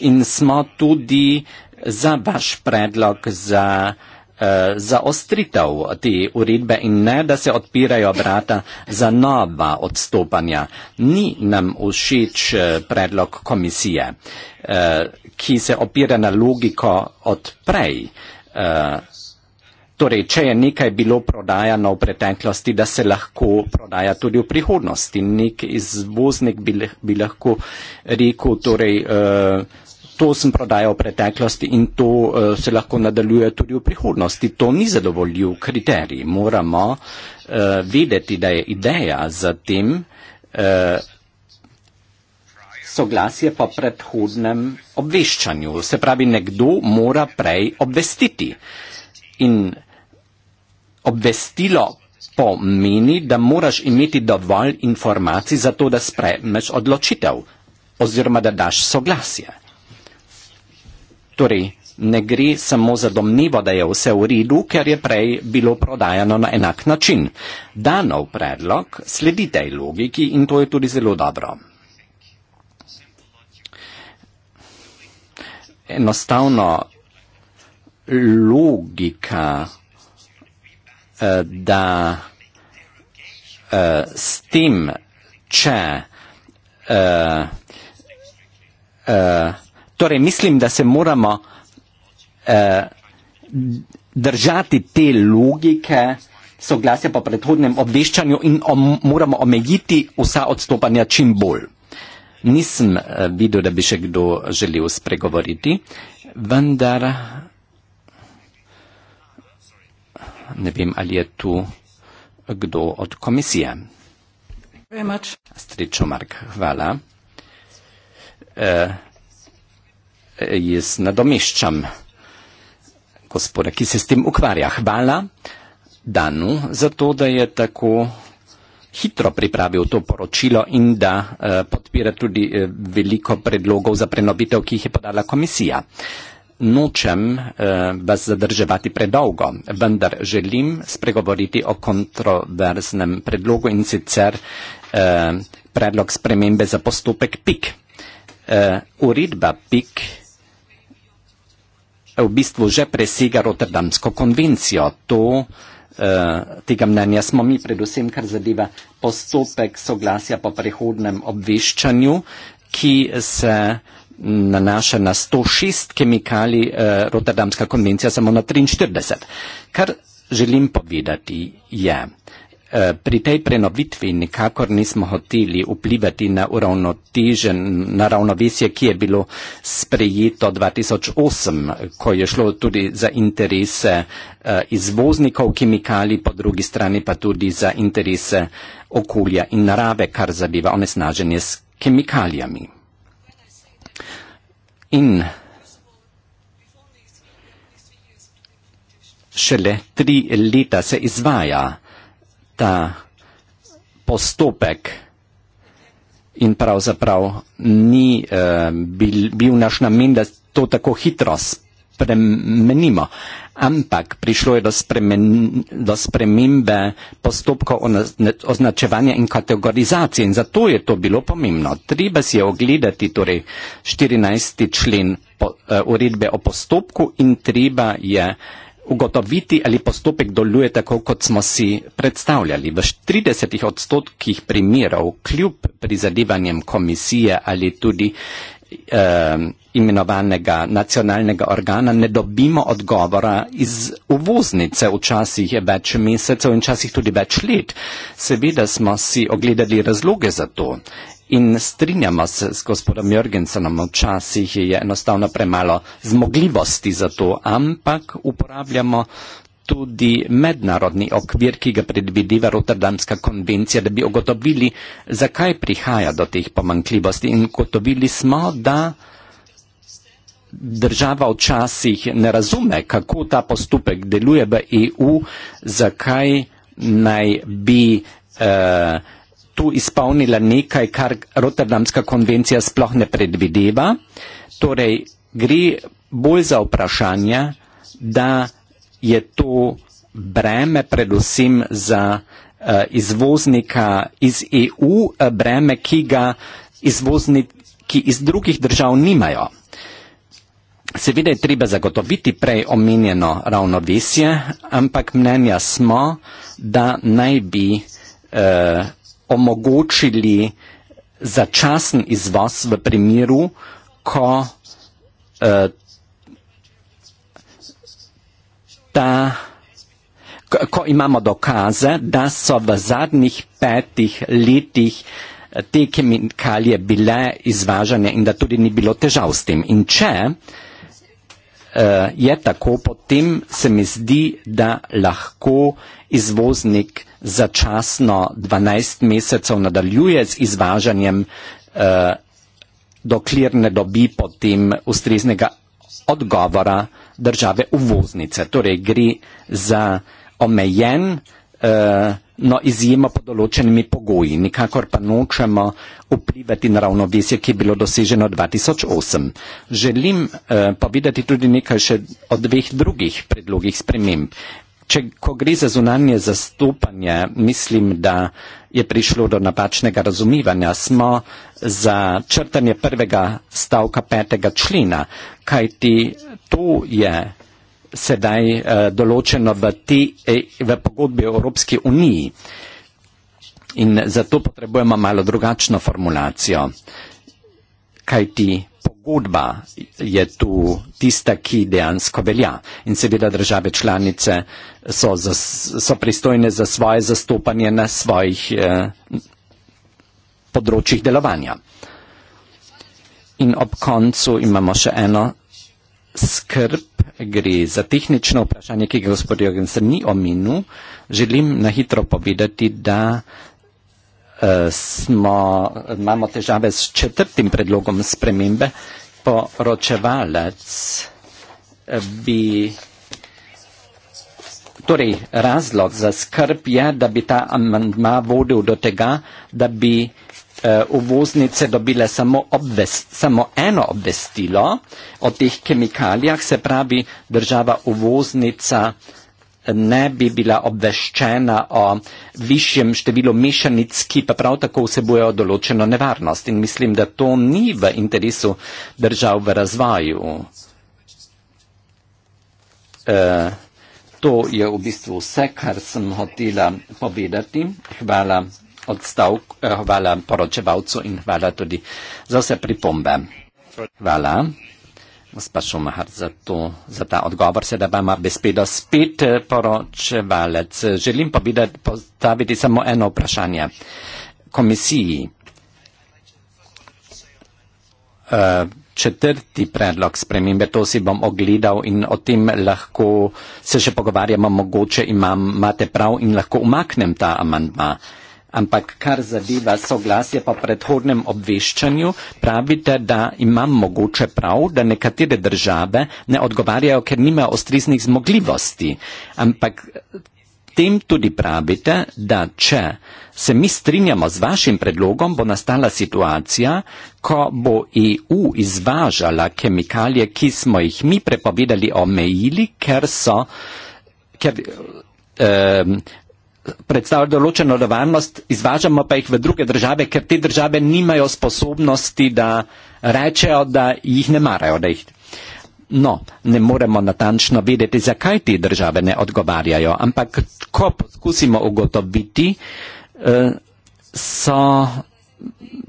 in smo tudi za vaš predlog za eh, zaostritev te uredbe in ne, da se odpirajo vrata za nova odstopanja. Ni nam všeč eh, predlog komisije, eh, ki se opira na logiko od prej. Torej, če je nekaj bilo prodajano v preteklosti, da se lahko prodaja tudi v prihodnosti. Nek izvoznik bi lahko rekel, torej, to sem prodajal v preteklosti in to uh, se lahko nadaljuje tudi v prihodnosti. To ni zadovoljiv kriterij. Moramo uh, vedeti, da je ideja za tem uh, soglasje po predhodnem obveščanju. Se pravi, nekdo mora prej obvestiti. In obvestilo pomeni, da moraš imeti dovolj informacij za to, da sprejmeš odločitev oziroma da daš soglasje. Torej, ne gre samo za domnivo, da je vse v redu, ker je prej bilo prodajano na enak način. Danov predlog sledi tej logiki in to je tudi zelo dobro. Enostavno logika, eh, da eh, s tem, če. Uh, uh, Torej, mislim, da se moramo eh, držati te logike soglasja po predhodnem obveščanju in om, moramo omejiti vsa odstopanja čim bolj. Nisem eh, videl, da bi še kdo želel spregovoriti, vendar ne vem, ali je tu kdo od komisije. Strečo Mark, hvala. Eh, jaz nadomeščam gospoda, ki se s tem ukvarja. Hvala Danu za to, da je tako hitro pripravil to poročilo in da eh, podpira tudi eh, veliko predlogov za prenovitev, ki jih je podala komisija. Nočem eh, vas zadrževati predolgo, vendar želim spregovoriti o kontroverznem predlogu in sicer eh, predlog spremembe za postopek PIK. Eh, uredba PIK eh, v bistvu že presega Rotterdamsko konvencijo. To, eh, tega mnenja smo mi predvsem, kar zadeva postopek soglasja po prehodnem obveščanju, ki se nanaša na 106 kemikali eh, Rotterdamska konvencija, samo na 43. Kar želim povedati je, Eh, pri tej prenovitvi nikakor nismo hoteli vplivati na uravnotežen, na ravnovesje, ki je bilo sprejeto 2008, ko je šlo tudi za interese eh, izvoznikov kemikali, po drugi strani pa tudi za interese okolja in narave, kar zadeva onesnaženje s kemikalijami. In šele tri leta se izvaja ta postopek in pravzaprav ni eh, bil, bil naš namen, da to tako hitro spremenimo. Ampak prišlo je do, spremen, do spremembe postopkov označevanja in kategorizacije in zato je to bilo pomembno. Treba si je ogledati torej 14. člen po, uh, uredbe o postopku in treba je uh, ugotoviti, ali postopek doluje tako, kot smo si predstavljali. V 30 odstotkih primerov, kljub prizadevanjem komisije ali tudi eh, imenovanega nacionalnega organa, ne dobimo odgovora iz uvoznice. Včasih je več mesecev in včasih tudi več let. Seveda smo si ogledali razloge za to in strinjamo se s gospodom Jorgensenom, včasih je enostavno premalo zmogljivosti za to, ampak uporabljamo tudi mednarodni okvir, ki ga predvidiva Rotterdamska konvencija, da bi ugotovili, zakaj prihaja do teh pomankljivosti. In ugotovili smo, da država včasih ne razume, kako ta postopek deluje v EU, zakaj naj bi. Uh, tu izpolnila nekaj, kar Rotterdamska konvencija sploh ne predvideva. Torej, gre bolj za vprašanje, da je to breme predvsem za uh, izvoznika iz EU, eh, breme, ki ga izvozniki iz drugih držav nimajo. Seveda je treba zagotoviti prej omenjeno ravnovesje, ampak mnenja smo, da naj bi uh, omogočili začasen izvoz v primeru, ko eh, ta ko imamo dokaze, da so v zadnjih petih letih eh, te kemikalije bile izvažane in da tudi ni bilo težav s tem. In če uh, je tako, potem se mi zdi, da lahko izvoznik uh, začasno 12 mesecev nadaljuje z izvažanjem, eh, dokler ne dobi potem ustreznega odgovora države uvoznice. Torej gre za omejen, eh, no izjemo pod določenimi pogoji, nikakor pa nočemo vplivati na ravnovesje, ki je bilo doseženo 2008. Želim eh, povedati tudi nekaj še o dveh drugih predlogih sprememb. Če, ko gre za zunanje zastopanje, mislim, da je prišlo do napačnega razumivanja. Smo za črtanje prvega stavka petega člena, kajti to je sedaj uh, določeno v, te, eh, v pogodbi o Evropski uniji in zato potrebujemo malo drugačno formulacijo, kajti pogodba je tu tista, ki dejansko velja. In seveda države članice so, za, so pristojne za svoje zastopanje na svojih eh, področjih delovanja. In ob koncu imamo še eno skrb. Gre za tehnično vprašanje, ki ga gospod Jogensen ni omenil. Želim na hitro povedati, da eh, smo, imamo težave s četrtim predlogom spremembe. Poročevalec eh, bi. Torej, razlog za skrb je, da bi ta amandma vodil do tega, da bi eh, uvoznice dobile samo, obvest, samo eno obvestilo o teh kemikalijah, se pravi država uvoznica uh, ne bi bila obveščena o višjem številu mešanic, ki pa prav tako vsebujejo določeno nevarnost. In mislim, da to ni v interesu držav v razvoju. E, to je v bistvu vse, kar sem hotela povedati. Hvala odstavk, e, hvala poročevalcu in hvala tudi za vse pripombe. Hvala. Gospa Šumahar, za, to, za ta odgovor se da vama besedo spet eh, poročevalec. Želim pa videti, postaviti samo eno vprašanje komisiji. Eh, četrti predlog spremembe, to si bom ogledal in o tem lahko se še pogovarjamo, mogoče imam, imate prav in lahko umaknem ta amantma ampak kar zadeva soglasje po predhodnem obveščanju, pravite, da imam mogoče prav, da nekatere države ne odgovarjajo, ker nimajo ostriznih zmogljivosti. Ampak tem tudi pravite, da če se mi strinjamo z vašim predlogom, bo nastala situacija, ko bo EU izvažala kemikalije, ki smo jih mi prepovedali omejili, ker so. Ker, eh, predstavljajo določeno nevarnost, izvažamo pa jih v druge države, ker te države nimajo sposobnosti, da rečejo, da jih ne marajo. Jih... No, ne moremo natančno vedeti, zakaj te države ne odgovarjajo, ampak ko poskusimo ugotoviti, eh, so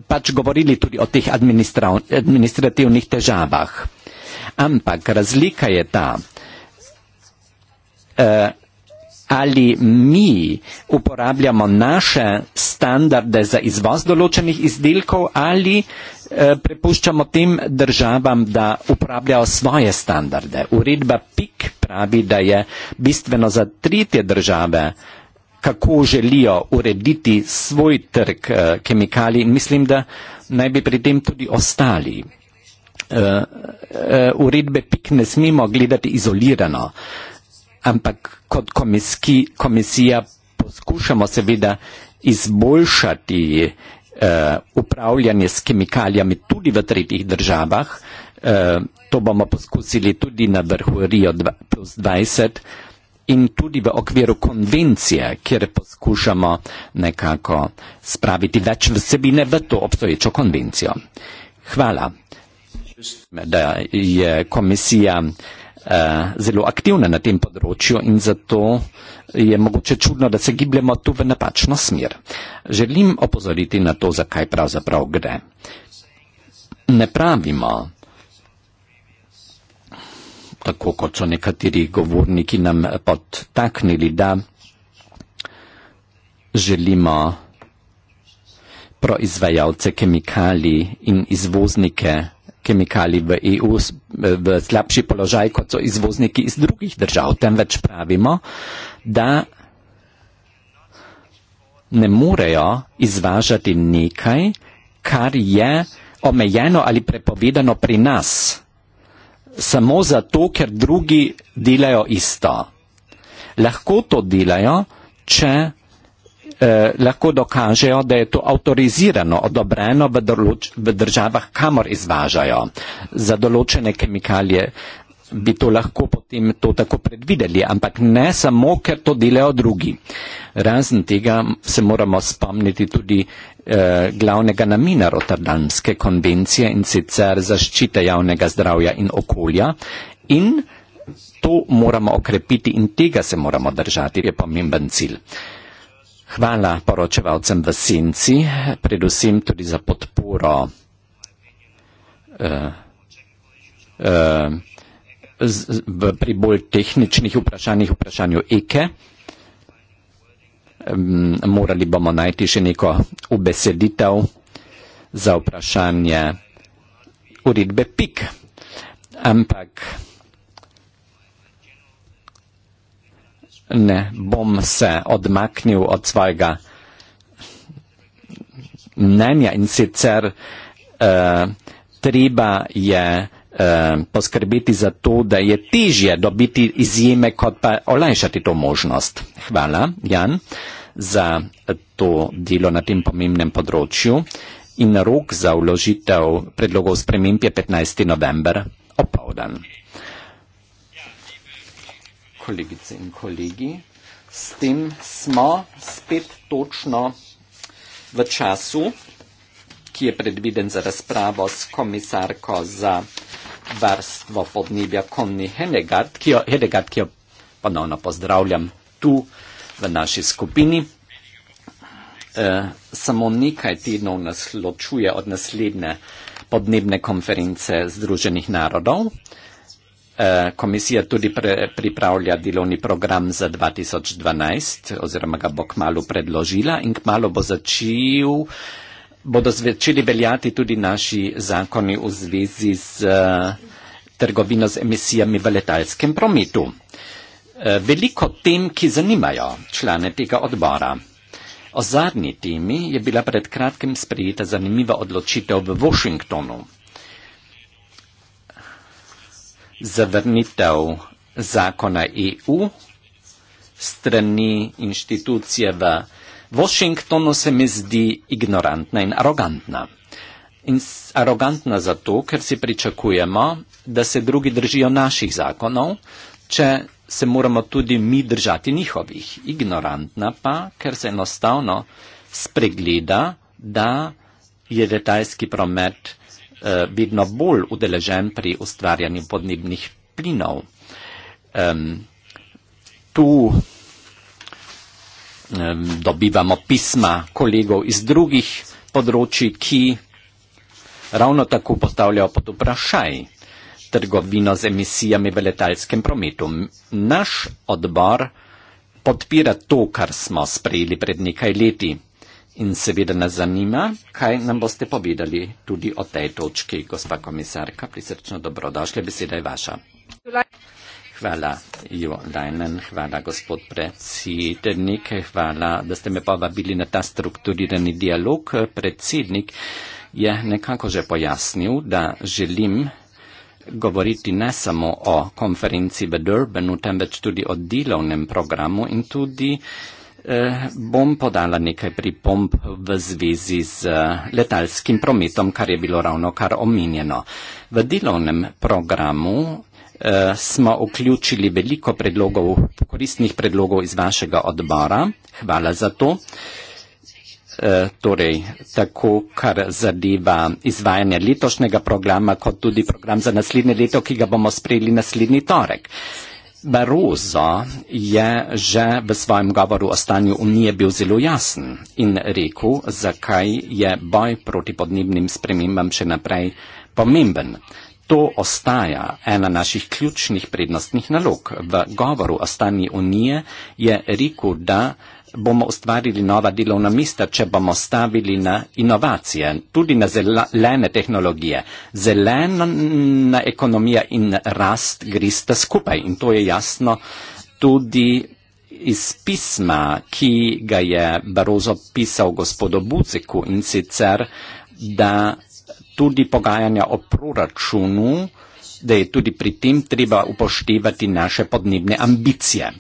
pač govorili tudi o teh administrativnih težavah. Ampak razlika je ta, eh, ali mi uporabljamo naše standarde za izvoz določenih izdelkov ali eh, prepuščamo tem državam, da uporabljajo svoje standarde. Uredba PIK pravi, da je bistveno za tretje države, kako želijo urediti svoj trg eh, kemikali in mislim, da naj bi pri tem tudi ostali. Eh, uredbe PIK ne smemo gledati izolirano ampak kot komiski, komisija poskušamo seveda izboljšati uh, upravljanje s kemikalijami tudi v tretjih državah. Uh, to bomo poskusili tudi na vrhu Rio 20 in tudi v okviru konvencije, kjer poskušamo nekako spraviti več vsebine v to obstoječo konvencijo. Hvala, da je komisija uh, Eh, zelo aktivne na tem področju in zato je mogoče čudno, da se gibljemo tu v napačno smer. Želim opozoriti na to, zakaj pravzaprav gre. Ne pravimo, tako kot so nekateri govorniki nam podtaknili, da želimo proizvajalce kemikalij in izvoznike kemikalij v EU v slabši položaj, kot so izvozniki iz drugih držav. Temveč pravimo, da ne morejo izvažati nekaj, kar je omejeno ali prepovedano pri nas, samo zato, ker drugi delajo isto. Lahko to delajo, če eh, lahko dokažejo, da je to avtorizirano, odobreno v, določ, v državah, kamor izvažajo za določene kemikalije bi to lahko potem to tako predvideli, ampak ne samo, ker to delajo drugi. Razen tega se moramo spomniti tudi eh, glavnega namina Rotterdamske konvencije in sicer zaščite javnega zdravja in okolja in to moramo okrepiti in tega se moramo držati, je pomemben cilj. Hvala poročevalcem v Sinci, predvsem tudi za podporo uh, uh, z, v, pri bolj tehničnih vprašanjih, vprašanju Eke. Um, morali bomo najti še neko ubeseditev za vprašanje uredbe PIK. Ampak. ne bom se odmaknil od svojega mnenja in sicer eh, treba je eh, poskrbiti za to, da je težje dobiti izjeme, kot pa olajšati to možnost. Hvala, Jan, za to delo na tem pomembnem področju in rok za vložitev predlogov sprememb je 15. november. Opowdan kolegice in kolegi, s tem smo spet točno v času, ki je predviden za razpravo s komisarko za varstvo podnebja Konni Henegard, ki jo, Henegard, ki jo ponovno pozdravljam tu v naši skupini. E, samo nekaj tednov nas ločuje od naslednje podnebne konference Združenih narodov. Eh, komisija tudi pre, pripravlja delovni program za 2012 oziroma ga bo kmalo predložila in kmalo bo začel, bodo začeli veljati tudi naši zakoni v zvezi z eh, trgovino z emisijami v letalskem prometu. Eh, veliko tem, ki zanimajo člane tega odbora. O zadnji temi je bila pred kratkim sprejeta zanimiva odločitev v Washingtonu zavrnitev zakona EU strani inštitucije v Washingtonu se mi zdi ignorantna in arogantna. In arogantna zato, ker si pričakujemo, da se drugi držijo naših zakonov, če se moramo tudi mi držati njihovih. Ignorantna pa, ker se enostavno spregleda, da je letalski promet eh, vidno bolj udeležen pri ustvarjanju podnebnih plinov. Eh, tu eh, dobivamo pisma kolegov iz drugih področji, ki ravno tako postavljajo pod vprašaj trgovino z emisijami v letalskem prometu. Naš odbor podpira to, kar smo sprejeli pred nekaj leti. In seveda nas zanima, kaj nam boste povedali tudi o tej točki, gospa komisarka. Prisrčno dobrodošle, beseda je vaša. Hvala, Jo Leinen, hvala, gospod predsednik, hvala, da ste me povabili na ta strukturirani dialog. Predsednik je nekako že pojasnil, da želim govoriti ne samo o konferenci v Durbanu, temveč tudi o delovnem programu in tudi Eh, bom podala nekaj pripomb v zvezi z eh, letalskim prometom, kar je bilo ravno kar omenjeno. V delovnem programu eh, smo vključili veliko predlogov, koristnih predlogov iz vašega odbora. Hvala za to. Torej, tako, kar zadeva izvajanje letošnjega programa, kot tudi program za naslednje leto, ki ga bomo sprejeli naslednji torek. Barroso je že v svojem govoru o stanju unije bil zelo jasen in rekel, zakaj je boj proti podnebnim spremembam še naprej pomemben. To ostaja ena naših ključnih prednostnih nalog. V govoru o stanju unije je rekel, da bomo ustvarili nova delovna mesta, če bomo stavili na inovacije, tudi na zelene tehnologije. Zelena ekonomija in rast grista skupaj in to je jasno tudi iz pisma, ki ga je Barozo pisal gospodu Buziku in sicer, da tudi pogajanja o proračunu, da je tudi pri tem treba upoštevati naše podnebne ambicije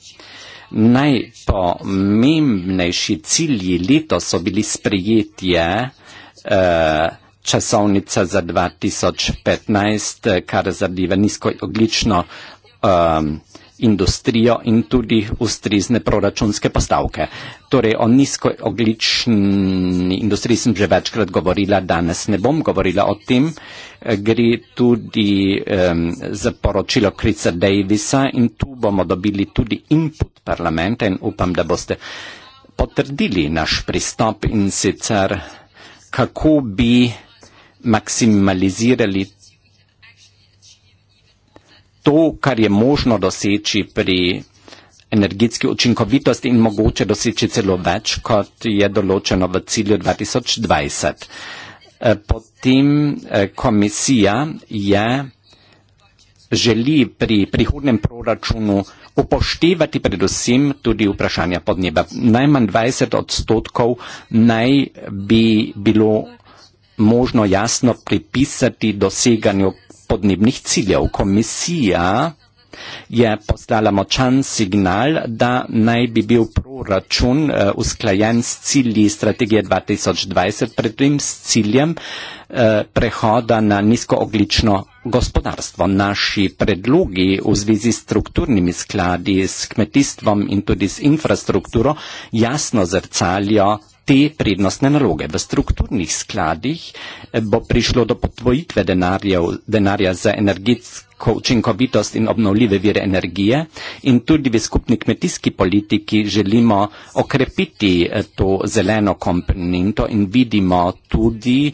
najpomembnejši cilji leto so bili sprijetje eh, časovnice za 2015, kar zadeva nizkooglično eh, industrijo in tudi ustrizne proračunske postavke. Torej o nizkooglični industriji sem že večkrat govorila, danes ne bom govorila o tem. Gre tudi um, za poročilo Krica Davisa in tu bomo dobili tudi input parlamenta in upam, da boste potrdili naš pristop in sicer kako bi maksimalizirali to, kar je možno doseči pri energetski učinkovitosti in mogoče doseči celo več, kot je določeno v cilju 2020. Eh, potem eh, komisija je želi pri prihodnem proračunu upoštevati predvsem tudi vprašanja podnebja. Najmanj 20 odstotkov naj bi bilo možno jasno pripisati doseganju podnebnih ciljev. Komisija je poslala močan signal, da naj bi bil proračun uh, usklajen s cilji strategije 2020, predtem s ciljem uh, prehoda na nizkooglično gospodarstvo. Naši predlogi v zvezi s strukturnimi skladi, s kmetijstvom in tudi s infrastrukturo jasno zrcalijo te prednostne naloge. V strukturnih skladih eh, bo prišlo do potvojitve denarjev, denarja za energetsko učinkovitost in obnovljive vire energije in tudi v skupni kmetijski politiki želimo okrepiti eh, to zeleno komponento in vidimo tudi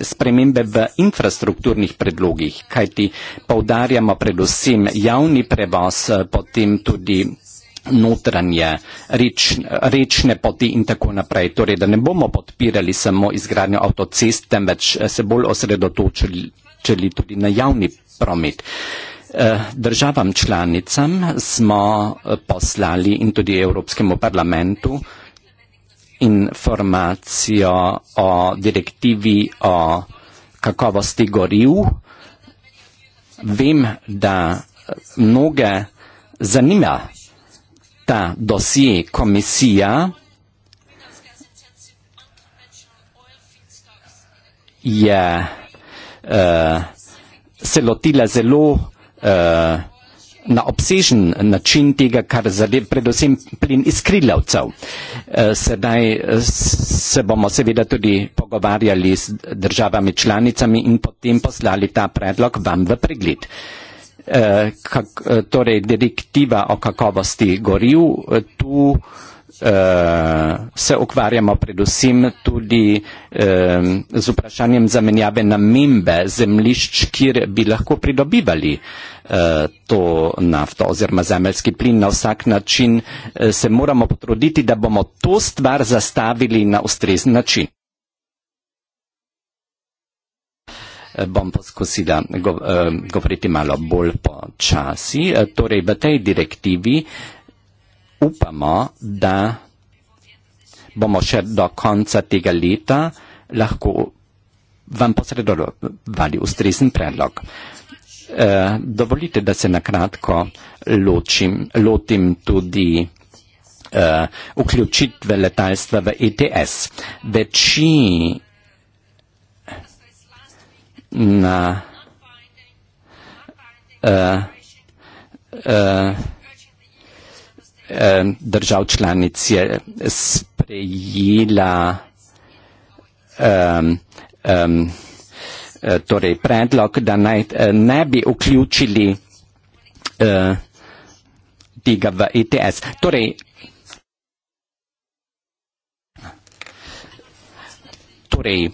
spremembe v infrastrukturnih predlogih, kajti poudarjamo predvsem javni prevoz, eh, potem tudi notranje reč, rečne poti in tako naprej. Torej, da ne bomo podpirali samo izgradnjo avtocest, temveč eh, se bolj osredotočili tudi na javni promet. Eh, državam članicam smo eh, poslali in tudi Evropskemu parlamentu informacijo o direktivi o kakovosti goriv. Vem, da mnoge zanima ta dosje komisija je uh, se lotila zelo uh, na obsežen način tega, kar zadev predvsem plin izkrilavcev. Uh, eh, sedaj se bomo seveda tudi pogovarjali z državami članicami in potem poslali ta predlog vam v pregled. Uh, Eh, kak, eh, torej direktiva o kakovosti goriv, eh, tu se ukvarjamo predvsem tudi z vprašanjem zamenjave namembe zemlišč, kjer bi lahko pridobivali to nafto oziroma zemeljski plin. Na vsak način se moramo potruditi, da bomo to stvar zastavili na ustrezen način. Eh, bom poskusila gov, eh, govoriti malo bolj po časi. Eh, torej, v tej direktivi upamo, da bomo še do konca tega leta lahko vam posredovali ustrezen predlog. Eh, dovolite, da se nakratko ločim, lotim tudi eh, vključitve letalstva v ETS. Večina na uh, uh, uh, držav članic je sprejela um, um, torej predlog, da naj, ne bi vključili uh, tega v ETS. Torej, torej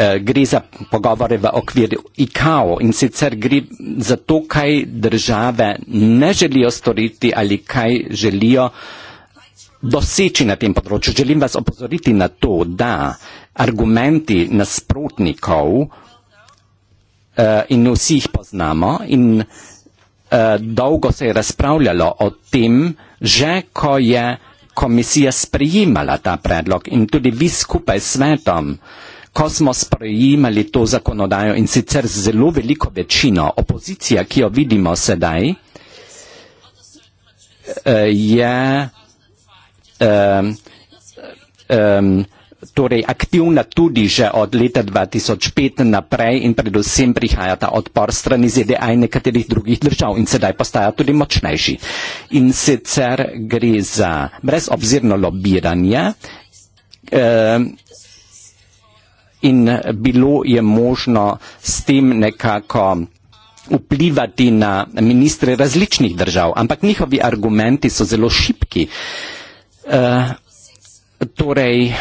Eh, gre za pogovore v okviru ICAO in sicer gre za to, kaj države ne želijo storiti ali kaj želijo doseči na tem področju. Želim vas opozoriti na to, da argumenti nasprotnikov eh, in vsi jih poznamo in eh, dolgo se je razpravljalo o tem, že ko je komisija sprejemala ta predlog in tudi vi skupaj s svetom uh, ko smo sprejemali to zakonodajo in sicer z zelo veliko večino, opozicija, ki jo vidimo sedaj, eh, je um, um, torej aktivna tudi že od leta 2005 naprej in predvsem prihaja ta odpor strani ZDA in nekaterih drugih držav in sedaj postaja tudi močnejši. In sicer gre za brezobzirno lobiranje. Um, in bilo je možno s tem nekako vplivati na ministre različnih držav, ampak njihovi argumenti so zelo šipki. Uh, eh, torej,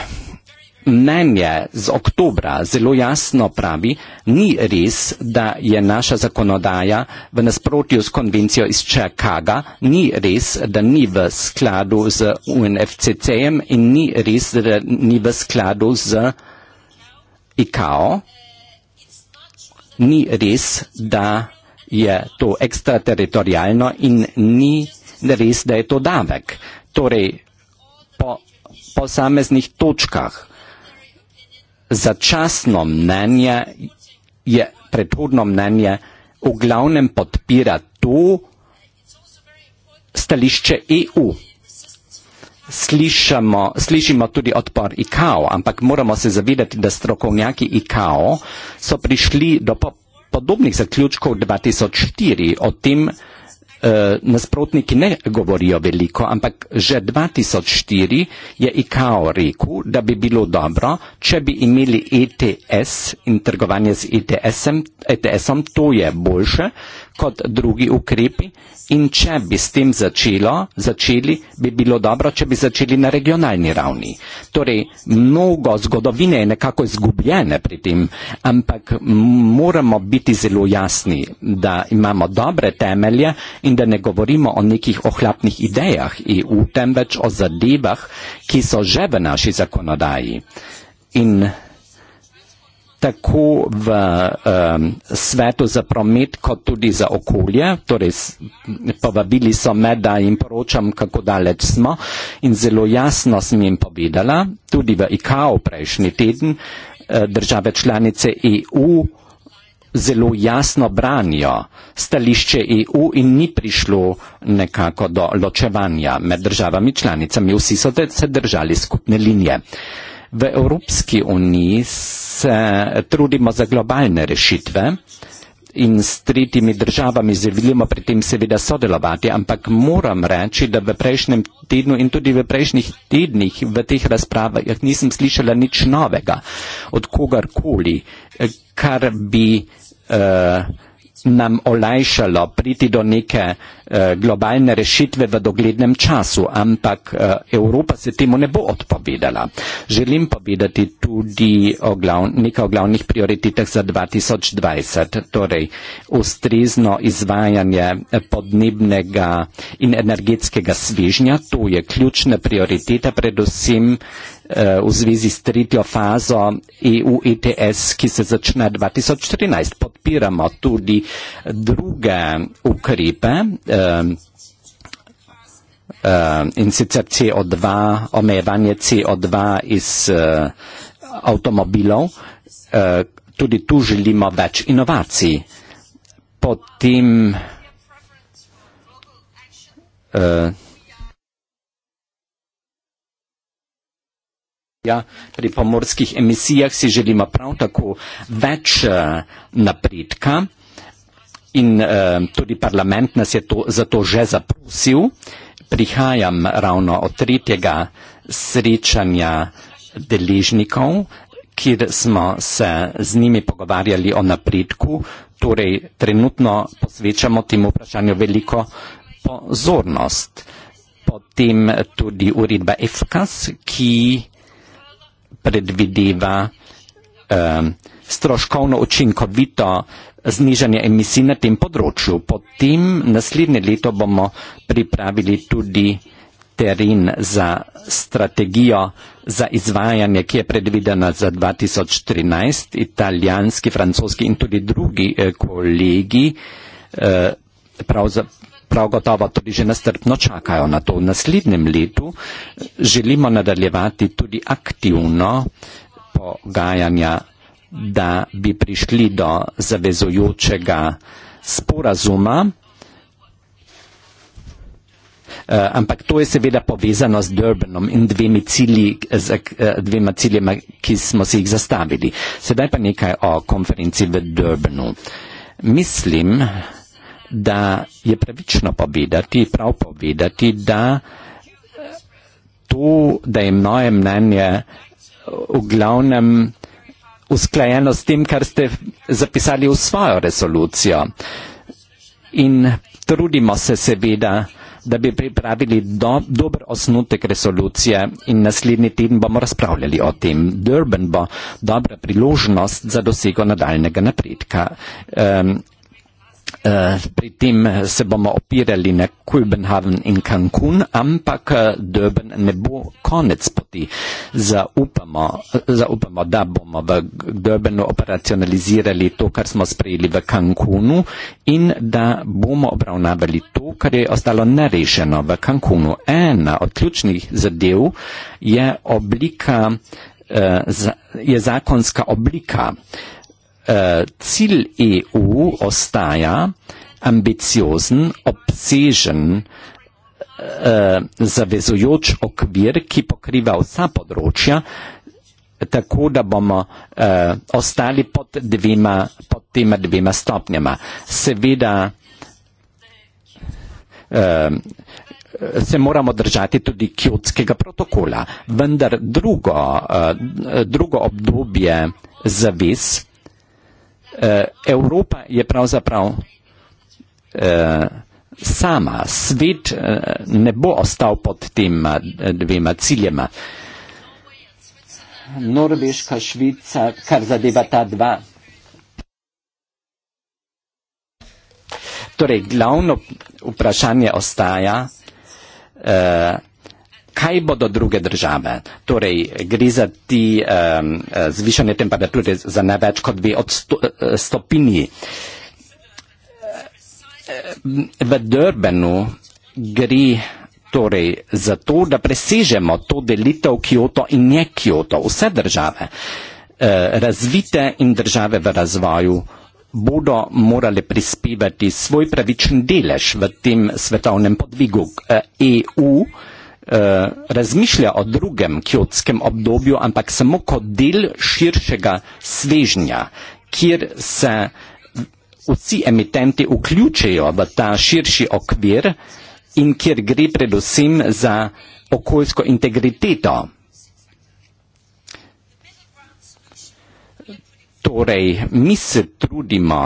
mnenje z oktobra zelo jasno pravi, ni res, da je naša zakonodaja v nasprotju s konvencijo iz Čekaga, ni res, da ni v skladu z UNFCC-jem in ni res, da ni v skladu z uh, ICAO, ni res, da je to ekstrateritorijalno in ni res, da je to davek. Torej, po posameznih točkah začasno mnenje je predhodno mnenje v glavnem podpira to stališče EU slišamo, slišimo tudi odpor IKAO, ampak moramo se zavedati, da strokovnjaki IKAO so prišli do po podobnih zaključkov 2004 o tem, eh, nasprotniki ne govorijo veliko, ampak že 2004 je IKAO rekel, da bi bilo dobro, če bi imeli ETS in trgovanje z ETS-om, e ETS to je boljše, kot drugi ukrepi in če bi s tem začelo, začeli, bi bilo dobro, če bi začeli na regionalni ravni. Torej, mnogo zgodovine je nekako izgubljene pri tem, ampak moramo biti zelo jasni, da imamo dobre temelje in da ne govorimo o nekih ohlapnih idejah EU, temveč o zadevah, ki so že v naši zakonodaji. In tako v um, svetu za promet, kot tudi za okolje. Torej, povabili so me, da jim poročam, kako daleč smo in zelo jasno sem jim povedala, tudi v IKO prejšnji teden, eh, države članice EU zelo jasno branijo stališče EU in ni prišlo nekako do ločevanja med državami članicami. Vsi so se držali skupne linije. Uh, V Evropski uniji se trudimo za globalne rešitve in s tretjimi državami želimo pri tem seveda sodelovati, ampak moram reči, da v prejšnjem tednu in tudi v prejšnjih tednih v teh razpravah nisem slišala nič novega od kogarkoli, kar bi. Uh, nam olajšalo priti do neke eh, globalne rešitve v doglednem času, ampak eh, Evropa se temu ne bo odpovedala. Želim povedati tudi o glav, nekaj o glavnih prioritetah za 2020, torej ustrezno izvajanje eh, podnebnega in energetskega svežnja, to je ključna prioriteta predvsem. Eh, v zvezi s tretjo fazo EU ETS, ki se začne 2014. Podpiramo tudi druge ukrepe eh, eh, in sicer CO2, omejevanje CO2 iz avtomobilov. Tudi tu želimo več inovacij. Potem uh, Ja, pri pomorskih emisijah si želimo prav tako več eh, napredka in eh, tudi parlament nas je za to že zaprosil. Prihajam ravno od tretjega srečanja deležnikov, kjer smo se z njimi pogovarjali o napredku, torej trenutno posvečamo temu vprašanju veliko pozornost. Potem tudi uredba EFKAS, ki je predvideva eh, stroškovno učinkovito znižanje emisij na tem področju. Potem naslednje leto bomo pripravili tudi teren za strategijo za izvajanje, ki je predvidena za 2013. Italijanski, francoski in tudi drugi eh, kolegi eh, pravzaprav prav gotovo tudi že nastrpno čakajo na to. V naslednjem letu eh, želimo nadaljevati tudi aktivno pogajanja, da bi prišli do zavezujočega sporazuma, eh, ampak to je seveda povezano s Durbanom in dvemi cilji, eh, dvema ciljema, ki smo si jih zastavili. Sedaj pa nekaj o konferenci v Durbanu. Mislim, da je pravično povedati, prav povedati, da eh, to, da je moje mnenje eh, v glavnem usklajeno s tem, kar ste zapisali v svojo resolucijo. In trudimo se seveda, da bi pripravili do, dober osnutek resolucije in naslednji teden bomo razpravljali o tem. Durban bo dobra priložnost za dosego nadaljnega napredka. Um, Eh, pri tem eh, se bomo opirali na Kulbenhaven in Cancun, ampak eh, Durban ne bo konec poti. Zaupamo, zaupamo, da bomo v Durbanu operacionalizirali to, kar smo sprejeli v Cancunu in da bomo obravnavali to, kar je ostalo nerešeno v Cancunu. Ena od ključnih zadev je, oblika, je zakonska oblika eh, cilj EU ostaja ambiciozen, obsežen, eh, zavezujoč okvir, ki pokriva vsa področja, tako da bomo eh, ostali pod, dvema, pod tema dvema stopnjama. Seveda eh, se moramo držati tudi kjotskega protokola, vendar drugo, eh, drugo obdobje zavez eh, Evropa je pravzaprav eh, sama, svet eh, ne bo ostal pod tema eh, dvema ciljema. Norveška, Švica, kar zadeva ta dva. Torej, glavno vprašanje ostaja. Eh, kaj bodo druge države, torej gre za ti um, zvišanje temperature za ne več kot dve eh, stopinji. Eh, v Durbenu gre torej za to, da presežemo to delitev Kyoto in ne Kyoto. Vse države, razvite in države v razvoju, bodo morale prispevati svoj pravičen delež v tem svetovnem podvigu. EU e Eh, razmišlja o drugem kjotskem obdobju, ampak samo kot del širšega svežnja, kjer se vsi emitenti vključijo v ta širši okvir in kjer gre predvsem za okoljsko integriteto. Torej, mi se trudimo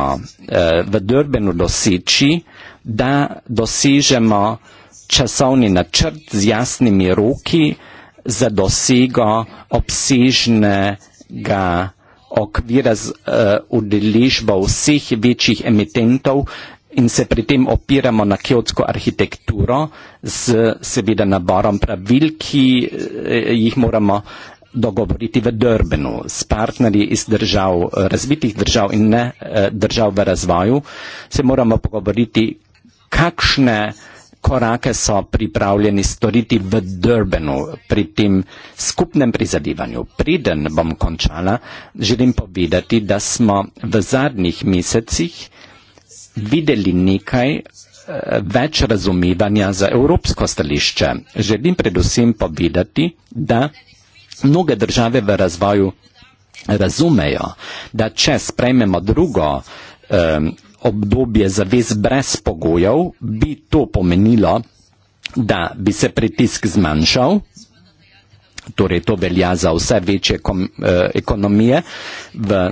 eh, v Drbenu doseči, da dosežemo eh, časovni načrt z jasnimi roki za dosego obsežnega okvira z uh, udeležbo vseh večjih emitentov in se pri tem opiramo na kjotsko arhitekturo z seveda naborom pravil, ki uh, jih moramo dogovoriti v Durbenu s partnerji iz držav, eh, razvitih držav in ne držav v razvoju, se moramo pogovoriti, kakšne uh, korake so pripravljeni storiti v Durbenu pri tem skupnem prizadevanju. Preden bom končala, želim povedati, da smo v zadnjih mesecih videli nekaj eh, več razumevanja za evropsko stališče. Želim predvsem povedati, da mnoge države v razvoju razumejo, da če sprejmemo drugo eh, obdobje zavez brez pogojev, bi to pomenilo, da bi se pritisk zmanjšal, Torej, to velja za vse večje kom, eh, ekonomije v eh,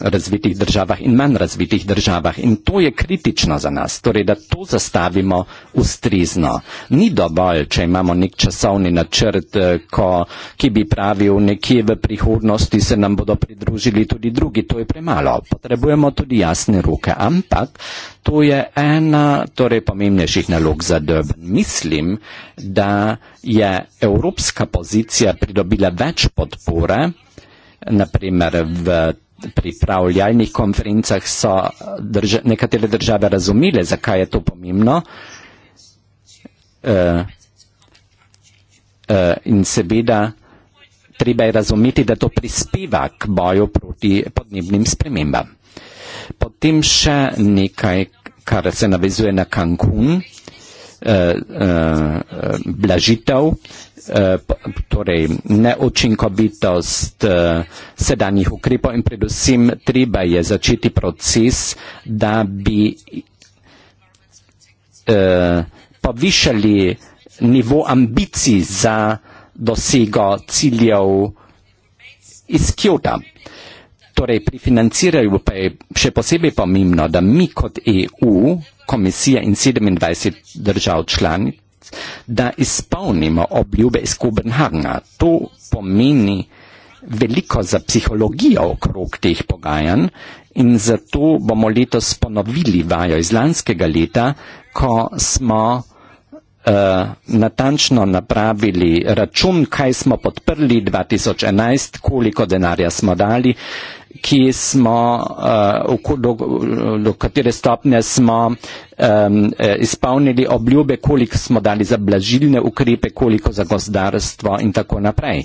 razvitih državah in manj razvitih državah. In to je kritično za nas, torej, da to zastavimo ustrizno. Ni dovolj, če imamo nek časovni načrt, eh, ko, ki bi pravil, nekje v prihodnosti se nam bodo pridružili tudi drugi. To je premalo. Potrebujemo tudi jasne ruke. Ampak to je ena torej, pomembnejših nalog za drben. Mislim, da je evropska pozicija pridobila več podpore, naprimer v pripravljalnih konferencah so drž nekatere države razumile, zakaj je to pomembno e, e, in seveda treba je razumeti, da to prispeva k boju proti podnebnim spremembam. Potem še nekaj, kar se navezuje na Cancun. Eh, eh, blažitev, eh, torej neučinkovitost eh, sedanjih ukrepov in predvsem treba je začeti proces, da bi eh, povišali nivo ambicij za dosego ciljev iz Kjota. Torej, pri financiranju pa je še posebej pomembno, da mi kot EU komisija in 27 držav članic, da izpolnimo obljube iz Kubenhagna. To pomeni veliko za psihologijo okrog teh pogajanj in zato bomo letos ponovili vajo iz lanskega leta, ko smo Uh, natančno napravili račun, kaj smo podprli 2011, koliko denarja smo dali, uh, ki smo, eh, do, do katere stopnje smo eh, izpolnili obljube, koliko smo dali za blažilne ukrepe, koliko za gozdarstvo in tako naprej.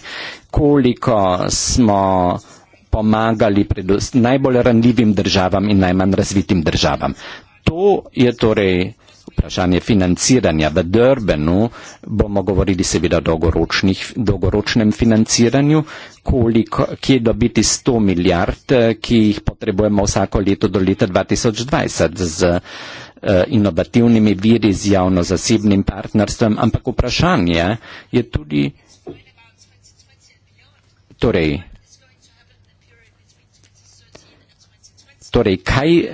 Koliko smo pomagali najbolj randljivim državam in najmanj razvitim državam. To je torej vprašanje financiranja v Durbenu, bomo govorili seveda o dolgoročnem financiranju, koliko, kje dobiti 100 milijard, eh, ki jih potrebujemo vsako leto do leta 2020 z eh, inovativnimi viri, z javno-zasebnim partnerstvom, ampak vprašanje je tudi. Torej, torej kaj eh,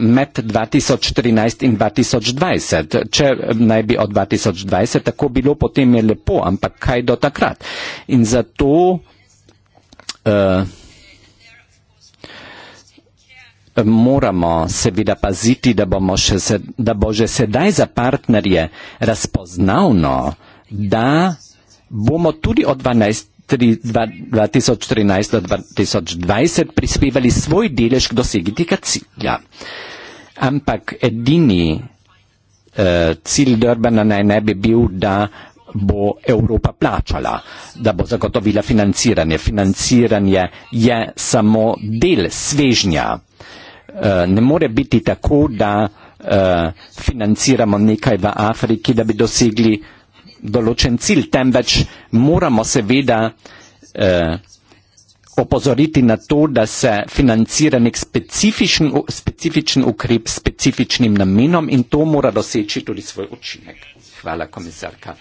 med 2014 in 2020? Če eh, naj bi od 2020 tako bilo, potem je lepo, ampak kaj do takrat? In zato eh, moramo seveda paziti, da, še, da bo že sedaj za partnerje razpoznavno, da bomo tudi od 12. 2013-2020 prispevali svoj delež k dosegi tega cilja. Ampak edini eh, cilj Durbana naj ne bi bil, da bo Evropa plačala, da bo zagotovila financiranje. Financiranje je samo del svežnja. Eh, ne more biti tako, da eh, financiramo nekaj v Afriki, da bi dosegli eh, določen cilj, temveč moramo seveda eh, opozoriti na to, da se financira nek specifičen, specifičen ukrep s specifičnim namenom in to mora doseči tudi svoj učinek. Hvala, komisarka.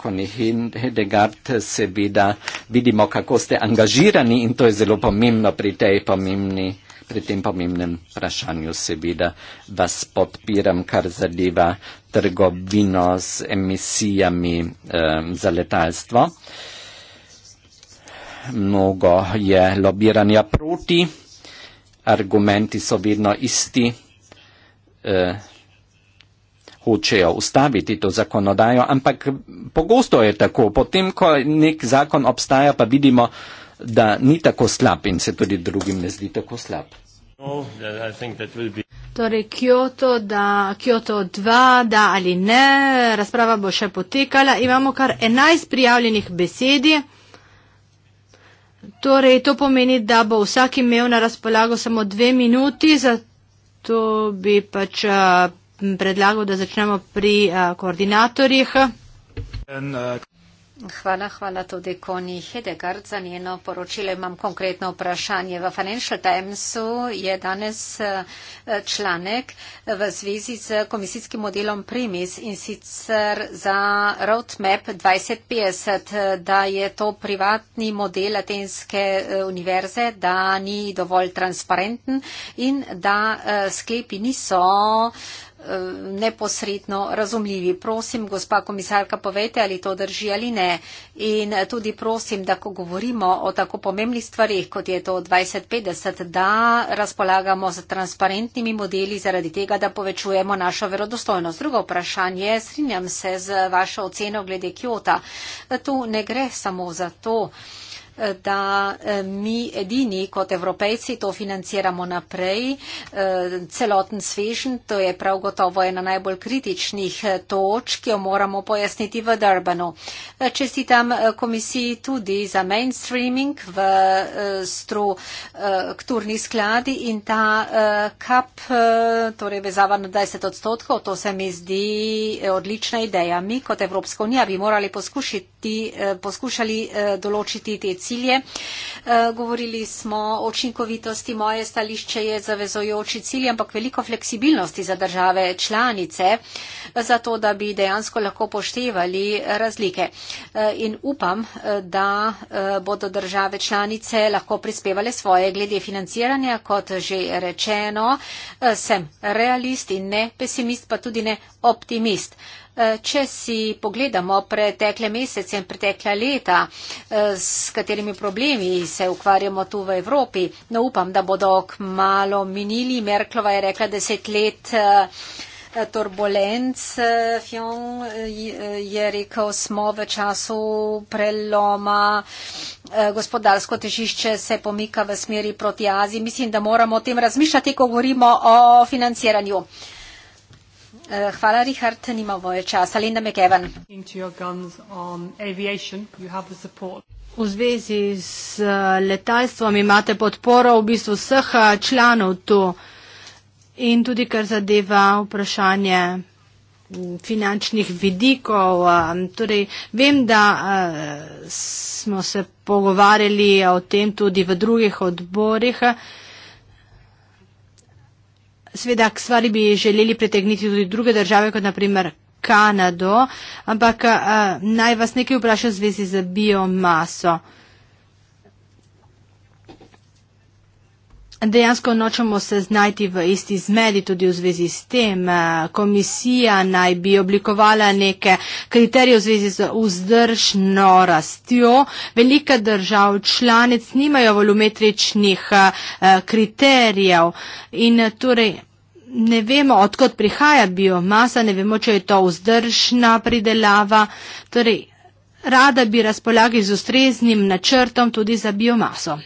Kone Hedegard, seveda vidimo, kako ste angažirani in to je zelo pomembno pri, pomembni, pri tem pomembnem vprašanju. Seveda vas podpiram, kar zadeva trgovino z emisijami eh, za letalstvo. Mnogo je lobiranja proti, argumenti so vedno isti. Eh, hočejo ustaviti to zakonodajo, ampak pogosto je tako. Potem, ko nek zakon obstaja, pa vidimo, da ni tako slab in se tudi drugim ne zdi tako slab. No, torej Kyoto, da Kyoto 2, da ali ne, razprava bo še potekala. Imamo kar 11 prijavljenih besedi. Torej, to pomeni, da bo vsak imel na razpolago samo dve minuti, zato bi pač uh, predlagal, da začnemo pri uh, koordinatorjih. And, uh... Eh, Hvala, hvala tudi Koni Hedegard za njeno poročilo. Imam konkretno vprašanje. V Financial Timesu je danes eh, članek v zvezi z komisijskim modelom Primis in sicer za Roadmap 2050, da je to privatni model Atenske eh, univerze, da ni dovolj transparenten in da eh, sklepi niso Eh, neposredno razumljivi. Prosim, gospa komisarka, povejte, ali to drži ali ne. In tudi prosim, da ko govorimo o tako pomembnih stvarih, kot je to 2050, da razpolagamo z transparentnimi modeli zaradi tega, da povečujemo našo verodostojnost. Drugo vprašanje, srinjam se z vašo oceno glede Kjota. Tu ne gre samo za to, da eh, mi edini kot evropejci to financiramo naprej, eh, celoten svežen, to je prav gotovo ena najbolj kritičnih eh, točk, ki jo moramo pojasniti v Durbanu. Čestitam komisiji tudi za mainstreaming v strukturni skladi in ta kap, torej vezava na 20 odstotkov, to se mi zdi odlična ideja. Mi kot Evropska unija bi morali poskušati, poskušali določiti te cilje cilje. E, govorili smo o učinkovitosti, moje stališče je zavezojoči cilj, ampak veliko fleksibilnosti za države članice, zato da bi dejansko lahko poštevali razlike. E, in upam, e, da bodo države članice lahko prispevale svoje glede financiranja, kot že rečeno, sem realist in ne pesimist, pa tudi ne optimist. Eh, če si pogledamo pretekle mesece in pretekla leta, eh, s katerimi problemi se ukvarjamo tu v Evropi, no upam, da bodo k malo minili. Merklova je rekla deset let eh, turbulenc. Fion je rekel, smo v času preloma. Gospodarsko težišče se pomika v smeri proti Aziji. Mislim, da moramo o tem razmišljati, ko govorimo o financiranju. Eh, hvala, Richard, nimamo več časa. Linda McEwan. V zvezi z eh, letalstvom imate podporo v bistvu vseh eh, članov tu in tudi kar zadeva vprašanje mm, finančnih vidikov. Torej, vem, da smo se pogovarjali o tem tudi v drugih odborih. Sveda k stvari bi želeli pritegniti tudi druge države, kot naprimer Kanado, ampak eh, naj vas nekaj vprašam v zvezi z biomaso. Dejansko nočemo se znajti v isti zmedi tudi v zvezi s tem. Eh, komisija naj bi oblikovala neke kriterije v zvezi z vzdržno rastjo. Velike držav članic nimajo volumetričnih eh, kriterijev in eh, torej. Ne vemo, odkot prihaja biomasa, ne vemo, če je to vzdržna pridelava. Torej, rada bi razpolagali z ustreznim načrtom tudi za biomaso.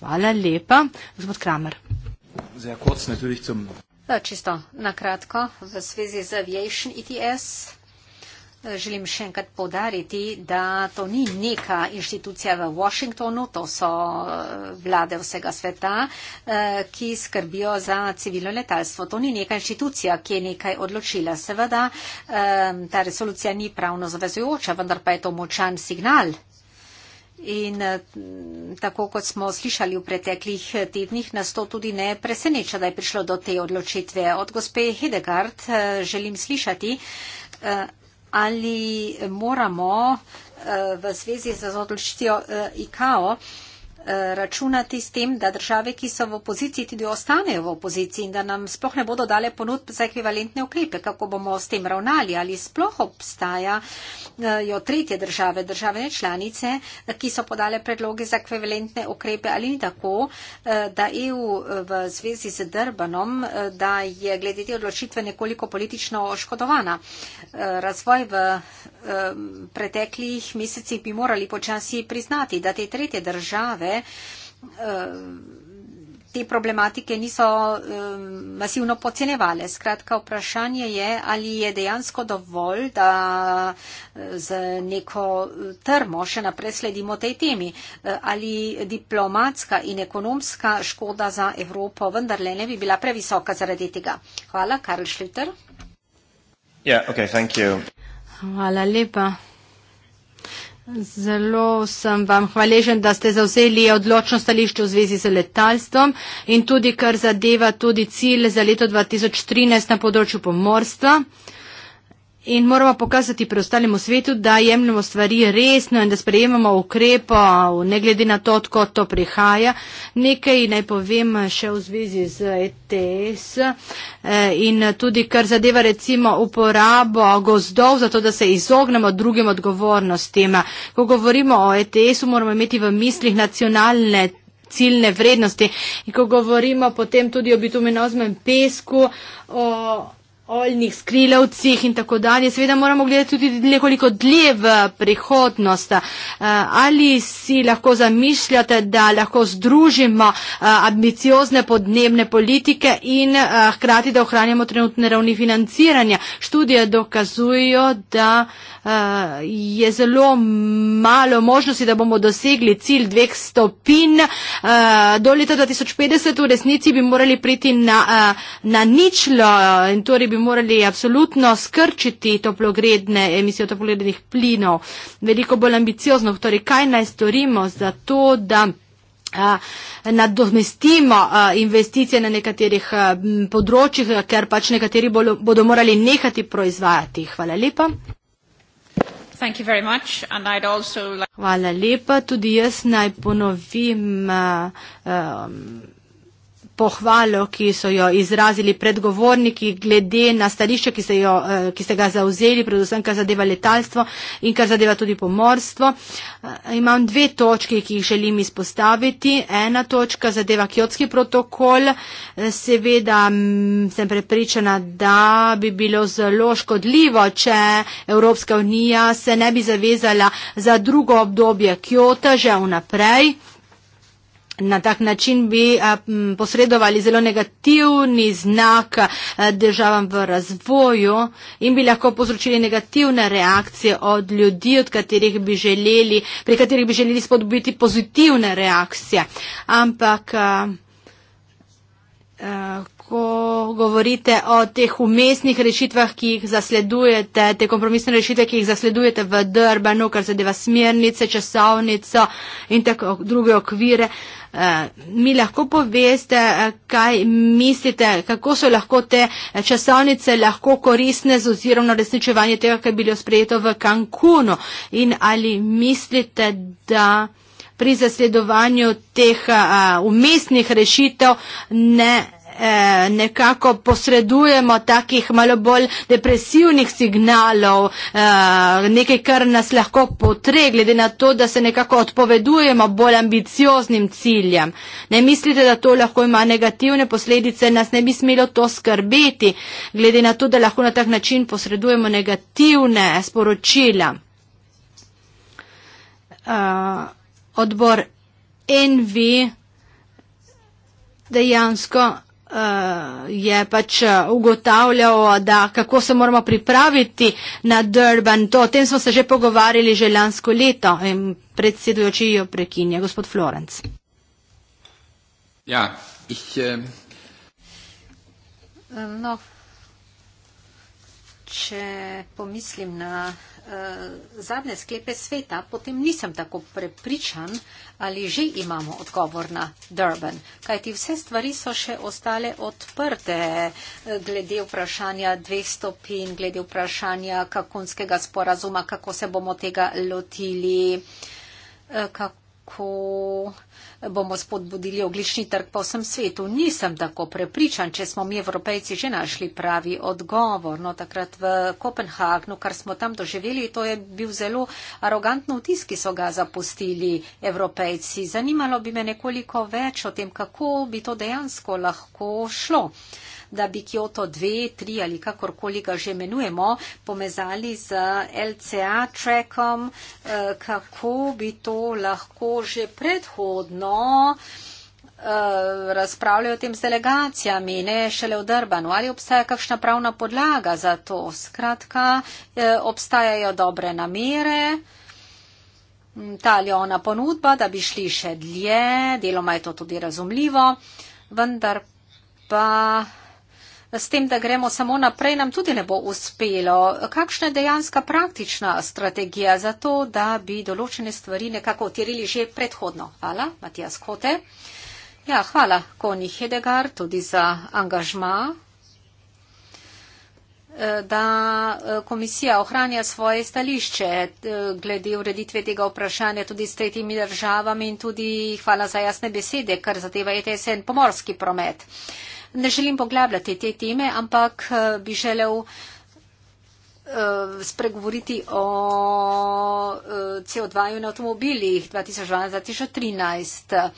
Hvala lepa. Gospod Kramer. Zdaj, kot sem tudi cim. Čisto na kratko, v zvezi z Aviation ETS. Eh, želim še enkrat podariti, da to ni neka inštitucija v Washingtonu, to so eh, vlade vsega sveta, eh, ki skrbijo za civilno letalstvo. To ni neka inštitucija, ki je nekaj odločila. Seveda, ta resolucija ni pravno zavezujoča, vendar pa je to močan signal In eh, tako kot smo slišali v preteklih eh, tednih, nas to tudi ne preseneča, da je prišlo do te odločitve. Od gospe Hedegard eh, želim slišati, ali moramo v zvezi z odločitvijo ICAO Eh, računati s tem, da države, ki so v opoziciji, tudi ostanejo v opoziciji in da nam sploh ne bodo dale ponud za ekvivalentne ukrepe, kako bomo s tem ravnali, ali sploh obstajajo eh, tretje države, države nečlanice, ki so podale predloge za ekvivalentne ukrepe ali ni tako, eh, da EU v zvezi z Drbanom, da je glede te odločitve nekoliko politično oškodovana. Razvoj v preteklih mesecih bi morali počasi priznati, da te tretje države Eh, te problematike niso eh, masivno pocenevale. Skratka, vprašanje je, ali je dejansko dovolj, da eh, z neko trmo še naprej sledimo tej temi, ali diplomatska in ekonomska škoda za Evropo vendarle ne bi bila previsoka zaradi tega. Hvala, Karl Schlüter. Yeah, ja, okay, thank you. Hvala lepa. Zelo sem vam hvaležen, da ste zauzeli odločno stališče v zvezi z letalstvom in tudi kar zadeva tudi cilj za leto 2013 na področju pomorstva in moramo pokazati preostalemu svetu, da jemljamo stvari resno in da sprejemamo ukrepo, ne glede na to, tko to prihaja. Nekaj naj povem še v zvezi z ETS eh, in tudi kar zadeva recimo uporabo gozdov, zato da se izognemo drugim odgovornostim. Ko govorimo o ETS-u, moramo imeti v mislih nacionalne ciljne vrednosti. In ko govorimo potem tudi o bituminoznem pesku, o oljnih skrilovcih in tako dalje. Seveda moramo gledati tudi nekoliko dlje v prihodnost. Eh, ali si lahko zamišljate, da lahko združimo eh, ambiciozne podnebne politike in eh, hkrati, da ohranjamo trenutne ravni financiranja? Študije dokazujo, da je zelo malo možnosti, da bomo dosegli cilj dveh stopin. Do leta 2050 v resnici bi morali priti na, na ničlo in torej bi bi morali absolutno skrčiti toplogredne emisije toplogrednih plinov, veliko bolj ambiciozno, torej kaj naj storimo za to, da nadomestimo investicije na nekaterih področjih, ker pač nekateri bodo morali nehati proizvajati. Hvala lepa. Hvala lepa. Tudi jaz naj ponovim. Um, pohvalo, ki so jo izrazili predgovorniki glede na stališče, ki ste, jo, eh, ki ste ga zauzeli, predvsem kar zadeva letalstvo in kar zadeva tudi pomorstvo. Eh, imam dve točke, ki jih želim izpostaviti. Ena točka zadeva kjotski protokol. Eh, seveda mm, sem prepričana, da bi bilo zelo škodljivo, če Evropska unija se ne bi zavezala za drugo obdobje kjota že vnaprej na tak način bi posredovali zelo negativni znak državam v razvoju in bi lahko povzročili negativne reakcije od ljudi, od katerih bi želeli, pri katerih bi želeli spodbiti pozitivne reakcije. Ampak. Uh, lahko govorite o teh umestnih rešitvah, ki jih zasledujete, te kompromisne rešitve, ki jih zasledujete v Drbenu, kar zadeva smernice, časovnico in tako druge okvire. Eh, mi lahko poveste, kaj mislite, kako so lahko te časovnice lahko korisne z ozirom na resničevanje tega, kar je bilo sprejeto v Cancunu in ali mislite, da pri zasledovanju teh eh, umestnih rešitev ne. Eh, nekako posredujemo takih malo bolj depresivnih signalov, eh, nekaj, kar nas lahko potre, glede na to, da se nekako odpovedujemo bolj ambicioznim ciljem. Ne mislite, da to lahko ima negativne posledice, nas ne bi smelo to skrbeti, glede na to, da lahko na tak način posredujemo negativne sporočila. Eh, odbor NV dejansko Eh, je pač eh, ugotavljal, da kako se moramo pripraviti na Durban. To, o tem smo se že pogovarjali že lansko leto in predsedujoči jo prekinja gospod Florenc. Ja, ich, eh... no, če pomislim na Eh, zadnje sklepe sveta, potem nisem tako prepričan, ali že imamo odgovor na Durban. Kajti vse stvari so še ostale odprte eh, glede vprašanja dveh stopin, glede vprašanja kakonskega sporazuma, kako se bomo tega lotili, eh, kako bomo spodbudili oglični trg po vsem svetu. Nisem tako prepričan, če smo mi evropejci že našli pravi odgovor. No, takrat v Kopenhagnu, kar smo tam doživeli, to je bil zelo arogantno vtis, ki so ga zapustili evropejci. Zanimalo bi me nekoliko več o tem, kako bi to dejansko lahko šlo. Uh, da bi Kyoto 2, 3 ali kakorkoli ga že menujemo, pomezali z LCA trackom, eh, kako bi to lahko že predhodno eh, razpravljajo o tem z delegacijami, ne šele v Drbanu, ali obstaja kakšna pravna podlaga za to. Skratka, eh, obstajajo dobre namere, ta ali ona ponudba, da bi šli še dlje, deloma je to tudi razumljivo, vendar pa s tem, da gremo samo naprej, nam tudi ne bo uspelo. Kakšna je dejanska praktična strategija za to, da bi določene stvari nekako otirili že predhodno? Hvala, Matijas Kote. Ja, hvala, Koni Hedegar, tudi za angažma da komisija ohranja svoje stališče glede ureditve tega vprašanja tudi s tretjimi državami in tudi hvala za jasne besede, kar zadeva ETSN pomorski promet ne želim poglabljati te teme, ampak eh, bi želel eh, spregovoriti o eh, CO2 na avtomobilih 2012-2013.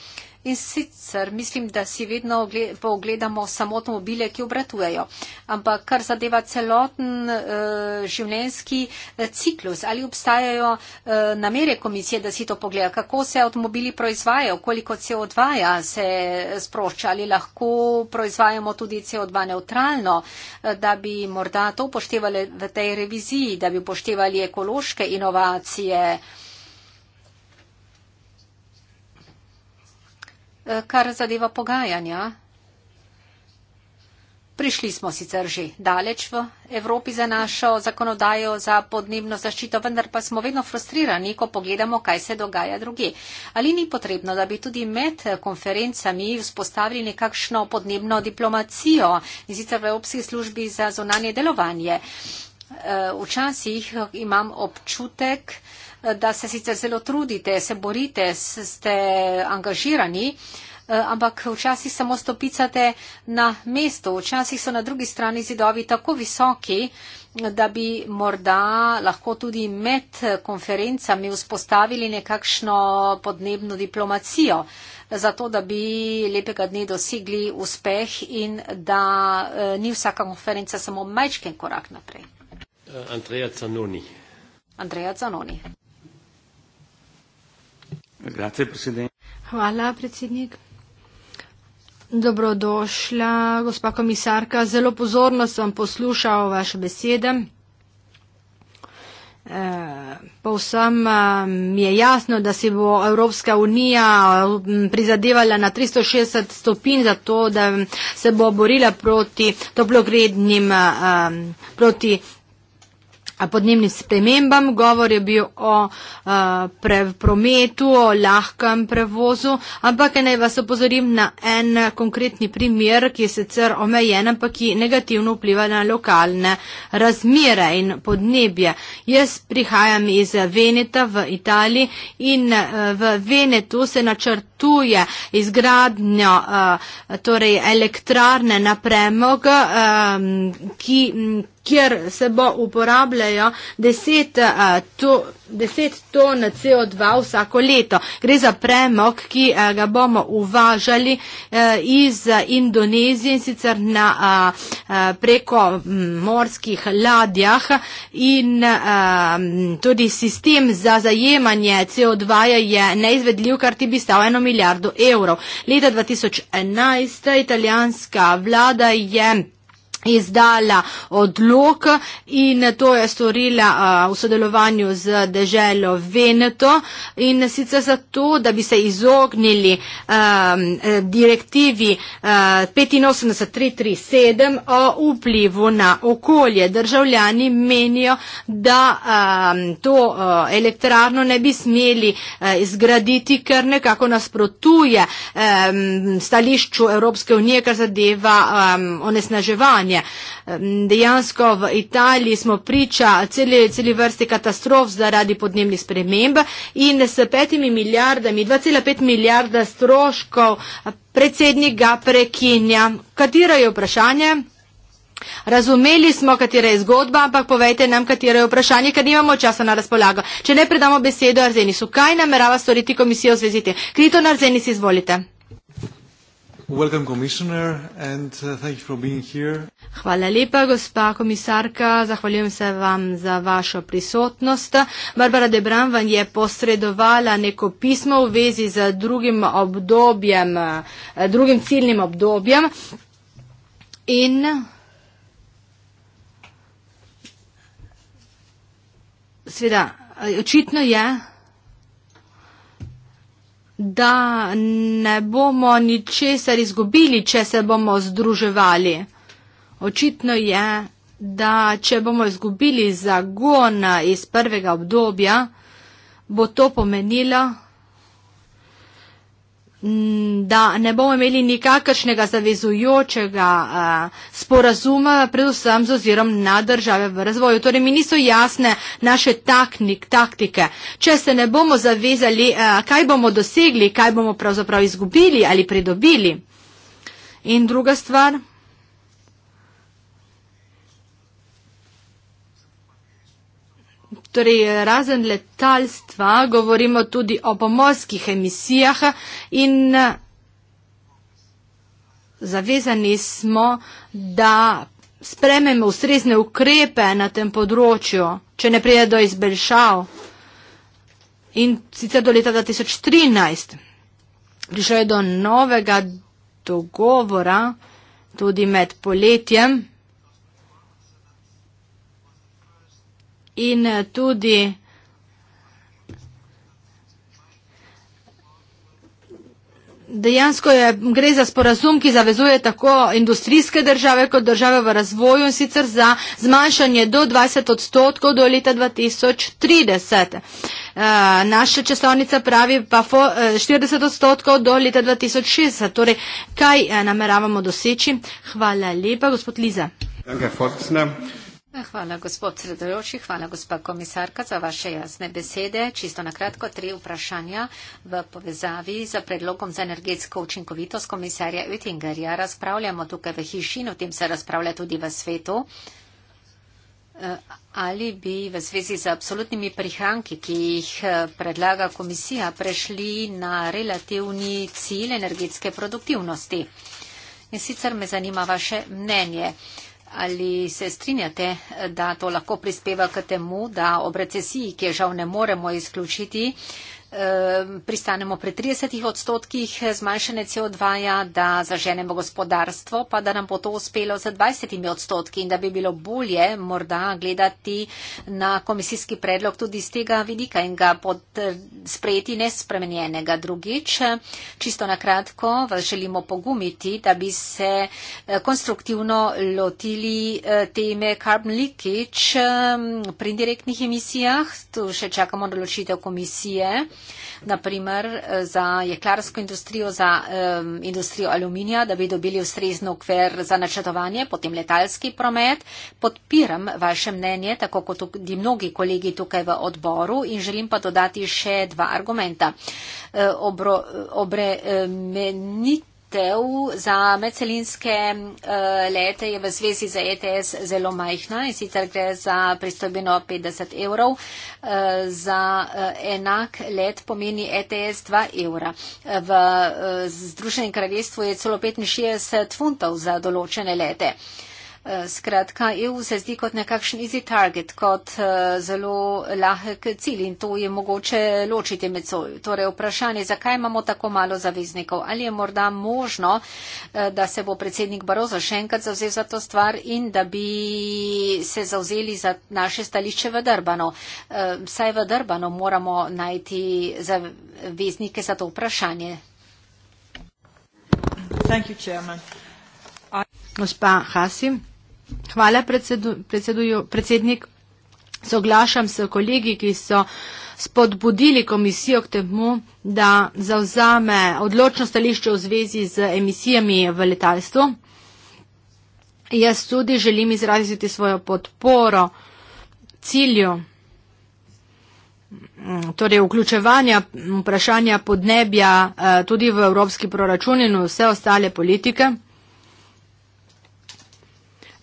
In sicer mislim, da si vedno pogledamo samo avtomobile, ki obratujejo, ampak kar zadeva celoten e, življenjski eh, ciklus. Ali obstajajo e, namere komisije, da si to pogleda, kako se avtomobili proizvajajo, koliko CO2 ja, se sprošča, ali lahko proizvajamo tudi CO2 neutralno, da bi morda to upoštevali v tej reviziji, da bi upoštevali ekološke inovacije. kar zadeva pogajanja. Prišli smo sicer že daleč v Evropi za našo zakonodajo za podnebno zaščito, vendar pa smo vedno frustrirani, ko pogledamo, kaj se dogaja druge. Ali ni potrebno, da bi tudi med konferencami vzpostavili nekakšno podnebno diplomacijo in sicer v Evropski službi za zonanje delovanje? Eh, včasih imam občutek, da se sicer zelo trudite, se borite, ste angažirani, eh, ampak včasih samo stopicate na mesto, včasih so na drugi strani zidovi tako visoki, da bi morda lahko tudi med konferencami vzpostavili nekakšno podnebno diplomacijo, zato da bi lepega dne dosegli uspeh in da eh, ni vsaka konferenca samo majčken korak naprej. Andreja eh, Canoni. Andreja Zanoni. Hvala, predsednik. Dobrodošla, gospa komisarka. Zelo pozorno sem poslušal vaše besede. E, povsem eh, mi je jasno, da si bo Evropska unija mm, prizadevala na 360 stopinj za to, da se bo borila proti toplogrednim, eh, proti podnebnim spremembam, govor je bil o uh, pre, prometu, o lahkem prevozu, ampak naj vas opozorim na en konkretni primer, ki je sicer omejen, ampak ki negativno vpliva na lokalne razmere in podnebje. Jaz prihajam iz Veneta v Italiji in uh, v Venetu se načrtuje izgradnjo uh, torej elektrarne na premog, uh, ki. Um, kjer se bo uporabljalo 10, eh, to, 10 ton CO2 vsako leto. Gre za premog, ki eh, ga bomo uvažali eh, iz Indonezije in sicer na, preko morskih ladjah in tudi sistem za zajemanje CO2 je neizvedljiv, kar ti bi stal eno milijardo evrov. Leta 2011 italijanska vlada je izdala odlog in to je storila v sodelovanju z deželo Veneto in sicer zato, da bi se izognili um, direktivi um, 85.337 o vplivu na okolje. Državljani menijo, da um, to uh, elektrarno ne bi smeli uh, izgraditi, ker nekako nasprotuje um, stališču Evropske unije, kar zadeva um, onesnaževanje stanje. Dejansko v Italiji smo priča celi, celi vrsti katastrof zaradi podnebnih sprememb in s petimi milijardami, 2,5 milijarda stroškov predsednik ga prekinja. Katero je vprašanje? Razumeli smo, katera je zgodba, ampak povejte nam, katero je vprašanje, ker nimamo časa na razpolago. Če ne predamo besedo Arzenisu, kaj namerava storiti komisijo v zvezi s tem? Krito na Arzenis, izvolite. Uh, Hvala lepa, gospa komisarka, zahvaljujem se vam za vašo prisotnost. Barbara Debran vam je posredovala neko pismo v vezi z drugim obdobjem, eh, drugim ciljnim obdobjem. In sveda, eh, očitno je, da ne bomo ničesar izgubili, če se bomo združevali. Očitno je, da če bomo izgubili zagon iz prvega obdobja, bo to pomenilo, Mm, da ne bomo imeli nikakršnega zavezujočega eh, sporazuma, predvsem z ozirom na države v razvoju. Torej, mi niso jasne naše taknik, taktike. Če se ne bomo zavezali, eh, kaj bomo dosegli, kaj bomo pravzaprav izgubili ali pridobili. In druga stvar. Torej, razen letalstva govorimo tudi o pomorskih emisijah in zavezani smo, da sprememo ustrezne ukrepe na tem področju, če ne prije do izboljšav. In sicer do leta 2013 prišlo je do novega dogovora tudi med poletjem in eh, tudi Dejansko je, gre za sporazum, ki zavezuje tako industrijske države kot države v razvoju in sicer za zmanjšanje do 20 odstotkov do leta 2030. Eh, naša časovnica pravi pa 40 eh, odstotkov do leta 2060. Torej, kaj nameravamo doseči? Hvala lepa, gospod Liza. Danke, Eh, hvala, gospod predsedujoči, hvala, gospa komisarka, za vaše jasne besede. Čisto na kratko, tri vprašanja v povezavi z predlogom za energetsko učinkovitost komisarja Oettingerja. Razpravljamo tukaj v hiši, o tem se razpravlja tudi v svetu. Eh, ali bi v zvezi z absolutnimi prihranki, ki jih eh, predlaga komisija, prešli na relativni cilj energetske produktivnosti? In sicer me zanima vaše mnenje. Ali se strinjate, da to lahko prispeva k temu, da ob recesiji, ki je žal ne moremo izključiti, pristanemo pri 30 odstotkih zmanjšanja CO2-ja, da zaženemo gospodarstvo, pa da nam bo to uspelo z 20 odstotki in da bi bilo bolje morda gledati na komisijski predlog tudi z tega vidika in ga pod, sprejeti nespremenjenega. Drugič, čisto na kratko, vas želimo pogumiti, da bi se eh, konstruktivno lotili eh, teme carbon leakage pri direktnih emisijah. Tu še čakamo določitev komisije naprimer eh, za jeklarsko industrijo, za um, industrijo aluminija, da bi dobili ustrezen okvir za načrtovanje, potem letalski promet. Podpiram vaše mnenje, tako kot tudi mnogi kolegi tukaj v odboru in želim pa dodati še dva argumenta. Uh, obro, obre, uh, me, podkrepitev za medcelinske eh, lete je v zvezi za ETS zelo majhna in sicer gre za pristojbino 50 evrov, eh, za eh, enak let pomeni ETS 2 evra. V Združenem kraljestvu je celo 65 funtov za določene lete. Skratka, EU se zdi kot nekakšen easy target, kot eh, zelo lahek cilj in to je mogoče ločiti med soj. Torej, vprašanje, zakaj imamo tako malo zaveznikov? Ali je morda možno, eh, da se bo predsednik Barozo še enkrat zavzel za to stvar in da bi se zavzeli za naše stališče v Drbano? Vsaj eh, v Drbano moramo najti zaveznike za to vprašanje. Gospa Hasim. Hvala, predsedujo, predsednik. Soglašam se kolegi, ki so spodbudili komisijo k temu, da zauzame odločno stališče v zvezi z emisijami v letalstvu. Jaz tudi želim izraziti svojo podporo cilju, mm, torej vključevanja vprašanja podnebja eh, tudi v evropski proračun in vse ostale politike.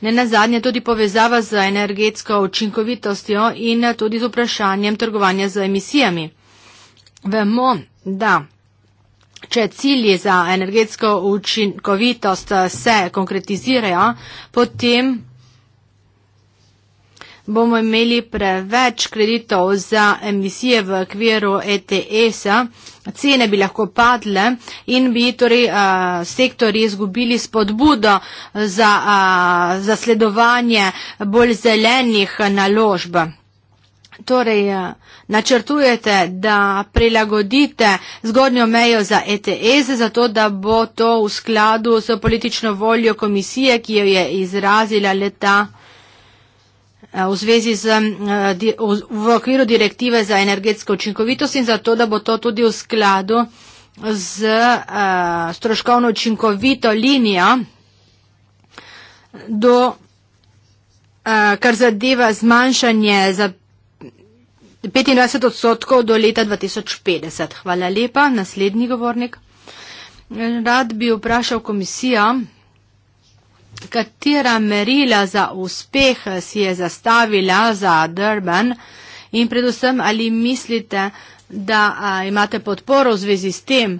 Ne nazadnje tudi povezava z energetsko učinkovitostjo in tudi z vprašanjem trgovanja z emisijami. Vemo, da če cilji za energetsko učinkovitost se konkretizirajo, potem bomo imeli preveč kreditov za emisije v okviru ETS-a, e cene bi lahko padle in bi torej a, sektori izgubili spodbudo za zasledovanje bolj zelenih naložb. Torej, načrtujete, da prilagodite zgodnjo mejo za ETS, e zato da bo to v skladu s politično voljo komisije, ki jo je izrazila leta 2020. Eh, v zvezi z, mm, eh, v okviru direktive za energetsko učinkovitost in zato, da bo to tudi v skladu z eh, stroškovno učinkovito linijo do, kar zadeva zmanjšanje za 25 odstotkov do leta 2050. Hvala lepa. Naslednji govornik. Rad bi vprašal komisijo katera merila za uspeh si je zastavila za Durban in predvsem ali mislite, da a, imate podporo v zvezi s tem.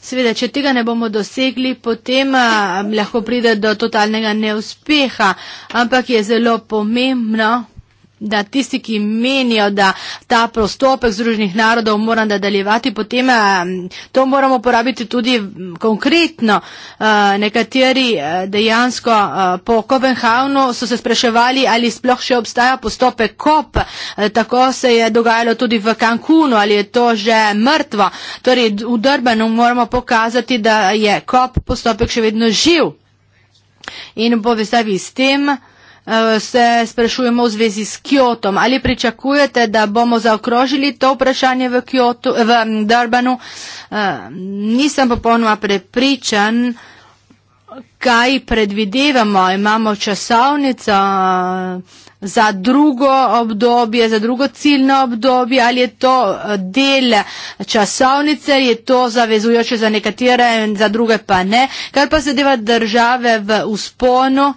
Seveda, če tega ne bomo dosegli, potem a, lahko pride do totalnega neuspeha, ampak je zelo pomembno, da tisti, ki menijo, da ta prostopek Združenih narodov mora nadaljevati, potem eh, to moramo uporabiti tudi konkretno. Eh, nekateri eh, dejansko po Kopenhavnu so se spraševali, ali sploh še obstaja postopek COP. Tako se je dogajalo tudi v Cancunu, ali je to že mrtvo. Torej, v Drbenu moramo pokazati, da je COP postopek še vedno živ. In v povezavi s tem, Eh, se sprašujemo v zvezi s Kjotom. Ali pričakujete, da bomo zaokrožili to vprašanje v, Kjotu, v Durbanu? Eh, nisem popolnoma prepričan, kaj predvidevamo. Imamo časovnico eh, za drugo obdobje, za drugo ciljno obdobje, ali je to del časovnice, je to zavezujoče za nekatere in za druge pa ne. Kar pa zadeva države v usponu,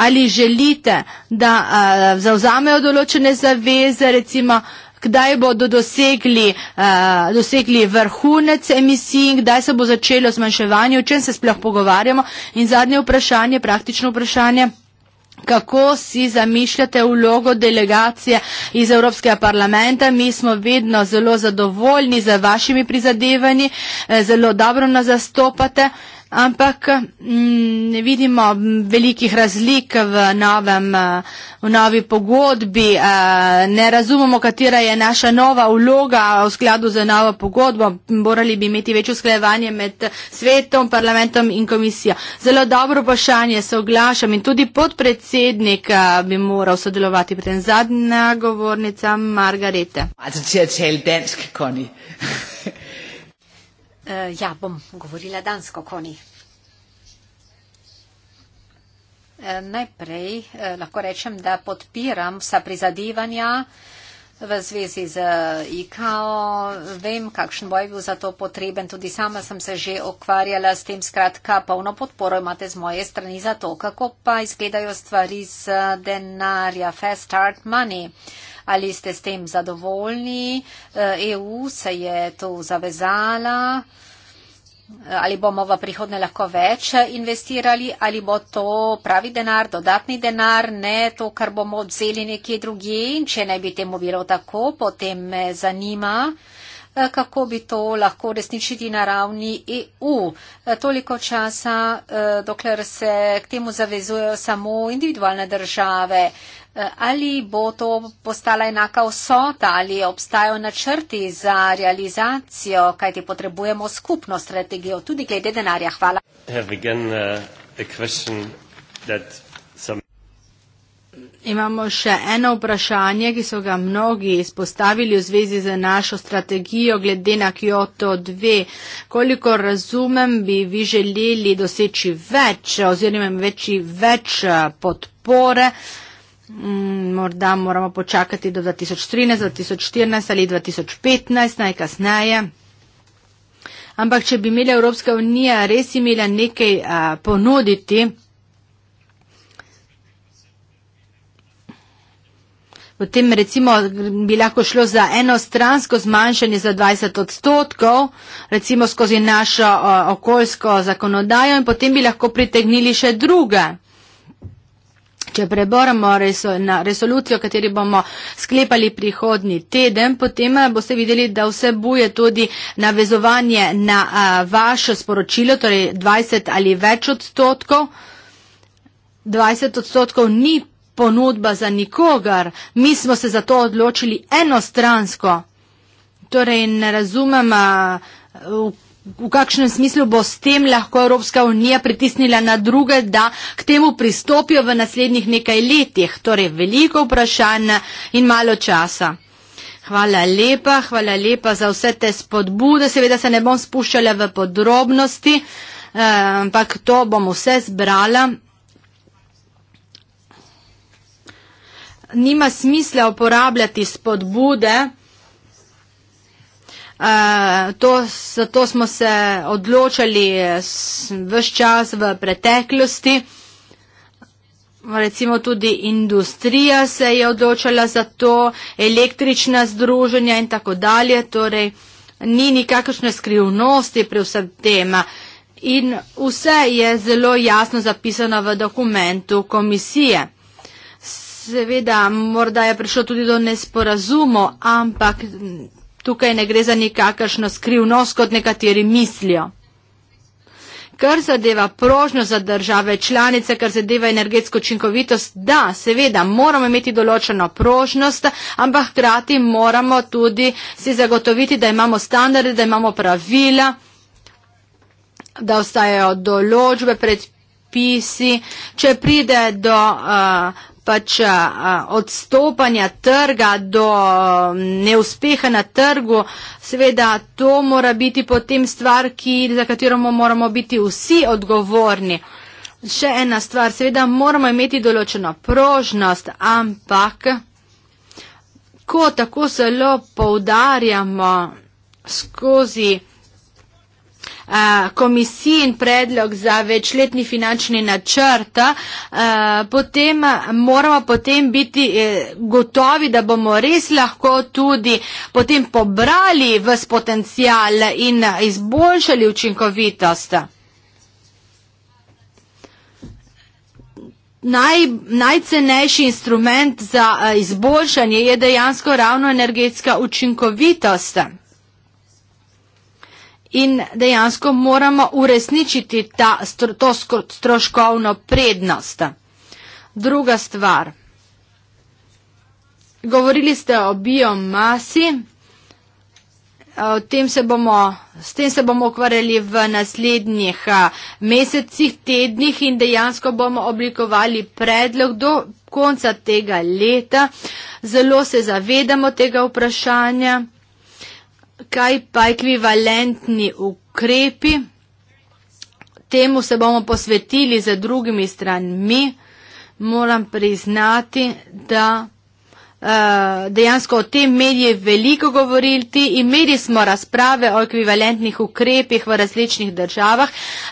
ali želite, da uh, zauzamejo določene zaveze, recimo, kdaj bodo dosegli, uh, dosegli vrhunec emisij in kdaj se bo začelo zmanjševanje, o čem se sploh pogovarjamo. In zadnje vprašanje, praktično vprašanje. Kako si zamišljate vlogo delegacije iz Evropskega parlamenta? Mi smo vedno zelo zadovoljni z za vašimi prizadevanji, e, zelo dobro nas zastopate. Uh, Ampak m, mm, vidimo velikih razlik v, novem, eh, v novi pogodbi, eh, ne razumemo, katera je naša nova vloga v skladu z novo pogodbo. Morali bi imeti več usklajevanje med svetom, parlamentom in komisijo. Zelo dobro vprašanje se oglašam in tudi podpredsednik eh, bi moral sodelovati pri tem. Zadnja govornica Margarete. Uh, ja, bom govorila dansko koni. Uh, najprej uh, lahko rečem, da podpiram vsa prizadevanja v zvezi z IKO. Vem, kakšen boj je bil za to potreben. Tudi sama sem se že okvarjala s tem. Skratka, polno podporo imate z moje strani za to, kako pa izgledajo stvari z denarja. Fast start money. Uh, Ali ste s tem zadovoljni? EU eh, e se je to zavezala. Ali bomo v prihodnje lahko več investirali? Ali bo to pravi denar, dodatni denar, ne to, kar bomo odzeli nekje drugje? In če ne bi temu bilo tako, potem me zanima. Eh, kako bi to lahko resničiti na ravni EU. Eh, toliko časa, eh, dokler se k temu zavezujejo samo individualne države. Ali bo to postala enaka vsota ali obstajajo načrti za realizacijo, kajti potrebujemo skupno strategijo tudi glede denarja. Hvala. Imamo še eno vprašanje, ki so ga mnogi izpostavili v zvezi z našo strategijo glede na Kyoto 2. Koliko razumem, bi vi želeli doseči več oziroma večji več eh, podpore? Mm, morda moramo počakati do 2013, 2014 ali 2015 najkasneje. Ampak, če bi imela Evropska unija res imela nekaj a, eh, ponuditi, potem recimo bi lahko šlo za enostransko zmanjšanje za 20 odstotkov, recimo skozi našo okoljsko zakonodajo in potem bi lahko pritegnili še druge. Če preboramo na resolucijo, kateri bomo sklepali prihodni teden, potem eh, boste videli, da vse buje tudi navezovanje na eh, vaše sporočilo, torej 20 ali več odstotkov. 20 odstotkov ni ponudba za nikogar, mi smo se za to odločili enostransko. Torej ne razumem, v, v kakšnem smislu bo s tem lahko Evropska unija pritisnila na druge, da k temu pristopijo v naslednjih nekaj letih. Torej veliko vprašanj in malo časa. Hvala lepa, hvala lepa za vse te spodbude. Seveda se ne bom spuščala v podrobnosti, eh, ampak to bom vse zbrala. nima smisla uporabljati spodbude. Uh, to, zato smo se odločali vse čas v preteklosti. Recimo tudi industrija se je odločala za to, električna združenja in tako dalje. Torej, ni nikakršne skrivnosti pri vsem tem. In vse je zelo jasno zapisano v dokumentu komisije seveda morda je prišlo tudi do nesporazumo, ampak tukaj ne gre za nikakršno skrivnost, kot nekateri mislijo. Kar zadeva prožnost za države članice, kar zadeva energetsko učinkovitost, da, seveda, moramo imeti določeno prožnost, ampak hkrati moramo tudi si zagotoviti, da imamo standarde, da imamo pravila, da ostajajo določbe, predpisi. Če pride do uh, pač odstopanja trga do neuspeha na trgu, seveda to mora biti potem stvar, ki, za katero moramo biti vsi odgovorni. Še ena stvar, seveda moramo imeti določeno prožnost, ampak ko tako zelo poudarjamo skozi komisiji in predlog za večletni finančni načrt, potem moramo potem biti e, gotovi, da bomo res lahko tudi potem pobrali ves potencijal in izboljšali učinkovitost. Naj, najcenejši instrument za izboljšanje je dejansko ravno energetska učinkovitost. In dejansko moramo uresničiti ta, to stroškovno prednost. Druga stvar. Govorili ste o biomasi. O tem se bomo, s tem se bomo ukvarjali v naslednjih mesecih, tednih in dejansko bomo oblikovali predlog do konca tega leta. Zelo se zavedamo tega vprašanja kaj pa ekvivalentni ukrepi, temu se bomo posvetili za drugimi stranmi, moram priznati, da Eh, dejansko o tem mediji veliko govorili, imeli smo razprave o ekvivalentnih ukrepih v različnih državah.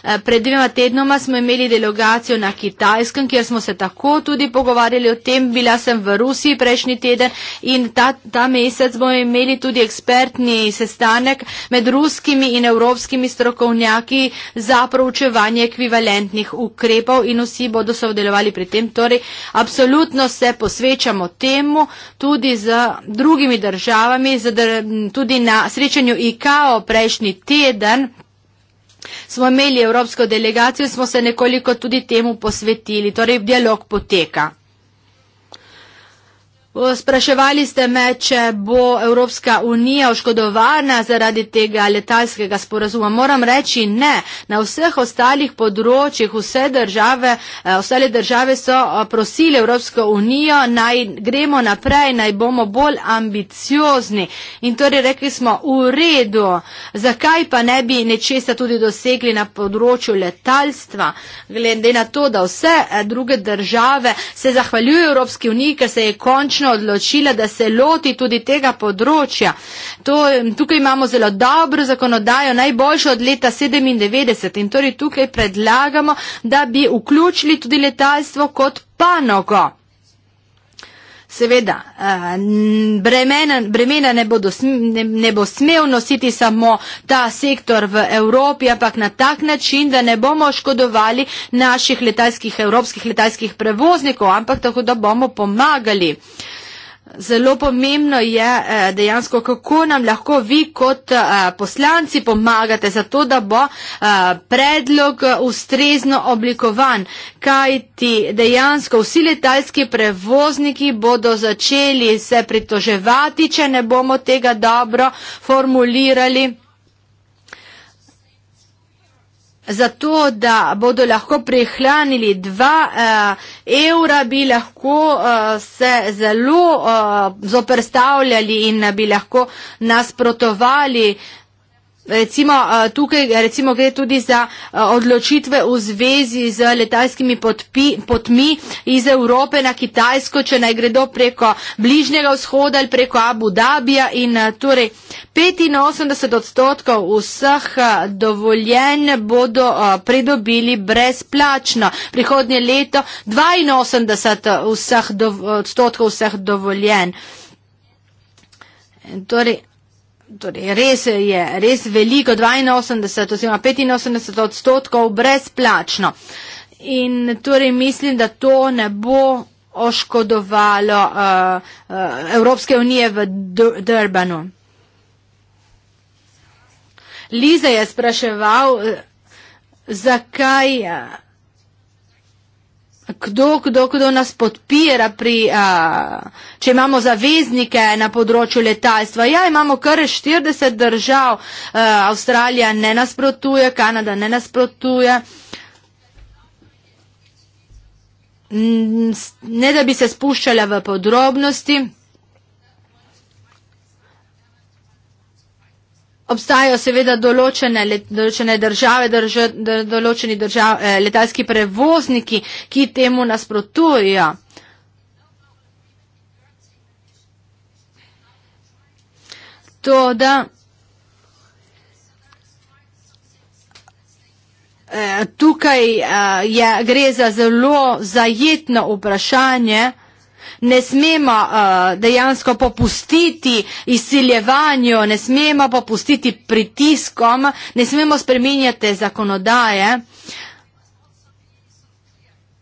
Eh, pred dvema tednoma smo imeli delegacijo na Kitajskem, kjer smo se tako tudi pogovarjali o tem. Bila sem v Rusiji prejšnji teden in ta, ta mesec bomo imeli tudi ekspertni sestanek med ruskimi in evropskimi strokovnjaki za proučevanje ekvivalentnih ukrepov in vsi bodo sodelovali pri tem. Torej, absolutno se posvečamo temu tudi z drugimi državami, tudi na srečanju IKO prejšnji teden. Smo imeli evropsko delegacijo in smo se nekoliko tudi temu posvetili, torej dialog poteka. Spraševali ste me, če bo Evropska unija oškodovana zaradi tega letalskega sporazuma. Moram reči ne. Na vseh ostalih področjih vse države, eh, ostale države so eh, prosile Evropsko unijo, naj gremo naprej, naj bomo bolj ambiciozni. In torej rekli smo, v redu, zakaj pa ne bi nečesa tudi dosegli na področju letalstva, glede na to, da vse eh, druge države se zahvaljujejo Evropski uniji, ker se je končno resnično odločila, da se loti tudi tega področja. To, tukaj imamo zelo dobro zakonodajo, najboljšo od leta 1997 in torej tukaj predlagamo, da bi vključili tudi letalstvo kot panogo. Seveda, eh, bremena, bremena ne, bodo, ne, ne bo smel nositi samo ta sektor v Evropi, ampak na tak način, da ne bomo oškodovali naših letalskih, evropskih letalskih prevoznikov, ampak tako, da bomo pomagali. Uh, Zelo pomembno je eh, dejansko, kako nam lahko vi kot eh, poslanci pomagate za to, da bo eh, predlog ustrezno oblikovan, kajti dejansko vsi letalski prevozniki bodo začeli se pritoževati, če ne bomo tega dobro formulirali zato da bodo lahko prihranili dva uh, evra, bi lahko uh, se zelo uh, eh, zoprstavljali in bi lahko nasprotovali uh, recimo eh, tukaj recimo gre tudi za eh, odločitve v zvezi z letalskimi potpi, potmi iz Evrope na Kitajsko, če naj gredo preko Bližnjega vzhoda ali preko Abu Dhabija in eh, torej 85 odstotkov vseh dovoljen bodo pridobili brezplačno. Prihodnje leto 82 vseh dov, odstotkov vseh dovoljen. Torej, torej res je, res veliko, 82 oziroma 85 odstotkov brezplačno. In torej mislim, da to ne bo oškodovalo uh, uh, Evropske unije v Durbanu. Liza je spraševal, uh, zakaj. Uh, Kdo, kdo, kdo nas podpira, pri, uh, če imamo zaveznike na področju letalstva? Ja, imamo kar 40 držav. Uh, Avstralija ne nasprotuje, Kanada ne nasprotuje. Ne da bi se spuščala v podrobnosti. Obstajajo seveda določene, določene države, drž, določeni držav, eh, letalski prevozniki, ki temu nasprotujejo. To, da eh, tukaj eh, je, gre za zelo zajetno vprašanje ne smemo uh, dejansko popustiti izsiljevanju, ne smemo popustiti pritiskom, ne smemo spreminjati zakonodaje.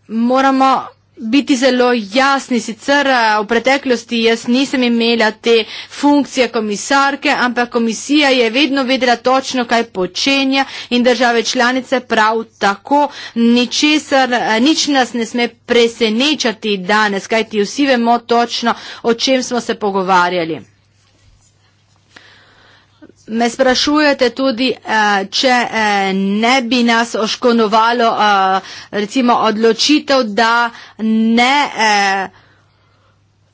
Moramo biti zelo jasni, sicer eh, v preteklosti jaz nisem imela te funkcije komisarke, ampak komisija je vedno vedela točno, kaj počenja in države članice prav tako. Ničesar, eh, nič nas ne sme presenečati danes, kaj ti vsi vemo točno, o čem smo se pogovarjali. Me sprašujete tudi, eh, če eh, ne bi nas oškonovalo eh, recimo odločitev, da ne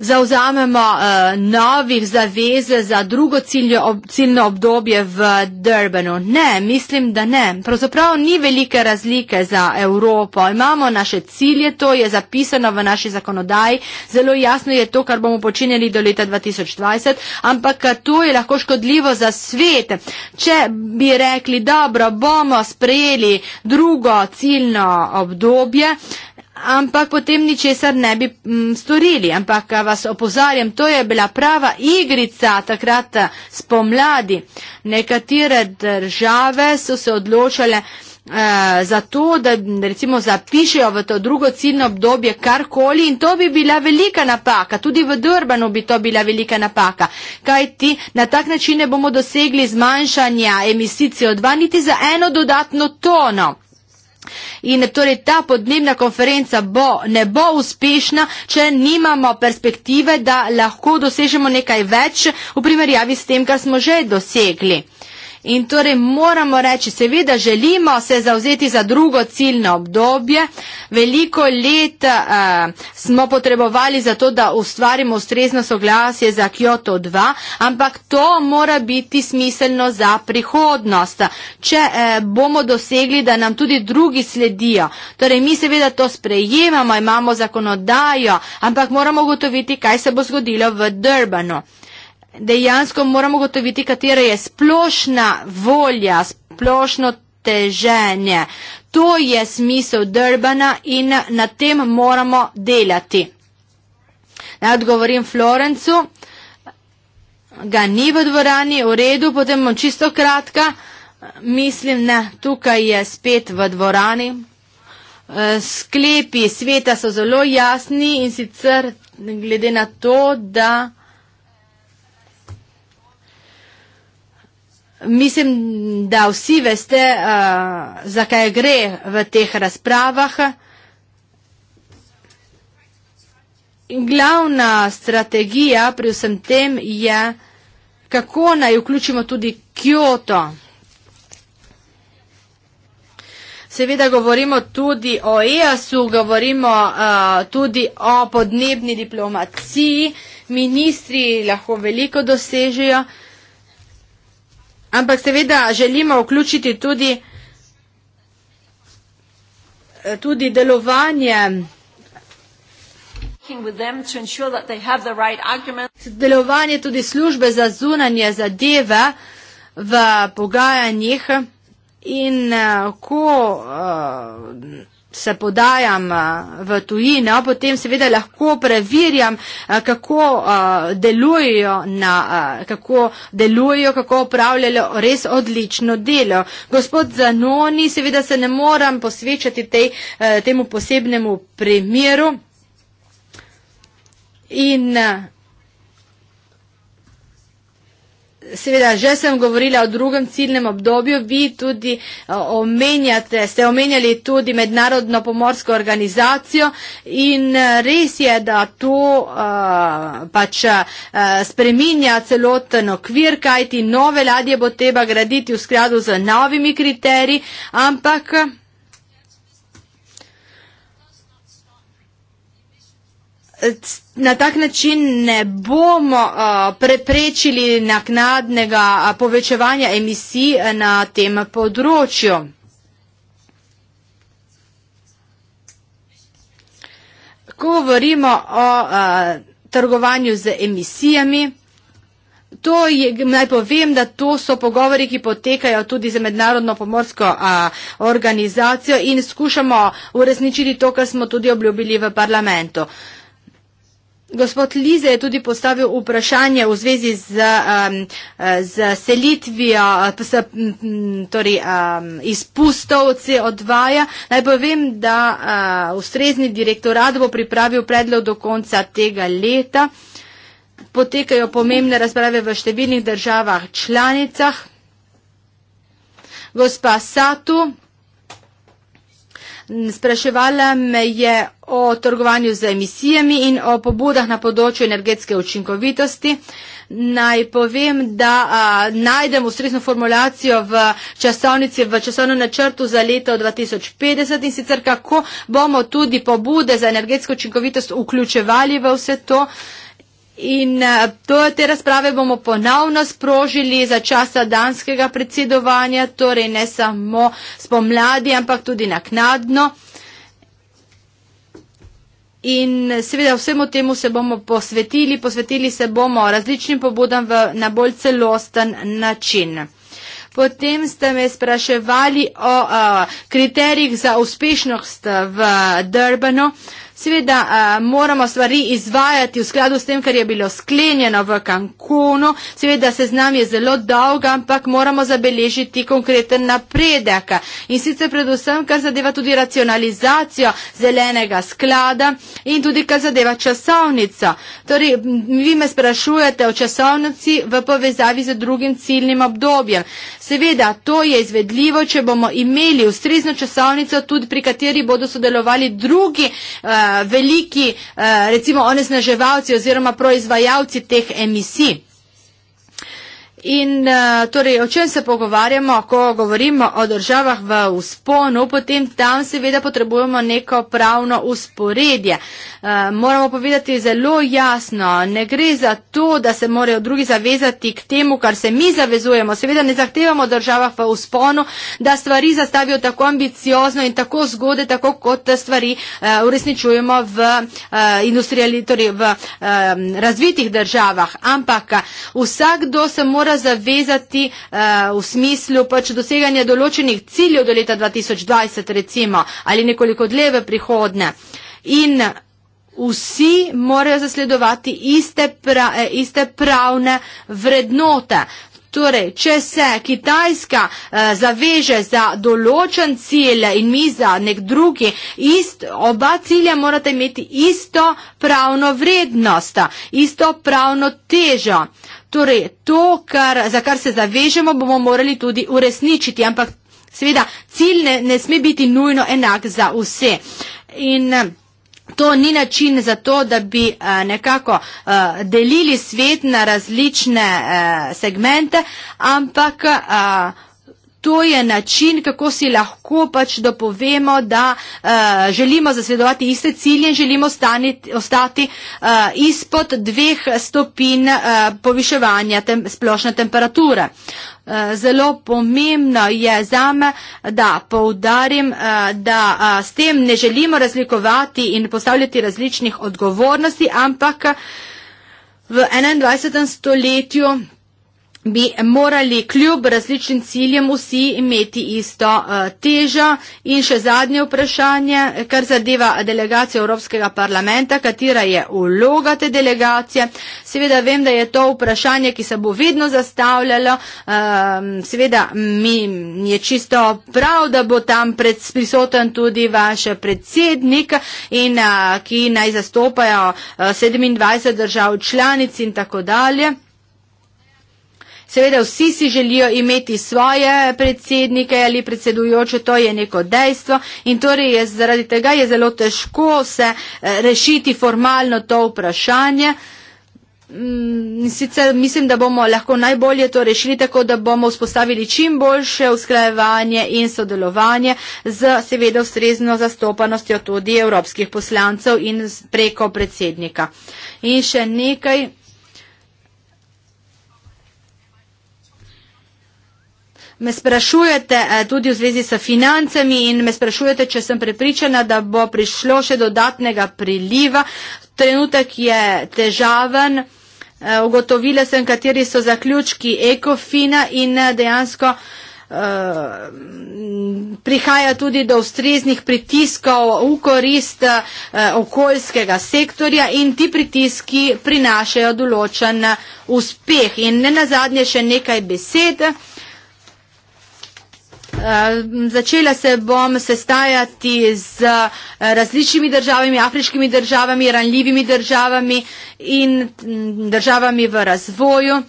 zauzamemo uh, novih zaveze za drugo cilje, ob, ciljno obdobje v Durbanu. Ne, mislim, da ne. Pravzaprav ni velike razlike za Evropo. Imamo naše cilje, to je zapisano v naši zakonodaji, zelo jasno je to, kar bomo počinjali do leta 2020, ampak eh, to je lahko škodljivo za svet. Če bi rekli, dobro, bomo sprejeli drugo ciljno obdobje, uh, ampak potem ničesar ne bi m, mm, storili. Ampak vas opozarjam, to je bila prava igrica takrat eh, spomladi. Nekatere države so se odločale eh, za to, da recimo zapišejo v to drugo ciljno obdobje karkoli in to bi bila velika napaka. Tudi v Durbanu bi to bila velika napaka. Kaj ti, na tak način ne bomo dosegli zmanjšanja emisij CO2 niti za eno dodatno tono. In torej ta podnebna konferenca bo, ne bo uspešna, če nimamo perspektive, da lahko dosežemo nekaj več v primerjavi s tem, kar smo že dosegli. In torej moramo reči, seveda želimo se zavzeti za drugo ciljno obdobje. Veliko let uh, smo potrebovali za to, da ustvarimo ustrezno soglasje za Kyoto 2, ampak to mora biti smiselno za prihodnost. Če uh, bomo dosegli, da nam tudi drugi sledijo. Torej mi seveda to sprejemamo, imamo zakonodajo, ampak moramo ugotoviti, kaj se bo zgodilo v Durbanu dejansko moramo gotoviti, katera je splošna volja, splošno teženje. To je smisel drbana in na tem moramo delati. Ja, odgovorim Florencu, ga ni v dvorani, v redu, potem bom čisto kratka. Mislim, ne, tukaj je spet v dvorani. Eh, sklepi sveta so zelo jasni in sicer glede na to, da Mislim, da vsi veste, uh, eh, zakaj gre v teh razpravah. Glavna strategija pri vsem tem je, kako naj vključimo tudi Kyoto. Seveda govorimo tudi o EAS-u, govorimo uh, tudi o podnebni diplomaciji. Ministri lahko veliko dosežejo. Uh, Ampak seveda želimo vključiti tudi, eh, tudi delovanje. Delovanje tudi službe za zunanje zadeve v pogajanjih in eh, ko uh, se podajam eh, v tujino, potem seveda lahko preverjam, eh, kako eh, delujejo, na, kako delujejo, kako upravljajo res odlično delo. Gospod Zanoni, seveda se ne moram posvečati tej, temu posebnemu primeru. In Seveda, že sem govorila o drugem ciljnem obdobju, vi tudi eh, omenjate, ste omenjali tudi mednarodno pomorsko organizacijo in eh, res je, da to uh, pač uh, spreminja celoten okvir, kajti nove ladje bo treba graditi v skladu z novimi kriteriji, ampak. na tak način ne bomo uh, preprečili naknadnega uh, povečevanja emisij uh, na tem področju. Ko govorimo o trgovanju z emisijami, To je, naj povem, da to so pogovori, ki potekajo tudi z mednarodno pomorsko a, organizacijo in skušamo uresničiti to, kar smo tudi obljubili v parlamentu. A, Gospod Lize je tudi postavil vprašanje v zvezi z, um, z selitvijo, s, m, torej um, izpustov CO2. -ja. Naj povem, da uh, ustrezni direktorat bo pripravil predlog do konca tega leta. Potekajo pomembne razprave v številnih državah članicah. Gospa Satu spraševala me je o trgovanju z emisijami in o pobudah na področju energetske učinkovitosti. Naj povem, da a, najdem ustrezno formulacijo v časovnici, v časovnem načrtu za leto 2050 in sicer kako bomo tudi pobude za energetsko učinkovitost vključevali v vse to. A, In to, eh, te razprave bomo ponovno sprožili za časa danskega predsedovanja, torej ne samo spomladi, ampak tudi naknadno. In seveda vsemu temu se bomo posvetili, posvetili se bomo različnim pobudam v, na bolj celosten način. Potem ste me spraševali o a, eh, kriterijih za uspešnost v Durbanu. Seveda eh, moramo stvari izvajati v skladu s tem, kar je bilo sklenjeno v Cancunu. Seveda se z nami je zelo dolga, ampak moramo zabeležiti konkreten napredek. In sicer predvsem, kar zadeva tudi racionalizacijo zelenega sklada in tudi, kar zadeva časovnico. Torej, vi me sprašujete o časovnici v povezavi z drugim ciljnim obdobjem. Seveda, to je izvedljivo, če bomo imeli ustrezno časovnico, tudi pri kateri bodo sodelovali drugi. Eh, Eh, veliki eh, recimo onesnaževalci oziroma proizvajalci teh emisij. In eh, torej, o čem se pogovarjamo, ko govorimo o državah v usponu, potem tam seveda potrebujemo neko pravno usporedje. Eh, moramo povedati zelo jasno, ne gre za to, da se morajo drugi zavezati k temu, kar se mi zavezujemo. Seveda ne zahtevamo državah v usponu, da stvari zastavijo tako ambiciozno in tako zgode, tako kot eh, stvari uresničujemo v, torej v razvitih državah. Ampak vsakdo se mora mora zavezati uh, v smislu pač doseganja določenih ciljev do leta 2020, recimo, ali nekoliko dlje v prihodne. In vsi morajo zasledovati iste, pra, eh, iste pravne vrednote. Torej, če se Kitajska eh, zaveže za določen cilj in mi za nek drugi, ist, oba cilja morate imeti isto pravno vrednost, isto pravno težo. Torej, to, kar, za kar se zavežemo, bomo morali tudi uresničiti, ampak seveda cilj ne, ne sme biti nujno enak za vse. In eh, to ni način za to, da bi eh, nekako eh, delili svet na različne segmente, ampak to je način, kako si lahko pač dopovemo, da uh, želimo zasledovati iste cilje in želimo staniti, ostati uh, izpod dveh stopin uh, eh, poviševanja tem, splošne temperature. Zelo pomembno je za me, da poudarim, da s tem ne želimo razlikovati in postavljati različnih odgovornosti, ampak v 21. stoletju bi morali kljub različnim ciljem vsi imeti isto eh, težo. In še zadnje vprašanje, kar zadeva delegacijo Evropskega parlamenta, katera je vloga te delegacije. Seveda vem, da je to vprašanje, ki se bo vedno zastavljalo. Ehm, seveda mi je čisto prav, da bo tam prisoten tudi vaš predsednik in eh, ki naj zastopajo 27 eh, držav članic in tako dalje. Seveda vsi si želijo imeti svoje predsednike ali predsedujoče, to je neko dejstvo in torej je, zaradi tega je zelo težko se eh, rešiti formalno to vprašanje. Mm, sicer mislim, da bomo lahko najbolje to rešili tako, da bomo vzpostavili čim boljše usklajevanje in sodelovanje z seveda ustrezno zastopanostjo tudi evropskih poslancev in preko predsednika. In še nekaj. Me sprašujete eh, tudi v zvezi s financami in me sprašujete, če sem prepričana, da bo prišlo še dodatnega priliva. Trenutek je težaven. Eh, ugotovila sem, kateri so zaključki ekofina in eh, dejansko prihaja tudi do ustreznih pritiskov v korist okoljskega sektorja in ti pritiski prinašajo določen uspeh. In ne nazadnje še nekaj besed. Eh, začela se bom sestajati z eh, različnimi državami, afriškimi državami, ranljivimi državami in mm, državami v razvoju.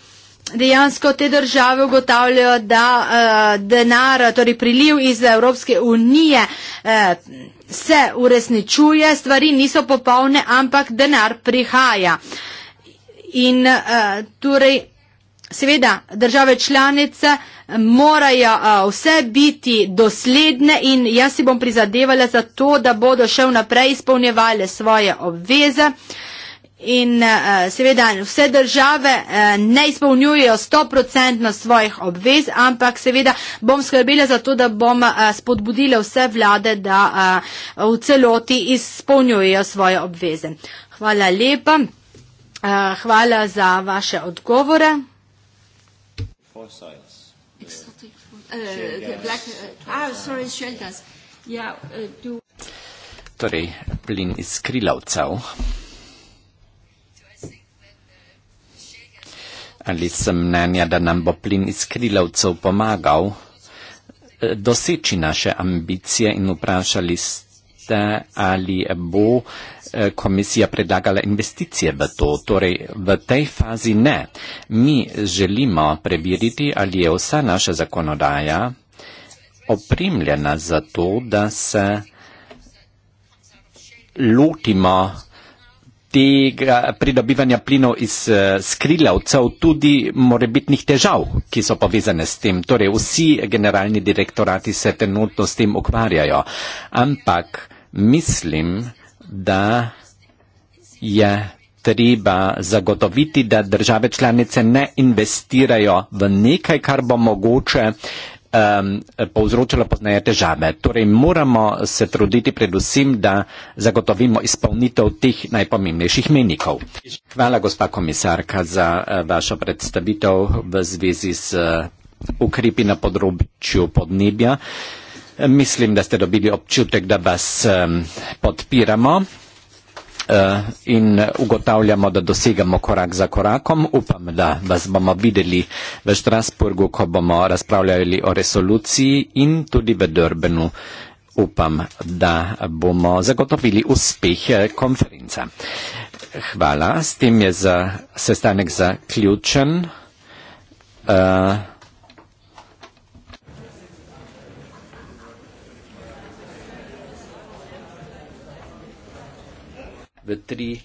Dejansko te države ugotavljajo, da eh, denar, torej priliv iz Evropske unije se uresničuje, stvari niso popolne, ampak denar prihaja. In torej, seveda, države članice, morajo vse biti dosledne in jaz si bom prizadevala za to, da bodo še vnaprej izpolnjevali svoje obveze. In seveda vse države ne izpolnjujejo 100% svojih obvez, ampak seveda bom skrbela za to, da bom spodbudila vse vlade, da v celoti izpolnjujejo svoje obveze. Hvala lepa. Hvala za vaše odgovore. Foresight. Uh, uh, ah, uh, torej, plin iz krilavcev. Ali sem mnenja, da nam bo plin iz krilavcev pomagal eh, doseči naše ambicije in vprašali ste, ali bo Eh, komisija predlagala investicije v to. Torej, v tej fazi ne. Mi želimo preveriti, ali je vsa naša zakonodaja opremljena za to, da se lotimo tega pridobivanja plinov iz eh, skrilavcev, tudi morebitnih težav, ki so povezane s tem. Torej, vsi generalni direktorati se trenutno s tem ukvarjajo. Ampak mislim, da je treba zagotoviti, da države članice ne investirajo v nekaj, kar bo mogoče um, povzročilo pozneje težave. Torej moramo se truditi predvsem, da zagotovimo izpolnitev teh najpomembnejših menikov. Hvala, gospa komisarka, za uh, vašo predstavitev v zvezi z uh, ukrepi na področju podnebja. Uh, Mislim, da ste dobili občutek, da vas podpiramo eh, in ugotavljamo, da dosegamo korak za korakom. Upam, da vas bomo videli v Štrasburgu, ko bomo razpravljali o resoluciji in tudi v Durbenu. Upam, da bomo zagotovili uspeh eh, konference. Hvala. S tem je za sestanek zaključen. Uh, v 3.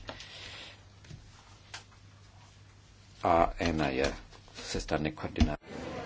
A1 je sestavni koordinat.